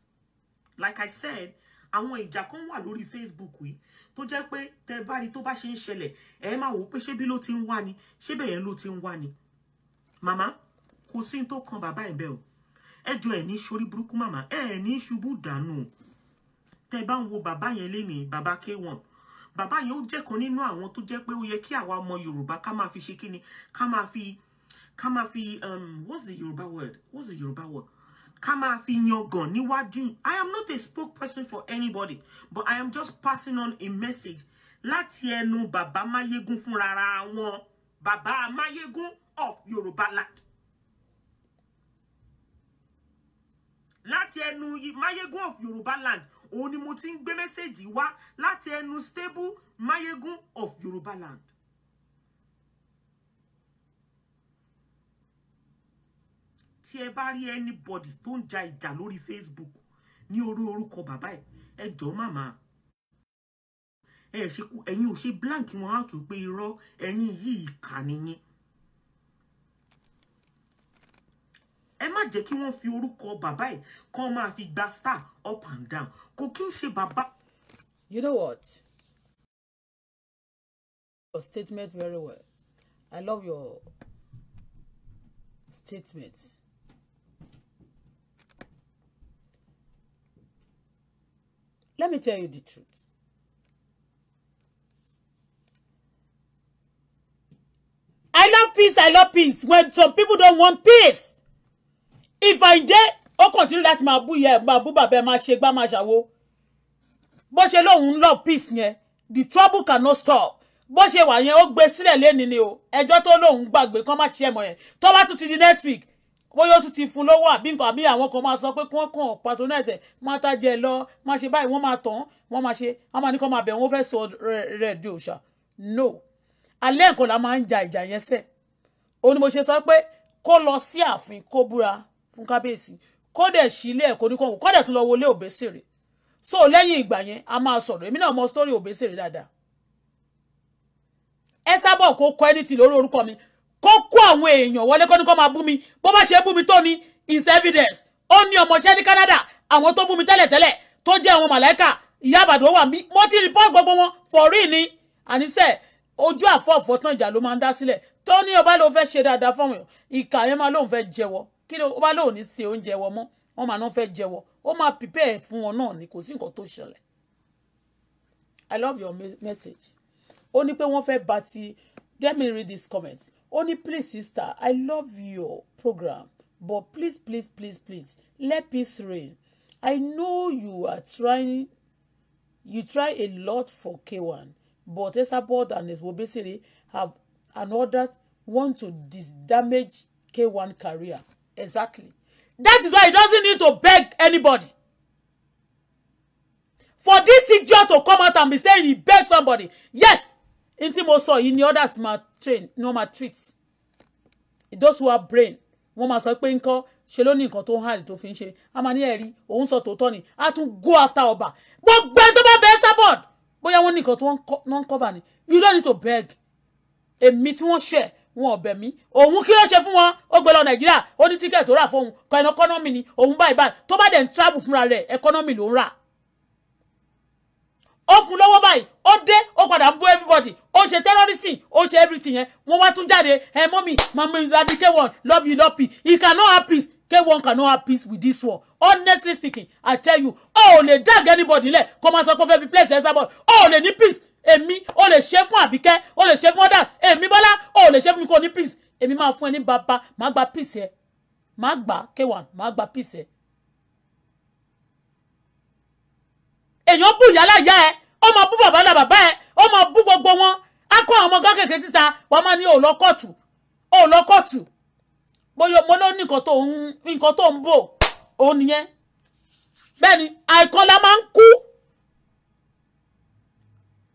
like I said àwọn ìjà kan wà lórí Facebook yìí tó jẹ́ pé tẹ bá rí tó bá ṣe ń ṣẹlẹ̀ ẹ máa wò ó pé ṣé bí ló ti ń wá ni ṣé bẹ̀yẹn ló ti ń wá ni màmá kò sí tó kan bàbá ẹ̀ bẹ́ẹ̀ o ẹ jọ ẹ̀ ní sórí burúkú màmá ẹ ẹ̀ ní ṣubú dànù tẹ bá ń wo bàbá yẹn lénìí bàbá K1 bàbá yẹn ó jẹ́ kan nínú àwọn tó jẹ́ pé ó yẹ kí àwa ọmọ Yorùbá ká máa fi ṣe kíni ká máa fi ká máa fi um, what's the Yorùbá word what's the Yorùbá word ká gun. fi yangàn níwájú i am not a spokesperson for anybody but i am just passing on a message láti ẹnu bàbá máyégún fúnra wọn bàbá máyégún of Yoruba land láti ẹnu máyégún of Yoruba land òun ni mo ti ń gbé mẹ́sẹ̀gì wá láti stable máyégún of Yoruba land tí ẹ bá rí anybody tó ń ja ìjà lórí Facebook ní orí orúkọ bàbá ẹ ẹ jọ màmá ẹ ṣe kú ẹ̀yin ò ṣe blank wọn á tún pé irọ́ ẹ̀yin yìí ìkà nìyẹn ẹ má jẹ́ kí wọ́n fi orúkọ bàbá ẹ̀ kàn máa fi gba star up and down kò kí n ṣe bàbá. you know what your statement very well i love your statement. Let me tell you the truth. I love peace, I love peace. When some people don't want peace. If I dey, I'll continue that. My bú yẹ máa bú bàbá ẹ máa ṣe gbá máa ṣàwo. Bó love peace yẹn, the trouble cannot stop. But she wa yẹn, ó gbé sílẹ̀ lẹ́ni ni o. Ẹjọ́ tó lóun gbàgbé kán má ṣiṣẹ́ mọ́ yẹn. Tó bá tún ti di next week, bóyá ó tún ti fún lọ́wọ́ àbí nǹkan àbí àwọn kan máa sọ pé kí wọ́n kàn patronize ẹ̀ máa tajẹ́ ẹ lọ máa ṣe báyìí wọ́n máa tàn wọ́n máa ṣe wọ́n máa ní kó máa bẹ̀ wọ́n fẹ́ sọ rẹ̀ di òòṣà no alẹ́ nǹkan la máa ń ja ìjà yẹn sẹ̀ ó ní mo ṣe sọ pé kó lọ sí ààfin kó búra fún kábíyèsí kó dẹ̀ sí ilé ẹ̀kọ́ ní kọ̀ọ̀kan kó dẹ̀ tún lọ wọlé Òbésèré so lẹ́yìn ìgbà yẹn a máa sọ̀rọ̀ èmi náà mọ sítórì Òbésèré dáadáa ẹ sábọ̀ kó kó àwọn èèyàn wọlé kó ní kó máa bú mi bó bá ṣe bú mi tó ní is evidence ó ní ọmọọṣẹ́ ní Canada àwọn tó bú mi tẹ́lẹ̀tẹ́lẹ̀ tó jẹ́ àwọn màláìkà ìyá àbàdàn wà mí mo ti report gbogbo wọn for real ni àníṣe ojú àfọ̀fọ̀ tán ìjà ló máa ń dá sílẹ̀ tó ní ọba lóun fẹ́ ṣe dáadáa fáwọn èèyàn ìkà yẹn máa lóun fẹ́ jẹ́wọ́ kí ni ọba lóun ní ṣe oúnjẹ wọ mọ́ wọn máa náà fẹ́ jẹ́wọ́ ó máa prepare fún wọn náà ni kò sí nǹkan tó ṣẹlẹ̀ I love your message ó ní pé wọ́n fẹ́ bá ti let me read this comment Only please sister i love your program but please please please please let peace reign i know you are trying you try a lot for k1 but Esabod and Obesere have and others want to damage k1 career exactly that is why he doesn't need to beg anybody for this idiot to come out and be saying he beg somebody yes n tí mo sọ yìí ni others ma train ni wọ́n ma treat those who have brain wọ́n ma sọ pé ńkọ́ ṣe ló ní nǹkan tó ń hàn tó fi ń ṣe a máa ní ẹ̀rí òun sọ tòótọ́ ni a tún go after ọba gbogbo ẹni tó bá bẹ Esabod bóyá wọ́n ní nǹkan tó ń cover ni you don't need to beg èmi tí wọ́n ṣẹ̀ wọn ọbẹ mi òun kí ló ṣe fún wọn ó gbé lọ nàìjíríà ó ní tíkẹ́ẹ̀tì tó rà fóun kọ ẹnu ẹkọ́nọ́mì ni òun báyìí báyìí tó bá dẹ̀ ń travel fúnra rẹ̀ ẹkọ́nọ́mì ló ń rà ó fún lọ́wọ́ báyìí ó dé ó padà ń bú everybody ó ṣe terrorism ó ṣe everything yẹn wọ́n wá tún jáde ẹ mọ́mì mọ́mì ìlànà k1 love you love peace he cannot have peace k1 cannot have peace with this war honestly speaking i tell you ó ò lè dag anybody lẹ̀ kó máa sọ kó fẹ́ bí place ẹ̀ sábọ̀ ó ò lè ní peace èmi ó lè ṣe fún àbíkẹ́ ó lè ṣe fún ọ̀dà èmi bọ́lá ó lè ṣe fún mi kó ní peace èmi máa fún ẹ ní bàbá máa gba peace ẹ máa gbà k1 máa gba peace ẹ èèyàn bú ìyálà yá ẹ ó máa bú bàbá náà bàbá ẹ ó bú gbogbo wọn á kó àwọn ọmọ kékèké síta wọ́n máa ní òòlọ kóòtù òòlọ kóòtù bóyá mo ló ní nǹkan tó ń nǹkan tó bò òun nìyẹn bẹ́ẹ̀ ni àìkan máa ń kú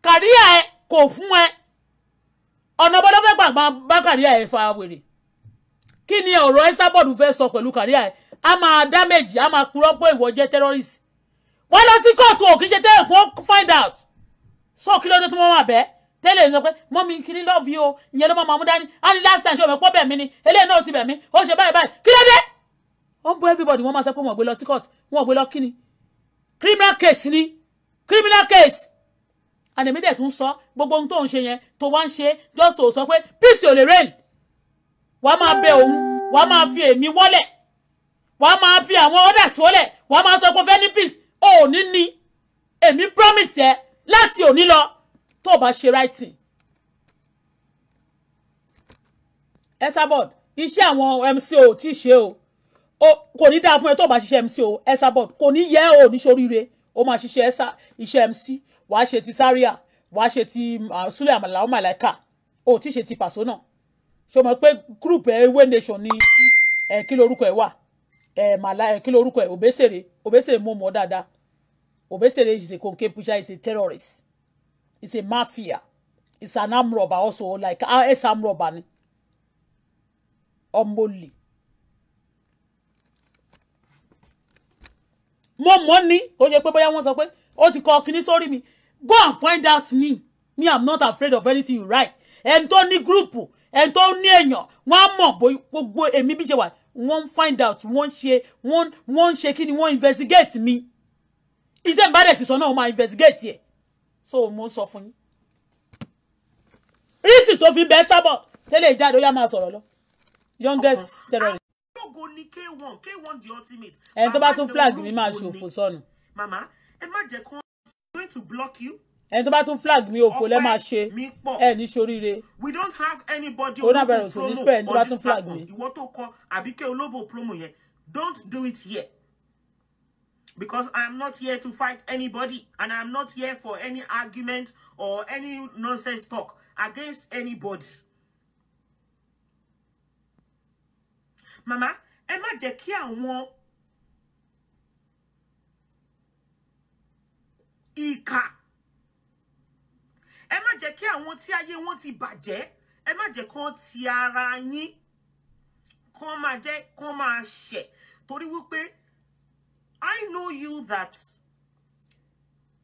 kàríà ẹ kò fún ẹ ọ̀nà bọ́dọ̀ fẹ́ bá kàríà ẹ fa wèrè kí ni ọ̀rọ̀ ẹ sábọ̀dù fẹ́ sọ pẹ̀lú kàríà ẹ a máa dámèjì a máa purọ́ pé ìwọ jẹ́ terrorist wọ́n lọ sí kóòtù ò kì í ṣe tẹ́lẹ̀ kó find out so kí ló dé tó mọ́ wà bẹ́ẹ̀ tẹ́lẹ̀ ní sọ pé mọ́mí kiri love you ìyẹn ló mọ́ màmú dání á ní last time ṣé o mọ̀ pọ́ bẹ̀ mí ni eléyìí náà ti bẹ̀ mí ó ṣe báyìí báyìí kí ló dé ó ń bọ́ everybody wọ́n máa sọ pé wọ́n gbé lọ sí court wọ́n gbé lọ kí ni criminal case ni criminal case àdèmí dẹ̀ tún sọ gbogbo ohun tó ń ṣe yẹn tó wá ń ṣe just to sọ pé peace ò lè reign wàá máa bẹ òun wàá máa fi èmi wọ́lẹ̀ wàá máa fi àwọn others wọ́lẹ̀ wàá máa sọ pé fẹ́ ní peace òní ni èmi promise ẹ láti òní lọ tó o bá ṣe writing. Esabod iṣẹ́ àwọn MC ò tí ì ṣe o kò ní dáa fún ẹ tó o bá ṣiṣẹ́ MC o Esabod kò ní yẹ ò ní ṣoríire o máa ṣiṣẹ́ iṣẹ́ MC wàá ṣe ti sáríà wàá ṣe ti Sule Alao Malaika o tí ì ṣe ti Pasona ṣo mọ̀ pé group ewé nation ni kí lorúkọ ẹ wà ẹ màlá kí ló orúkọ ẹ Obesere Obesere mo mọ̀ dáadáa Obesere is a konke pusher is a terrorist is a mafia is an arm robber also like ah, ex arm robber ni ọmọlì mo mọ̀ ni kò ṣe pé bóyá wọ́n sọ pé ó ti kọ kíní sórí mi go and find out me me i'm not afraid of anything you write ẹni tó ní gúrùpù ẹni tó ní èèyàn wọ́n á mọ̀ gbogbo èmi bí ṣe wà wọ́n find out wọ́n ṣe wọ́n wọ́n ṣe kí ni wọ́n investigate mi ìdẹ́ ìbádẹ́ ti sọ náà wọ́n máa investigate ẹ̀ so mo ń sọ fún yín rísì tó fi bẹ́ẹ̀ sábọ̀ tẹ́lẹ̀ ìjáde ó yá máa sọ̀rọ̀ lọ youngest terrorist. àgbọ̀gò ni k1 k1 the ultimate. ẹni tó bá tún flag mi máa ṣòfò sọnù. màmá ẹ má jẹ́ kó I'm going to block you ẹni tó bá tún flag mi òfò lẹ́ máa ṣe ẹ ní ṣoríire coronavirus ò ní spẹ́ ẹni tó bá tún flag mi. ìwọ tó kọ àbíkẹ́ olóbò promo yẹn don't do it here because i am not here to fight anybody and i am not here for any argument or any nonsense talk against anybody. Mama, ẹ má jẹ́ kí àwọn ìkà ẹ má jẹ́ kí àwọn tí ayé wọn ti bàjẹ́ ẹ má jẹ́ kán ti ara yín kán máa jẹ́ kán máa ṣẹ̀ torí wípé I know you that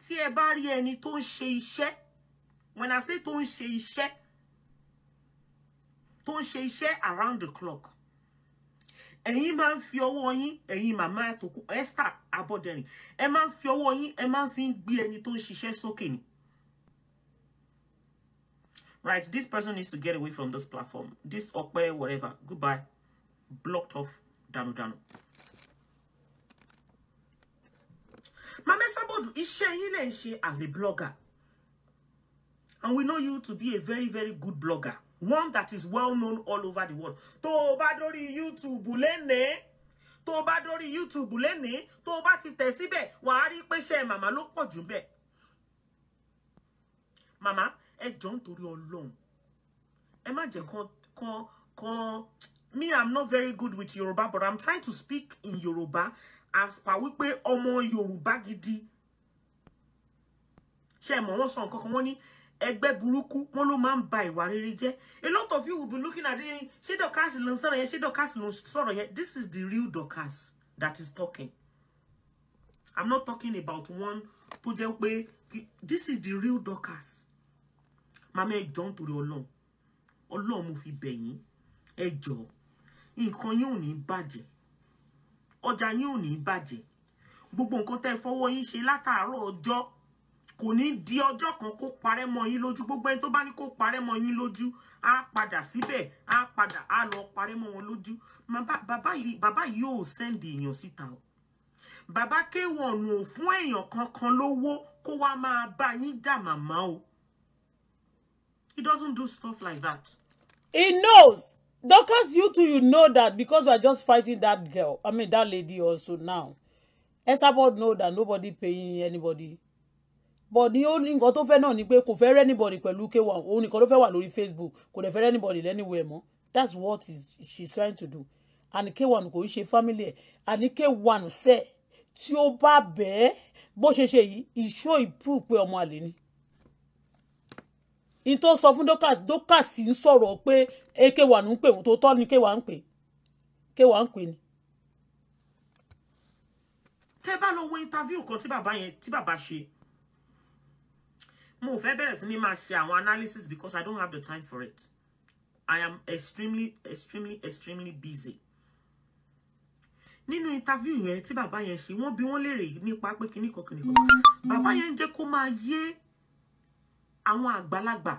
tí ẹ bá rí ẹni tó ń ṣe iṣẹ́ when I say tó ń ṣe iṣẹ́ tó ń ṣe iṣẹ́ around the clock ẹ̀yin máa ń fi ọwọ́ yín ẹ̀yin màmá àtòkù Esther Aboderin ẹ máa ń fi ọwọ́ yín ẹ máa ń fi gbé ẹni tó ń ṣiṣẹ́ sókè ni. Right, this person needs to get away from this platform. This Okpe, whatever. Goodbye. Blocked off. Danu Danu. Mama Sabodu, iṣẹ́ yín lẹ ń as a blogger. And we know you to be a very, very good blogger. One that is well known all over the world. Tó YouTube lẹ́nìí tó youtube lénìí tó bá ti tẹ̀ síbẹ̀ wàá rí pé mama. màmá ló pọ̀ jù ẹ jọ nítorí Ọlọ́run ẹ má jẹ́ kan kan kan me i'm not very good with Yoruba, but i'm trying to speak in Yoruba. as per wípé ọmọ Yorùbá gidi ṣe mọ̀ wọ́n sọ nǹkan kan wọ́n ní ẹgbẹ́ burúkú wọ́n ló máa ń ba ìwà rere jẹ́ a lot of you will be looking at it ṣé Dorkas ló ń sọ̀rọ̀ yẹn ṣé Dorkas ló ń sọ̀rọ̀ yẹn this is the real Dorkas that is talking i'm not talking about one tó jẹ́ pé this is the real Dorkas màmá ẹ jọ̀ọ́ nítorí ọlọ́run ọlọ́run mo fi bẹ̀ yín ẹ jọ̀ọ́ nǹkan yín ò ní bàjẹ́ ọjà yín ò ní bàjẹ́ gbogbo nǹkan tẹ́ ẹ fọwọ́ yín ṣe látàárọ̀ ọjọ́ kò ní di ọjọ́ kan kó parẹ́ mọ́ yín lójú gbogbo ẹni tó bá ní kó parẹ́ mọ́ yín lójú á padà síbẹ̀ á padà á lọ parẹ́ mọ́ wọn lójú bàbá yìí ò sẹ́ndì èèyàn síta o bàbá kéwọ̀nù ò fún èèyàn kankan lówó kó wá máa bá yín jà màmá o. He doesn't do stuff like that. He knows. Because you two, you know that because we're just fighting that girl. I mean, that lady also now. Esabod know that nobody paying anybody. But the only thing nǹkan tó fẹ́ náà ni pé anybody pẹ̀lú K1 òun nìkan ló fẹ́ wà lórí Facebook kò dẹ̀ fẹ́ anybody anywhere Mo, That's what is, she's trying to do. And K1 go ń ṣe family And K1 say, tí ó Boshe bẹ́ẹ̀ bó ṣe proof yìí ìṣó ìprú in tó sọ fún dókàs dókàs ń sọ̀rọ̀ pé ekewa ń pè wọ́n tó tọ́ ni kewa ń pè kewa ń pè ni. tẹ́ bá lọ wo interview kan tí bàbá yẹn tí bàbá ṣe mo fẹ́ bẹ̀rẹ̀ sí ni máa ṣe àwọn analysis because I don't have the time for it I am extremely extremely extremely busy nínú interview yẹn tí bàbá yẹn ṣe wọ́n bi wọ́n léèrè nípa pé kinní kan kinní kan bàbá yẹn ń jẹ́ kó máa yé àwọn àgbàlagbà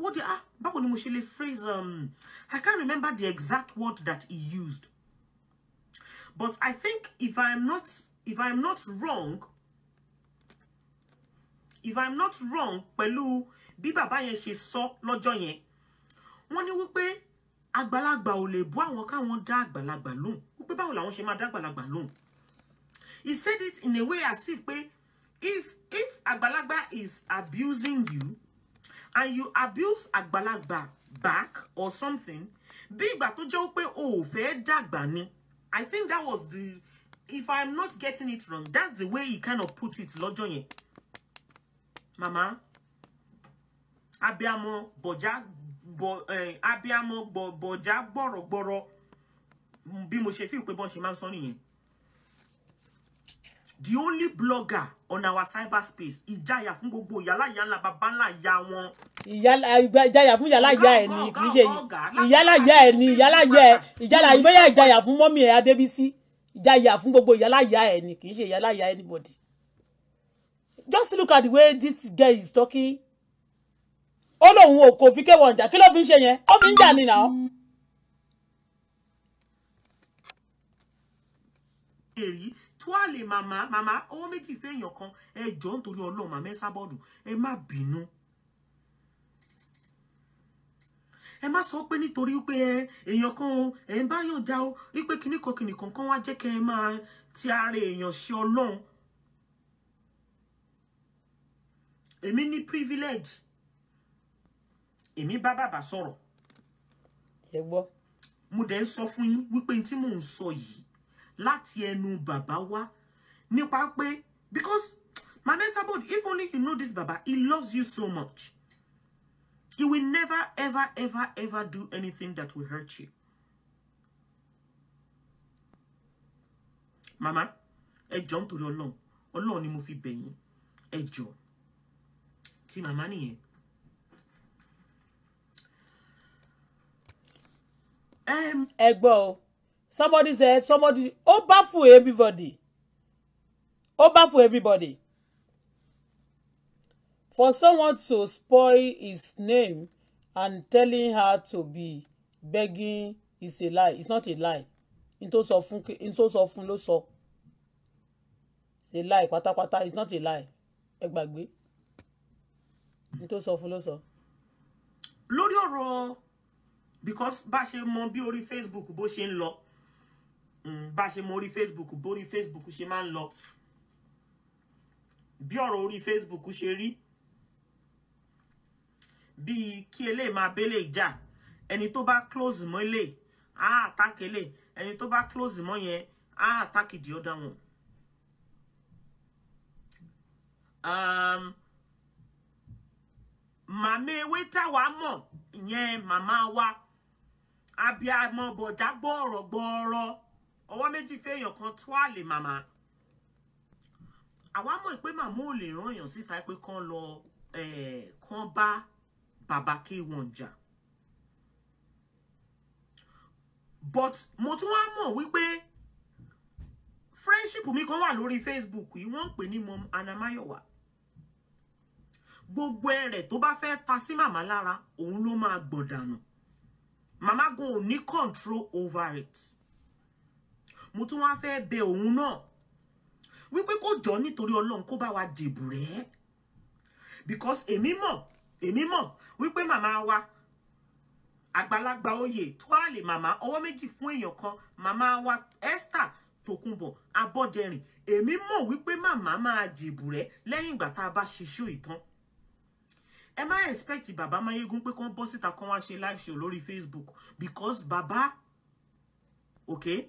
what the ah báwo ni mo ṣe lè phrase um I can't remember the exact word that he used but I think if I'm not if I'm not wrong if I'm not wrong pẹ̀lú bí bàbá yẹn ṣe sọ lọ́jọ́ yẹn wọ́n ní wípé àgbàlagbà ò lè bú àwọn káwọn dá àgbàlagbà lóhùn wípé báwo làwọn ṣe máa dá àgbàlagbà lóhùn he said it in a way as if pé if if Agbalagba is abusing you and you abuse Agbalagba back or something bí ìgbà tó jẹ́ pé o ò fẹ́ ni I think that was the if I'm not getting it wrong that's the way he kind of put it lọ́jọ́ yẹn mama abiamọ bọjá bo abiamọ bọjá gbọrọgbọrọ bí mo ṣe fi pé bọ́n ṣe máa ń sọ the only blogger on our cyberspace ìjáyà fún gbogbo ìyálà ìyá ńlá bàbá ńlá ìyá wọn. ìjáyà fún ìyálà ìyá ẹ ni kì í ṣe ìyálà ìyá ẹ ni ìyálà ìyá ẹ ìjálà ìbéyà ìjáyà fún mọ́mí ẹ adébísí ìjáyà fún gbogbo ìyálà ìyá ẹ ni kì í ṣe ìyálà ìyá anybody. just look at the way this girl is talking. ó lóun ò kò fi kéwọ̀n jà kí ló fi ń ṣe yẹn ó fi ń jà nínà ó. èrì tuale màmá màmá owó méjì fẹ́yàn kan ẹ jọ̀ọ́ nítorí ọlọ́run màmá ẹ sábọ́ọ̀dù ẹ má bínú ẹ má sọ pé nítorí pé èèyàn kan o ẹ Eh, báyàn já o wípé kinní kan kinní kan kan wá jẹ́ ma ẹ máa ti ara èèyàn ṣe ọlọ́run èmi ní privilege Eh, mi baba basoro. mo dẹ̀ ń sọ fún yín wípé tí mò ń sọ yìí láti ẹnu bàbá wá nípa pé because Mama Esabod if only you know this baba he loves you so much he will never ever ever ever do anything that will hurt you. màmá ẹ jọ̀ọ́ nítorí Ọlọ́run Ọlọ́run ni mo fi bẹ̀ yín ẹ jọ̀ọ́ tí màmá nìyẹn ẹ Um. o somebody said somebody ó baffle everybody ó baffle everybody for someone to spoil his name and telling her to be begging is a lie it's not a lie In tó of fún n tó sọ fún ló it's a lie pátápátá it's not a lie ẹ In n of sọ fún ló sọ. lórí because bá a ṣe mọ bí Facebook bó ṣe ń bá ṣe mọ orí facebook bórí facebook ṣe máa ń lọ bí ọ̀rọ̀ orí facebook ṣe rí bíi kí eléyìí máa bélé ìjà ẹni tó bá close mọ́ ilé á àtàkì ilé ẹni tó bá close mọ́ yẹn á àtàkì di ọ̀dà wọn. màmá ewé táwa mọ̀ ìyẹn màmá wa abiamọ bọ̀já gbọ́ ọ̀rọ̀ gbọ́ ọ̀rọ̀ ọwọ́ méjì fẹ́yàn kan tó àlè màmá àwa mọ̀ pé màmá ò lè rán èèyàn síta pé kán lọ kán bá bàbá K1 jà but mo tún wá mọ̀ wípé friendship mi kan wà lórí Facebook yìí wọ́n ń pè ní mom Anamayowa gbogbo ẹ̀rẹ̀ tó bá fẹ́ ta sí màmá lára òun ló máa gbọ̀n màmá gan ò ní control over it mo tún wá fẹ́ bẹ òun náà wípé kó jọ nítorí ọlọ́run kó bá wa dìbò rẹ̀ because èmi mọ̀ èmi mọ̀ wípé màmá wa àgbàlagbà oyè tóàlè màmá ọwọ́ méjì fún èèyàn kan màmá wa Esther Tòkunbọ̀ Abọ́dẹrìn èmi mọ̀ wípé màmá máa dìbò rẹ̀ lẹ́yìn ìgbà tá a bá ṣiṣó ìtàn ẹ má expect bàbá Máyégún pé kán bọ́ síta kán wá ṣe live show lórí Facebook because bàbá okay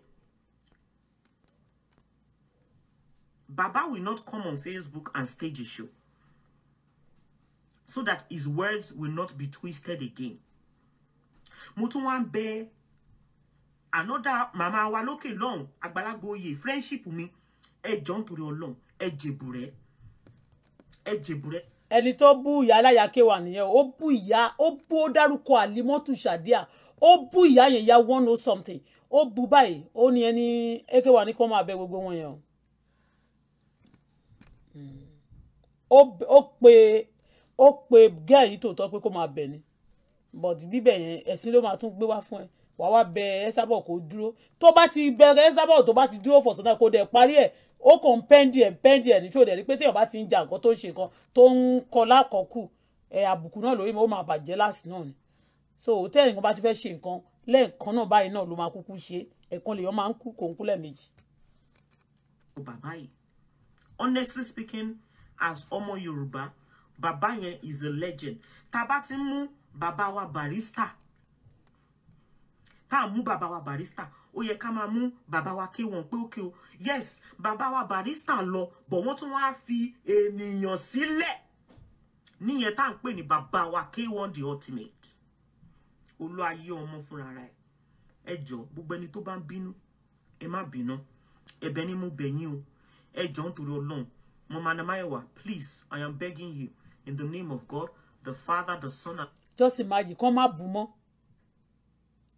Baba will not come on Facebook and stage a show so that his words will not be twisted again. Mo tún wá another mama wa lókè lọ́hùn àgbàlagbà oyè friendship mi ẹ jọ nítorí Ọlọ́run ẹ jèbù rẹ ẹ jèbù rẹ. ẹni tó bú ìyá aláya kéwà nìyẹn ó bú ìyá ó bú ó dárúkọ àlímọ́tù ṣàdíà ó bú ìyá yẹn ya one oh something ó bú báyìí ó ní ẹni ekewa ní kó máa bẹ gbogbo wọn yẹn o ó pe ó pe gẹ́ẹ̀ yìí tòótọ́ pé kó máa bẹ̀ ni but bíbẹ̀ yẹn ẹ̀sìn ló máa tún gbé wá fún ẹ wàá wá bẹ ẹsábọ̀ kó dúró tó bá ti bẹ̀rẹ̀ ẹsábọ̀ tó bá ti dúró fọ̀sán náà kó dẹ̀ parí ẹ̀ ó kàn ń pẹ́ndì ẹ̀ pẹ́ndì ẹ̀ níṣó dẹ̀ rí pé téèyàn bá ti ń ja nǹkan tó ń ṣe nǹkan tó ń kọ lákọ̀ọ́kù ẹ̀ àbùkù náà lórí mi ó máa bàjẹ́ láàsì náà ni so tẹ́yìn kan bá ti fẹ́ ṣe nǹkan lẹ́ẹ̀kan náà báyìí náà ló máa kúkú ṣe ẹ̀kan lèèyàn máa ń kú kò ń kú lẹ́ẹ̀mejì. bàbá yìí honestly speaking as ọmọ yorùbá Baba yẹn is a legend tá a bá ti mú bàbá wa barista tá a mú bàbá wa barista ó yẹ ká máa mú bàbá wa ké wọn pé ókè o yes Baba wa barista lọ bọ̀ wọ́n tún wáá fi ènìyàn sílẹ̀ níyẹn tá à ń pè ní Baba wa k1 the ultimate olú ayé ọmọ fúnra rẹ̀ ẹ jọ gbogbo ẹni tó bá ń bínú ẹ má bínú ẹ̀bẹ̀ ni mo bẹ̀ o ẹ jọ̀ọ́ nítorí ọlọ́run mama namayewa please i am begging you in the name of god the father the son and. just imagine come up, bù mọ́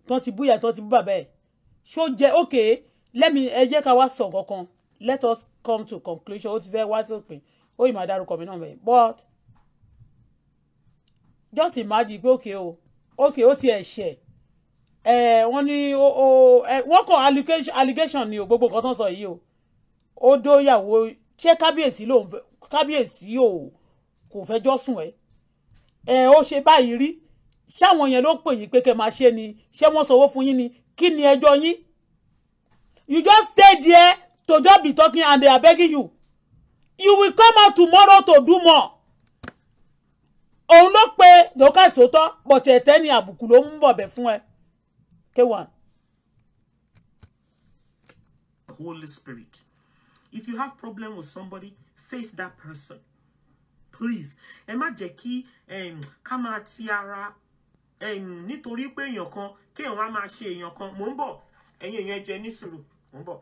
tán ti búyà tán ti bú bàbá ẹ̀ okay let me ẹ jẹ́ ká wá sọ kankan let us come to conclusion What's ti fẹ́ wá sópin ó yìí máa dárúkọ mi but just imagine okay oh, okay ó ti ẹ̀ ṣẹ̀ ẹ̀ wọ́n ní what kọ allegation allegation you? gbogbo nǹkan tó so you ó dóyàwó ṣé kábíyèsí ló ń kábíyèsí ò kò fẹjọ́ sùn ẹ́ ẹ ó ṣe báyìí rí ṣáwọn yẹn ló pè yín pé kẹ́ máa ṣe ni ṣé wọ́n sanwó fún yín ni kí ni ẹjọ́ yín you just stay there to just be talking and they are begging you you will come out tomorrow to do more òun ló pe dọ́kà sótọ́ bọ̀tẹ̀ ẹ̀tẹ́ ni àbùkù ló ń bọ̀bẹ̀ fún ẹ k one. Holy Spirit if you have problem with somebody face that person please ẹ má jẹ́ kí ká máa ti ara nítorí pé èèyàn kan kéèyàn wá máa ṣe èèyàn kan mò ń bọ̀ ẹ̀yin èèyàn ẹjọ́ ẹ ní sùúrù mò ń bọ̀.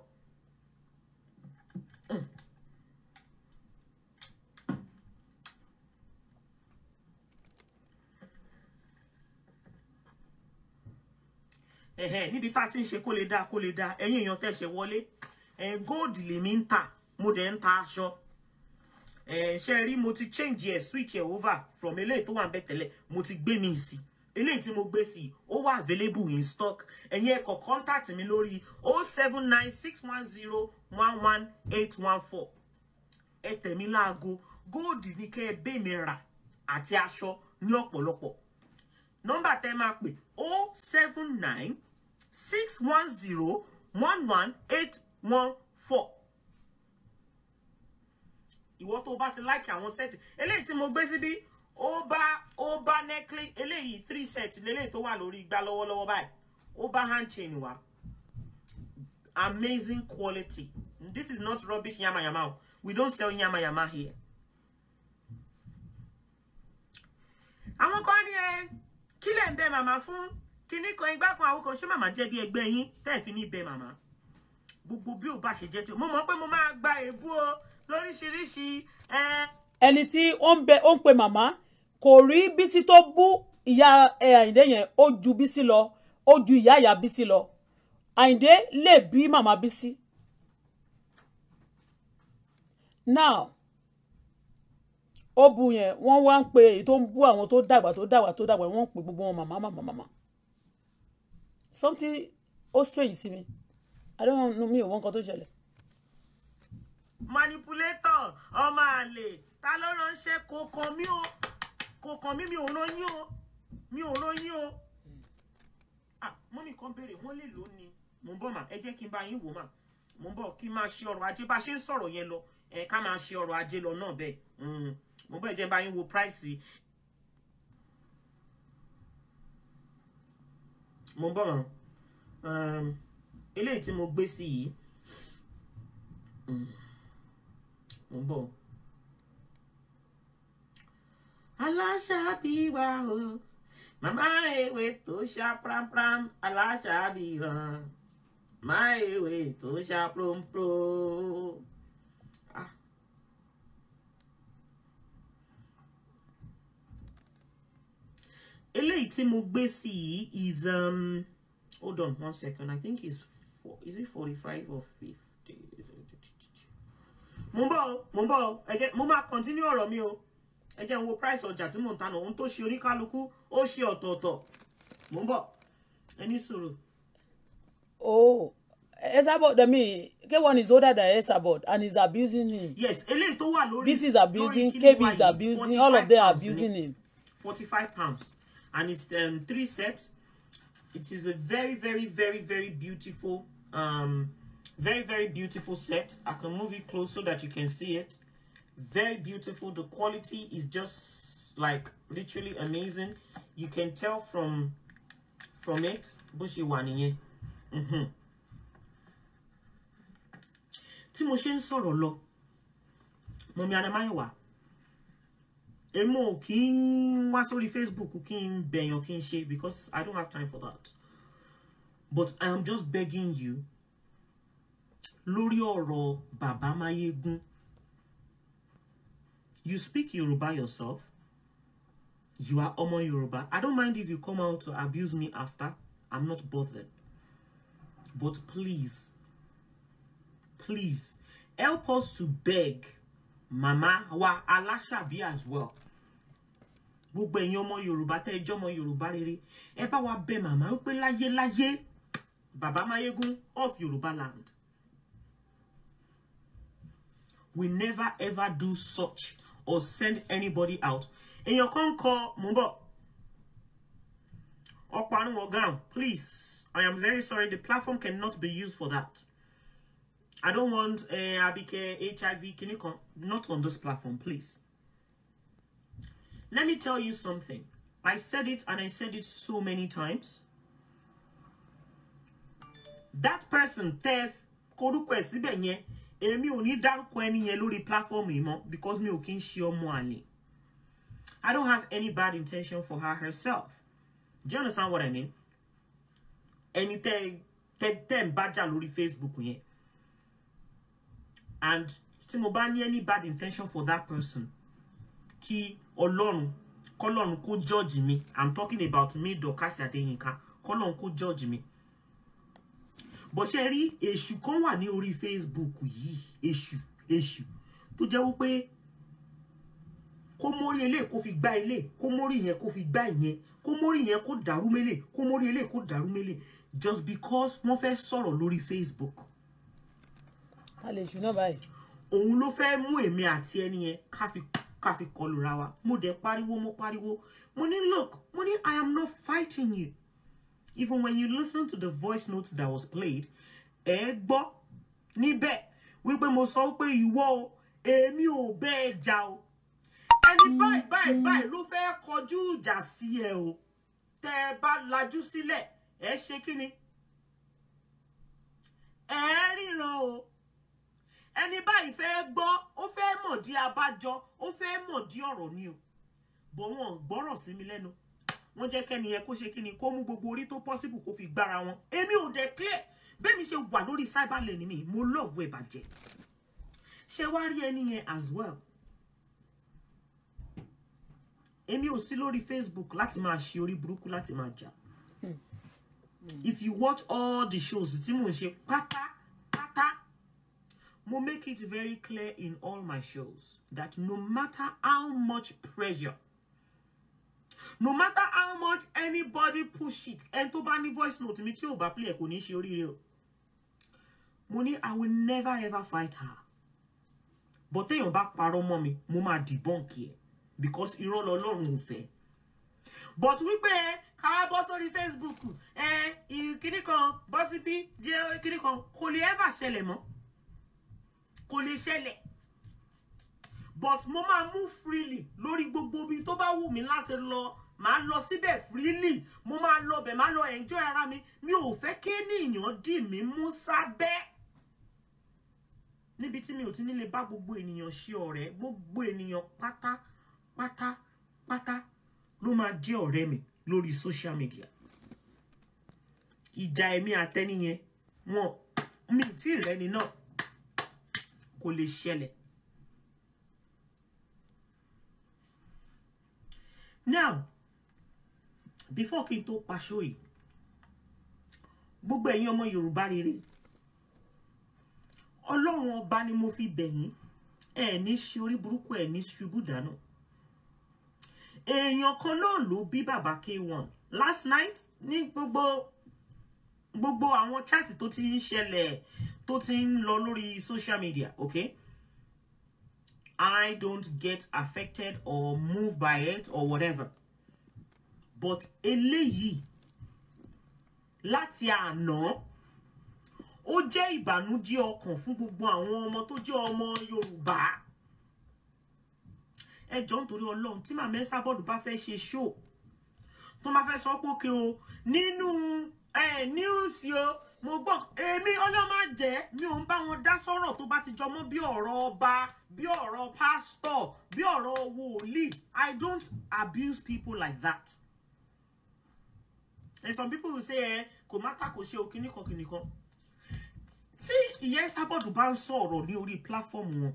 níbi tá a ti ń ṣe kó lè dáa kó lè dáa ẹ̀yin èèyàn tẹ̀sẹ̀ wọlé Eh, gold lèmi ń tà mo dẹ̀ ń ta aṣọ eh, ṣe rí mo ti change ẹ̀ switch ẹ̀ over from eléyìí tó wà ń bẹ̀ tẹ́lẹ̀ mo ti gbé mi sí eléyìí tí mo gbé sí ó wà available in stock ẹ̀yin ẹ kọ contact mi lórí o oh seven nine six one zero one one eight one four ẹ tẹ̀ mí gold ní kẹ́ ẹ bẹ́ mi rà àti aṣọ ní ọ̀pọ̀lọpọ̀ nọ́mbà tẹ́ máa pè o oh seven nine six one zero one one eight one four ìwọ tó o bá ti like àwọn set eléyìí tí mo gbé síbí ó bá ó bá necklace eléyìí three sets. lélẹ́yìí tó wà lórí igbá lọ́wọ́lọ́wọ́ báyìí ó bá hand chain wá amazing quality this is not rubbish yamayama o we don't sell yamayama here. àwọn kan ní ẹ kí lè ń bẹ màmá fún kíní kan igbá kan àwọn kan ṣé màmá jẹ́ bí ẹgbẹ́ yín tẹ́ẹ̀ fi ní bẹ màmá gbogbo bí ò bá ṣe jẹ́ tí o mo mọ̀ pé mo máa gba èébú o lóríṣiríṣi. ẹni tí ó ń bẹ ó ń pe màmá kò rí bísí tó bú ìyá àyìndé yẹn ó ju bísí lọ ó ju ìyá ìyá bísí lọ àyìndé lè bí màmá bísí. now ó bu yẹn wọ́n wá ń pe èyí tó ń bú àwọn tó dàgbà tó dàgbà tó dàgbà wọ́n ń pe gbogbo wọn màmá màmá màmá something ó strange sí mi. Si I don't know mi ò wọ́n nǹkan tó ṣẹlẹ̀. manipulator ọmọ àlè ta ló ránṣẹ́ kò kàn mí o kò kàn mi ò rán o mi ò rán Ah, o. mọ́mí kan béèrè wọ́n lè lò ní mò ń bọ̀ mà ẹ jẹ́ kí n bá yín wò mà mò ń bọ̀ kí n máa ṣe ọrọ̀ ajé bá ṣe ń sọ̀rọ̀ yẹn lọ ẹ ká máa ṣe ọrọ̀ ajé lọ náà bẹ́ẹ̀ mò mm. ń bọ̀ ẹ jẹ́ bá yín wo price mò ń bọ̀ mà. Um, eléyìí tí mo gbé sí yìí hmm. mo ń bọ̀ aláṣà bí wa o màmá ewé tó ṣá prampram aláṣà bí wa màmá ewé tó ṣá promprom. Ah. eléyìí tí mo gbé sí yìí is um, hold on one second i think it's four is it forty five or fifty. mo ń bọ̀ o mo ń bọ̀ o ẹ jẹ́ mo máa continue ọ̀rọ̀ mi o ẹ wo price ọjà tí mò ń tanà ohun tó ṣe oníkálukú ó ṣe ọ̀tọ̀ọ̀tọ̀ mo ń bọ̀ ẹ ní sùúrù. o Esabod I mean K1 is older than Esabot, and is abusing him. yes eléyìí tó wà lórí this is abusing KB is abusing all of them are abusing him. forty five pounds and it's um, three sets it is a very very very very beautiful Um, very, very beautiful set. I can move it close so that you can see it. Very beautiful. The quality is just like literally amazing. You can tell from from it. Bushi waniye. Mm-hmm. Tí mo ṣe ń sọ̀rọ̀ lọ. Mọ̀mí Anamáyọ̀wá. Èmo kì í wá sórí Facebook kí n soro lo emo king was wa facebook cooking n your ki n because I don't have time for that. but I am just begging you lórí ọ̀rọ̀ bàbá Máyégún you speak Yoruba yourself you are ọmọ Yoruba I don't mind if you come out to abuse me after I'm not bothered but please please help us to beg mama wa Alashabi as well gbogbo ẹ̀yin ọmọ Yoruba tẹ́ ẹ jọ́mọ Yorùbá rere ẹ bá wa bẹ̀ màmá wípé láyé láyé Baba Mayegun of Yoruba land. We never ever do such or send anybody out. Èèyàn kan kọ call mumbo bọ̀. Ọparun please, I am very sorry. The platform cannot be used for that. I don't want uh, Abike HIV Kiniko not on this platform, please. Let me tell you something. I said it and I said it so many times that person tẹ́ korúkọ ẹ̀ síbẹ̀ yẹn èmi ò ní dárúkọ ẹni yẹn lórí platform yìí mọ́ because mi ò kí ń ṣe ọmọ àlè I don't have any bad intention for her herself do you understand what I mean ẹni tẹ́ tẹ́ tẹ́ ń bá jà lórí Facebook yẹn and tí mo bá ní any bad intention for that person kí ọlọ́run kọ́lọ́run kó judge me. I'm talking about me Dorcas Adéyínká kọ́lọ́run kó judge me bó ṣe rí èṣù kan wà ní orí Facebook yìí èṣù èṣù tó jẹ́ wípé kó mórí eléyìí kó fi gbá eléyìí kó mórí yẹn kó fi gbá ìyẹn kó mórí yẹn kó dàrú mélè kó mórí eléyìí kó dàrú mélè just because wọ́n fẹ́ sọ̀rọ̀ lórí Facebook. a lè ṣùnà báyìí. òun ló fẹ́ mú èmi àti ẹni yẹn ká fi ká kọlù ra wa mo dẹ̀ pariwo mo pariwo mo ní look mo ní I am not fighting you even when you listen to the voice notes that was played ẹ gbọ́ níbẹ̀ wípé mo sọ pé ìwọ o èmi ò bẹ́ẹ̀ jà o ẹni báyìí báyìí báyìí ló fẹ́ kọjú ìjà sí ẹ o tẹ́ ẹ bá lajú sílẹ̀ ẹ ṣe kí ni ẹ ríran o ẹni báyìí fẹ́ gbọ́ ó fẹ́ mọ̀ di abájọ ó fẹ́ mọ̀ di ọ̀rọ̀ ni o bọ̀ wọn gbọ́rọ̀ sí mi lẹ́nu wọ́n jẹ́ kẹ́ni yẹn kó ṣe kí ni kó mú gbogbo orí tó possible kó fi gbára wọn èmi ò dẹ̀ clear bẹ́ẹ̀ ṣe wà lórí cyberlane mi mo love ẹ̀ bàjẹ́ ṣé wá rí ẹni yẹn as well èmi ò sí lórí facebook láti máa ṣe orí burúkú láti máa jà if you watch all the shows tí mò ń ṣe pátápátá mo make it very clear in all my shows that no matter how much pressure no matter how much anybody push it ẹni tó bá voice note me tí ò bá play ẹ kò ní ṣe mo ní i will never ever fight her but téèyàn bá parọ́ mọ́ mi mo máa debunk ẹ because irọ́ lọ́lọ́run ò fẹ́ but wípé ká bọ́ sórí facebook eh, kíní kan bọ́ síbí jẹ́ kíní kan kò lè ever ṣẹlẹ̀ mọ́ kò lè ṣẹlẹ̀ but mo máa mú freely lórí gbogbo ibi tó bá wù mí láti lọ màá lọ síbẹ̀ freely mo máa lọ bẹ̀ màá lọ enjoy ara mi mi ò fẹ́ kéèyàn dì mí mú sábẹ́ níbi tí mi ò ti nílé bá gbogbo ènìyàn ṣe ọ̀rẹ́ gbogbo ènìyàn pátá pátá pátá ló máa jẹ́ ọ̀rẹ́ mi lórí social media ìjà èmi àtẹniyẹn wọn mi tí ìrẹ́ni náà kò lè ṣẹlẹ̀ now before kí n tó paṣọ yìí gbogbo ẹ̀yin ọmọ yorùbá rere ọlọ́run ọba ni mo fi bẹ̀yìn ẹ̀ ní ṣe orí burúkú ẹ̀ ní ṣubú dànù èèyàn kan náà ló bí bàbá k1 last night ní gbogbo gbogbo àwọn chat tó ti ń ṣẹlẹ̀ tó ti ń lọ lórí social media okay I don't get affected or moved by it or whatever. But eléyìí láti àná ó jẹ́ ìbànújẹ́ ọkàn fún gbogbo àwọn ọmọ tó jẹ́ ọmọ Yorùbá. Ẹ jọ̀ọ́ nítorí Ọlọ́run tí màmá ẹ sábọ́ọ̀dù bá fe ṣe ṣó tó máa fẹ́ sọ pé o nínú ẹ níwùsì o mo gbọ́ èmi ọlọ́mọ jẹ́ mi ò ń bá wọn dá sọ̀rọ̀ tó bá ti jọmọ́ bí ọ̀rọ̀ ọba bí ọ̀rọ̀ pásítọ̀ bí ọ̀rọ̀ wòlíì I don't abuse people like that. and some people will say ẹ eh, kò má ta kò ṣe o kìnnìkan kìnnìkan tí ìyá Esabod bá ń sọ ọ̀rọ̀ ní orí platform wọn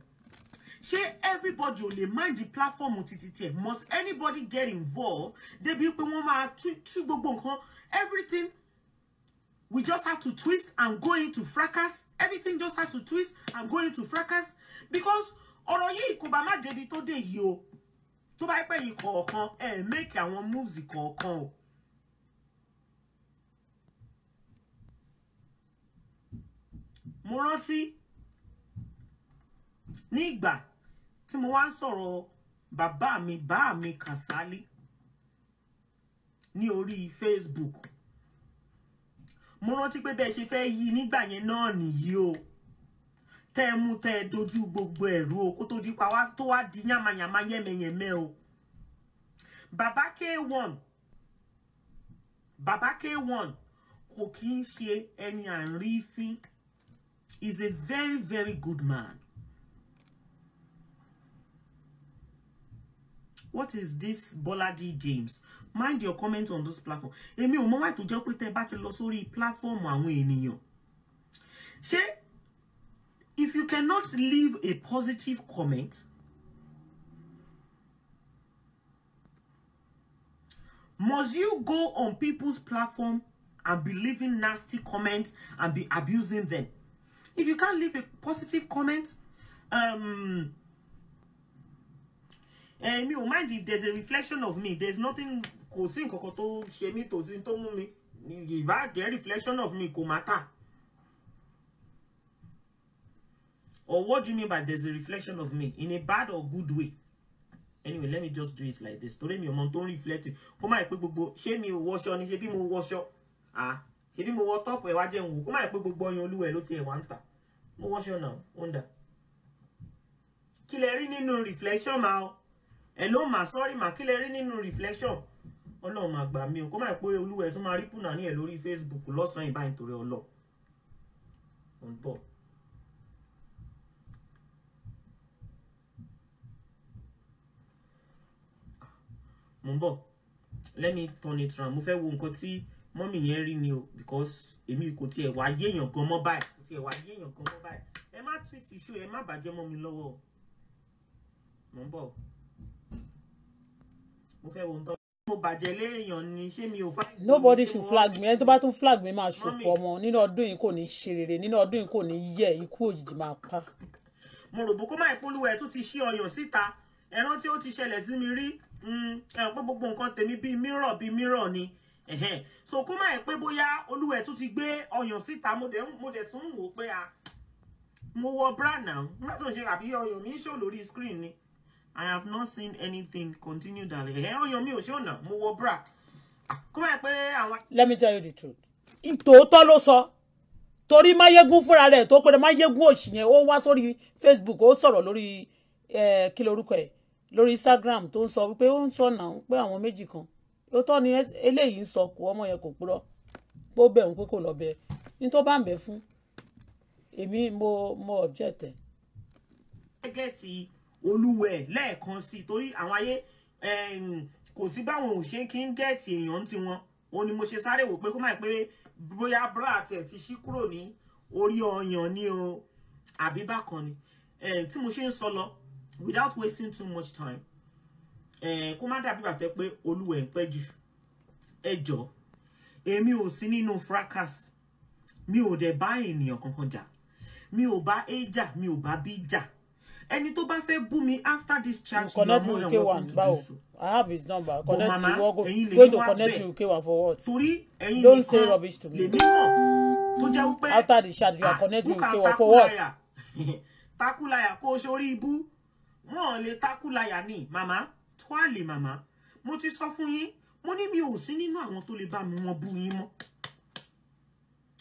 ṣé everybody ò lè mind the platform títí tiẹ̀ must anybody get involved débi pé wọ́n máa tú gbogbo nǹkan everything we just have to twist and go into fracas everything just has to twist and go into fracas because ọ̀rọ̀ yìí kò bá má débi tó dé yìí o tó bá pẹ́ yìí kọ̀ọ̀kan ẹ̀ make àwọn moves kọ̀ọ̀kan o. mo rántí ní ìgbà tí mo wá ń sọ̀rọ̀ bàbá mi bá mi Kàsálí ní orí Facebook mo rántí pé bẹ́ẹ̀ ṣe fẹ́ yí nígbà yẹn náà nìyí o tẹ́ ẹ mú tẹ́ ẹ dojú gbogbo ẹ̀rú o kó tó di pa wá tó wá di yàmàyàmà yẹ́mẹyẹ̀mẹ́ o bàbá K1 bàbá K1 kò kí ń ṣe ẹni à is a very very good man What is this Bolaji James? mind your comment on this platform èmi ò mọ̀ wá tó jẹ́ pé tẹ́ bá ti lọ sórí platform àwọn ènìyàn ṣé if you cannot leave a positive comment must you go on people's platform and be leaving nasty comments and be abusing them if you can't leave a positive comment um, Uh, eh, me, mind if there's a reflection of me, there's nothing kò sí nǹkan kan tó ṣe mí tòsí tó mú mi ìbá jẹ́ reflection of me kò matter or what do you mean by there's a reflection of me in a bad or good way anyway let me just do it like this torí mi ò mọ tó ń reflect kó má pé gbogbo ṣé mi ò wọṣọ ni ṣe bí mo wọṣọ ah ṣe bí mo wọ tọ́pù ẹ̀ wá jẹ́ ń wò kó má pé gbogbo ọyàn olúwa ẹ̀ ló ti ẹ̀ wá ń tà mo wọṣọ náà ó ń dà kí lẹ rí nínú reflection ma ọ ẹ ló mà sọ́rí mà kí lẹ rí nínú reflection ọlọ́run máa gbà mí o kó má pé olúwa ẹ̀ tún máa rí pùnà ní ẹ̀ lórí facebook lọ́sàn-án ìbáyìí torí ọlọ́ ò ń bọ̀. mo ń bọ̀ let me turn it round mo fẹ́ wo nǹkan tí mọ́mì yẹn rí ni o because èmi kò tiẹ̀ wá yéèyàn gan mọ́ báyìí kò tiẹ̀ wá yéèyàn gan mọ́ báyìí ẹ má tweet iṣu ẹ má bàjẹ́ mọ́ mi lọ́wọ́ mo ń bọ̀ mo fẹ́ wo nǹkan nobody should flag me ẹni tó bá tún flag me máa ṣòfò ọmọ nínú ọdún yìí kò ní ṣe rere nínú ọdún yìí kò ní yẹ ikú òjijì máa pa. mo rò bó kó máa polówó ẹ tún ti ṣí ọyàn síta ẹran tí ó ti ṣẹlẹ̀ sí mi rí mm, ẹ̀hún pé gbogbo nǹkan tèmi bíi mírọ̀ bíi mírọ̀ ni so kó máa pé bóyá olúwẹ̀ tún ti gbé ọyàn síta mo dẹ̀ tún wò pé ah, mo wọ bra náà má tún ṣe àbí ọyàn mi ń ṣò lórí screen ni. I have not seen anything continue darling ẹ̀ ọyàn mi ò ṣe ọ̀nà mo wọ bra ah, kó máa pé àwọn. let me tell you the truth tòótọ́ ló sọ torí máyégún fúnra rẹ̀ tó pé máyégún òṣì yẹn ó wá sórí Facebook ó sọ̀rọ̀ lórí kí lorúkọ ẹ̀ lórí Instagram tó ń sọ wípé ó ń sọ̀nà pé àwọn méjì kan ó tọ́ ni eléyìí ń sọ kó ọmọ yẹn kò purọ́ bó bẹ̀ ń pé kò lọ bẹ ní tó bá ń bẹ fún èmi mo mo object ẹ̀. gẹ́gẹ́ ti olúwẹ̀ lẹ́ẹ̀kan sí torí àwọn ayé kò sí báwọn ò ṣe kí ń gẹ̀ẹ́tì èèyàn ti wọn o ni mo ṣe sáré wò pé kó má pé bóyá bra àti ẹ̀ ti ṣí kúrò ní orí ọyàn ní o àbí bákan ni tí mo ṣe ń sọ lọ without wasting too much time kó má dàbí bàtẹ́ pé olúwẹ̀ ń pẹ́ jù ẹ èmi ò sí nínú fracas mi ò dẹ̀ bá ènìyàn kankan jà mi ò bá a jà mi ò bá b jà ẹni tó bá fẹ́ bú mi after this chat you are more than welcome to do so. I have his number. Connect but mama, go, ẹ̀yin lè ní wá bẹ́ẹ̀. Torí ẹ̀yin nìkan lè Don't say rubbish to me. after the chat you are ah, connect me with Kewa for what? Takulaya kó o ṣorí ibú. Wọ́n lè takulaya ni màmá tó a lè màmá. Mo ti sọ fún yín, mo ní mi ò sí nínú àwọn tó lè bá mi wọn bú yín mọ́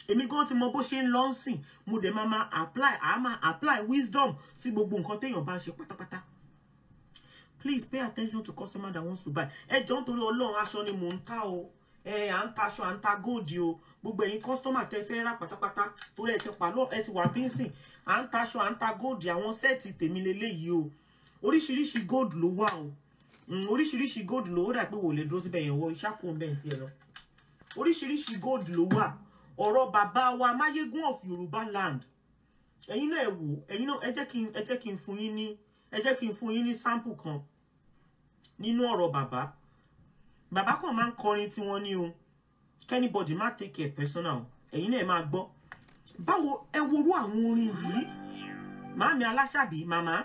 èmi gan ti mọ bó ṣe ń lọ sìn mo dẹ̀ máa apply a máa apply wisdom sí gbogbo nǹkan téèyàn bá ń ṣe pátápátá please pay attention to customer that wants to buy ẹ jọ nítorí ọlọ́run aṣọ ni mò ń ta o ẹ à ń taṣọ à ń ta góòdì o gbogbo ẹ̀yin customer tẹ fẹ́ rà pátápátá torí ẹ ti pàlọ́ ẹ ti wà pínsìn à ń taṣọ à ń ta góòdì àwọn sẹ́ẹ̀tì tèmi leléyìí o oríṣiríṣi góòdì ló wà o hmm, oríṣiríṣi góòdì ló wà ó dà pé wò lè dúró síbẹ̀ yẹn wọ iṣẹ́ kò ń bẹ̀ tiẹ̀ lọ oríṣiríṣi góòdì ló wà ọ̀rọ̀ bàbá wa Máyégún of Yorùbá land ẹ̀yin náà ẹ wò ẹ̀yin náà ẹ jẹ́ kí n ẹ jẹ́ kí n fún yín ní ẹ jẹ́ kí n fún yín ní sample kan nínú ọ̀rọ̀ bàbá bàbá kan máa ń kọrin tí wọ́n ní o kẹ́nìbọ̀dì má take it personal ẹ̀yin náà ẹ máa gbọ́ báwo ẹ worú àwọn orin yìí màámi aláṣàbí màmá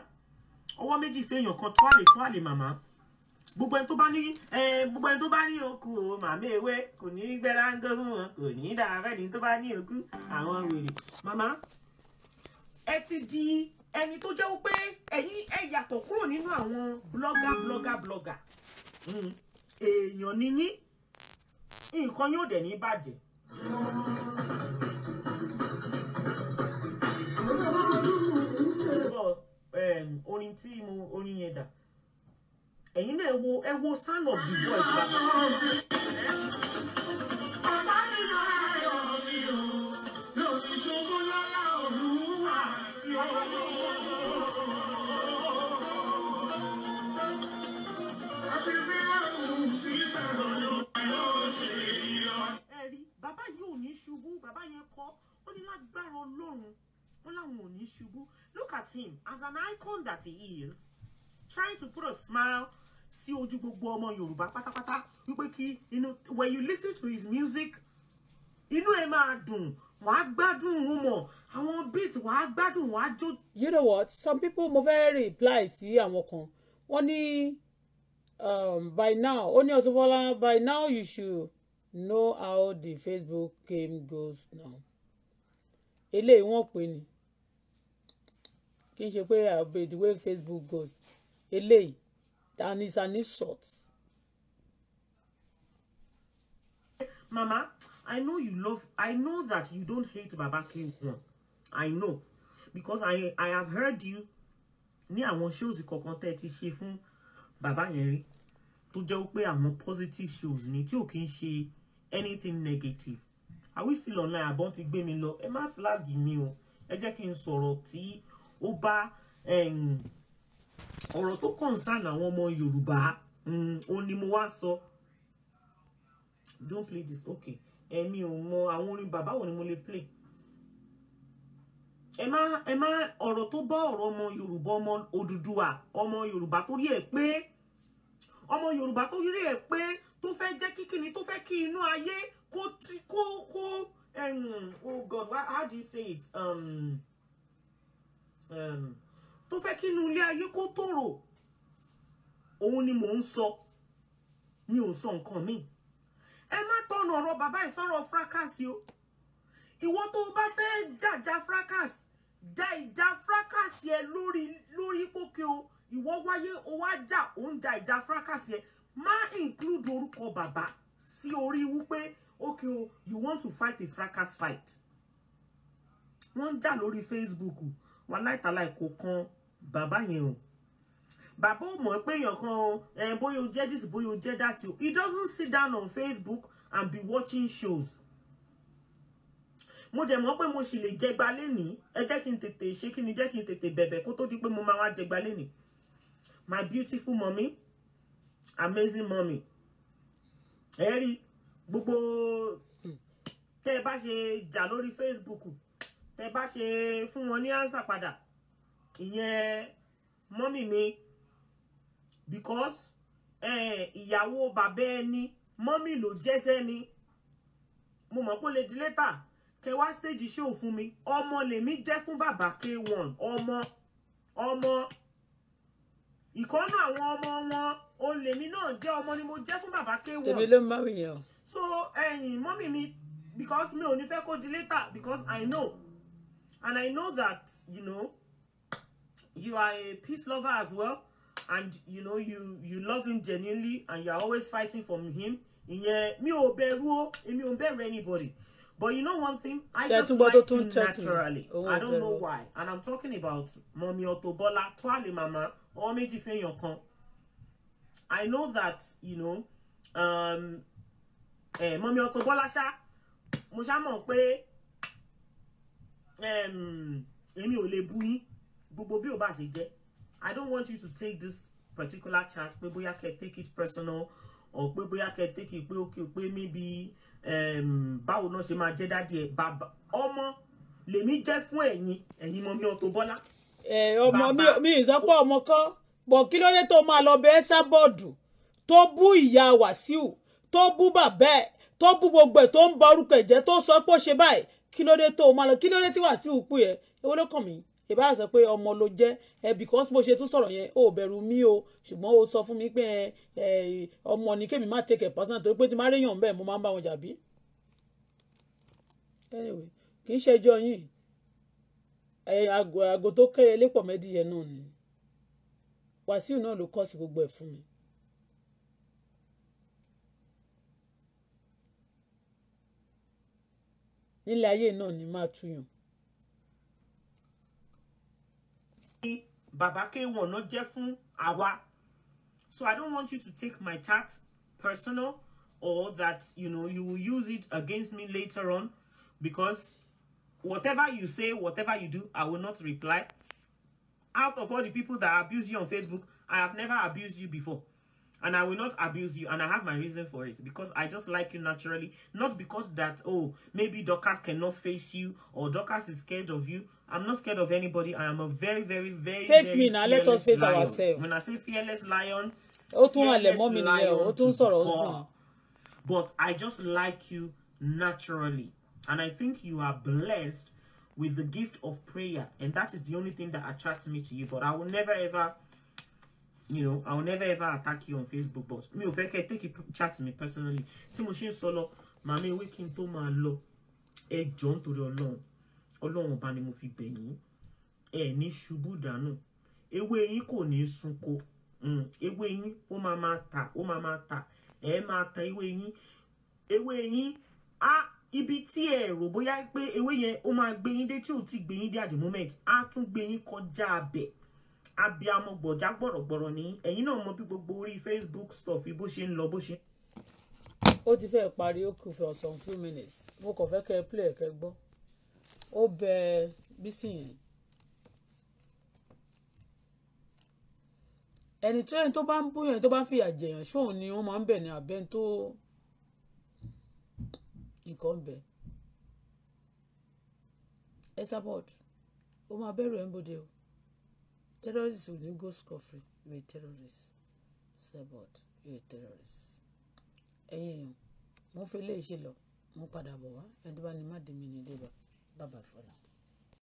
ọwọ́ méjì fèèyàn kan tó àlè tó àlè màmá gbogbo ẹni tó bá ní gbogbo ẹni tó bá ní òkú o màmá ewé kò ní í gbẹ́ra ń gbóhùn wọn kò ní í dára fẹ́ni tó bá ní òkú àwọn wèrè màmá ẹ ti di ẹni tó jẹ́ pé ẹ̀yin ẹ yàtọ̀ kúrò nínú àwọn blọ́gà blọ́gà blọ́gà èèyàn ni yín nǹkan yóò dẹ̀ ní bàjẹ́. orin tí mo orin yẹn dà ẹ̀yin náà ẹ wo ẹ wo sound of the voice bàbá. ọ̀pá look at him as an icon that he is trying to put a smile sí ojú gbogbo ọmọ Yorùbá pátápátá wípé kí inú when you listen to his music inú ẹ máa dùn wàá gbádùn òun mọ̀ àwọn beat wàá gbádùn wàá jó. you know what some people mo fẹ́ reply sí àwọn kan wọ́n ní um, by now ó ní Auto-Bola by now you should know how the Facebook game goes now eléyìí wọ́n pè ní kì í ṣe pé way Facebook goes eléyìí and it's an insult. Mama, I know you love, I know that you don't hate Baba King I know. Because I, I have heard you ní àwọn shows kọ̀ọ̀kan tẹ́ ti ṣe fún bàbá yẹn rí tó jẹ́ pé àwọn positive shows ni tí ò kí ń anything negative are we still online àbọ̀n ti gbé mi lọ ẹ má flag mi o ẹ jẹ́ kí n sọ̀rọ̀ tí ó bá ọ̀rọ̀ tó concern àwọn ọmọ yorùbá mm, òun ni mo wá sọ don't play this okay èmi ò mọ àwọn orin bàbá wo ni mo lè play ẹ má ẹ má ọ̀rọ̀ tó bá ọ̀rọ̀ ọmọ yorùbá ọmọ òdùdúà ọmọ yorùbá tó rí ẹ pé ọmọ yorùbá tó rí ẹ pé tó fẹ́ jẹ́ kí tó fẹ́ kí inú ayé kó ti kó kó um, oh god how do you say it um, um, tó fẹ́ kí inú ilé ayé kó tòrò òun ni mò ń sọ mi ò sọ nǹkan míì ẹ má tọ̀nà ọ̀rọ̀ bàbá yìí sọ̀rọ̀ fracas o ìwọ tó o bá fẹ́ jàjà fracas ja ìjà fracas yẹ lórí lórí pókè o ìwọ wáyé o wá jà o ń ja ìjà fracas yẹ má include orúkọ bàbá sí orí wípé okay o you want to fight a fracas fight wọ́n ń jà lórí Facebook wàláìtàláì kò kan bàbá yẹn o bàbá ò mọ̀ pé èèyàn kan ẹ bóyá o jẹ́ this bóyá o jẹ́ that o he doesn't sit down on Facebook and be watching shows mo dẹ̀ mọ̀ pé mo sì lè jẹgba lénìí ẹ jẹ́ kí n tètè ṣe kí ni jẹ́ kí n tètè bẹ̀bẹ̀ kó tó di pé mo máa wá jẹgba lénìí my beautiful mommy amazing mommy ẹ rí gbogbo tẹ́ ẹ bá ṣe jà lórí Facebook tẹ́ ẹ bá ṣe fún wọn ní ánsà padà ìyẹn mọ́mì mi because eh, ìyàwó bàbá ẹni mọ́mì ló jẹ́sẹ́ ni mo mọ̀ pé ó lè di létà kẹwàá stage show fún mi ọmọ lèmi jẹ́ fún bàbá K1 ọmọ ọmọ ìkọ́nà àwọn ọmọ wọn olèmi náà jẹ́ ọmọ ni mo jẹ́ fún bàbá K1 tèmi ló ń bá mi yàn. so ẹ̀yin mọ́mì mi because mi ò ní fẹ́ kó di létà because I know and I know that you know you are a peace lover as well and you know you you love him genuinely and you're always fighting for him ìyẹn mi ò bẹ̀rù o èmi ò bẹ̀rù anybody but you know one thing i just like him naturally i don't know why and i'm talking about mommy otobola, twali mama ọmọ méjì fẹ́yàn kan i know that you know um, eh, mommy otobola, Bola ṣá mo ṣá mọ̀ pé èmi ò lè bú yín gbogbo bí o bá ṣe jẹ́ i don't want you to take this particular chance. pé bóyá kẹ́ take it personal or pé bóyá kẹ́ take it pé ok pé maybe um, báwo náà ṣe máa jẹ́ dádì ẹ̀ bàbá ọmọ lèmi jẹ́ fún ẹ̀yin ẹ̀yin mọ mi Auto Bola. ẹ ọmọ mi mi ìsọpọ ọmọ kọ bọ kí ló dé tó máa lọ bẹ ẹ sábọọdù tó bú ìyá Wàsíù tó bú bàbá ẹ tó bú gbogbo ẹ tó ń ba orúkọ ẹ jẹ́ tó sọ pé ó ṣe báyìí kí ló dé tó máa lọ kí ló dé tí Wàsíù pè ẹ ewé ló kàn mí ìbá sọ pé ọmọ ló jẹ́ ẹ because bó ṣe tún sọ̀rọ̀ yẹn ò bẹ̀rù mi o ṣùgbọ́n ó sọ fún mi pé ẹ ọmọ ni kémi má take a person torí pé tí má réyàn bẹ́ẹ̀ mo máa ń bá wọn jàbí. anyway kì í ṣe ẹjọ́ yìí àgò tó kẹ́yẹ lépọ̀ mẹ́díyẹ náà ni wàsíù náà ló kọ́ sí gbogbo ẹ̀ fún mi. nílẹ̀ ayé náà ni máa túyàn Baba K1 no jẹ́ fún àwa. So I don't want you to take my chat personal or that, you know, you will use it against me later on because whatever you say, whatever you do, I will not reply. Out of all the people that abuse you on Facebook, I have never abused you before. And I will not abuse you. And I have my reason for it. Because I just like you naturally. Not because that, oh, maybe Dorcas cannot face you. Or Dorcas is scared of you. I'm not scared of anybody. I am a very, very, very. Face very me now. Let us face lion. ourselves. When I say fearless lion, ó tún halẹ̀ mọ́ mi But I just like you naturally. And I think you are blessed with the gift of prayer. And that is the only thing that attracts me to you. But I will never ever, you know, I will never ever attack you on Facebook. But me ò fẹ́ kẹ́ take you chat to me personally. Tí solo, ṣe ń sọ lọ, màmí wí John n tó máa ọlọ́run bá ni mo fi bẹ̀ yín ẹ̀ ní ṣubú dànù ewé yín kò ní sunko hmm, ewé yín ó máa máa ta ó máa máa ta ẹ máa ta ewé yín ewé yín á ibi tí ẹ rò bóyá pé ewé yẹn ó máa gbé yín dé tí ò ti gbé yín dé at the moment á tún gbé yín kọjá abẹ abiamọ gbọjá gbọrọgbọrọ ní ẹ̀yin náà mọ bí gbogbo orí Facebook stuff bó ṣe ń lọ bó ṣe. ó ti fẹ́ parí ó kù for some few minutes mo kàn fẹ́ kẹ́ ẹ play ẹ̀ gbọ́ ó bẹ Bísí yẹn ẹni tó yẹn tó bá ń búyàn tó bá ń fìyà jẹyàn ṣóun ni wọ́n máa ń bẹ̀ ní abẹ́ tó nǹkan bẹ̀ Esabod ó máa bẹ̀rù ẹ̀ ń bòde o terrorists will not go scot-free you a terrorist Esabod you a terrorist ẹ̀yin èèyàn mo fi ilé iṣẹ́ e lọ mo padà bọ̀ wá ẹni tó bá ní má dé mi ní débà. 爸爸说了。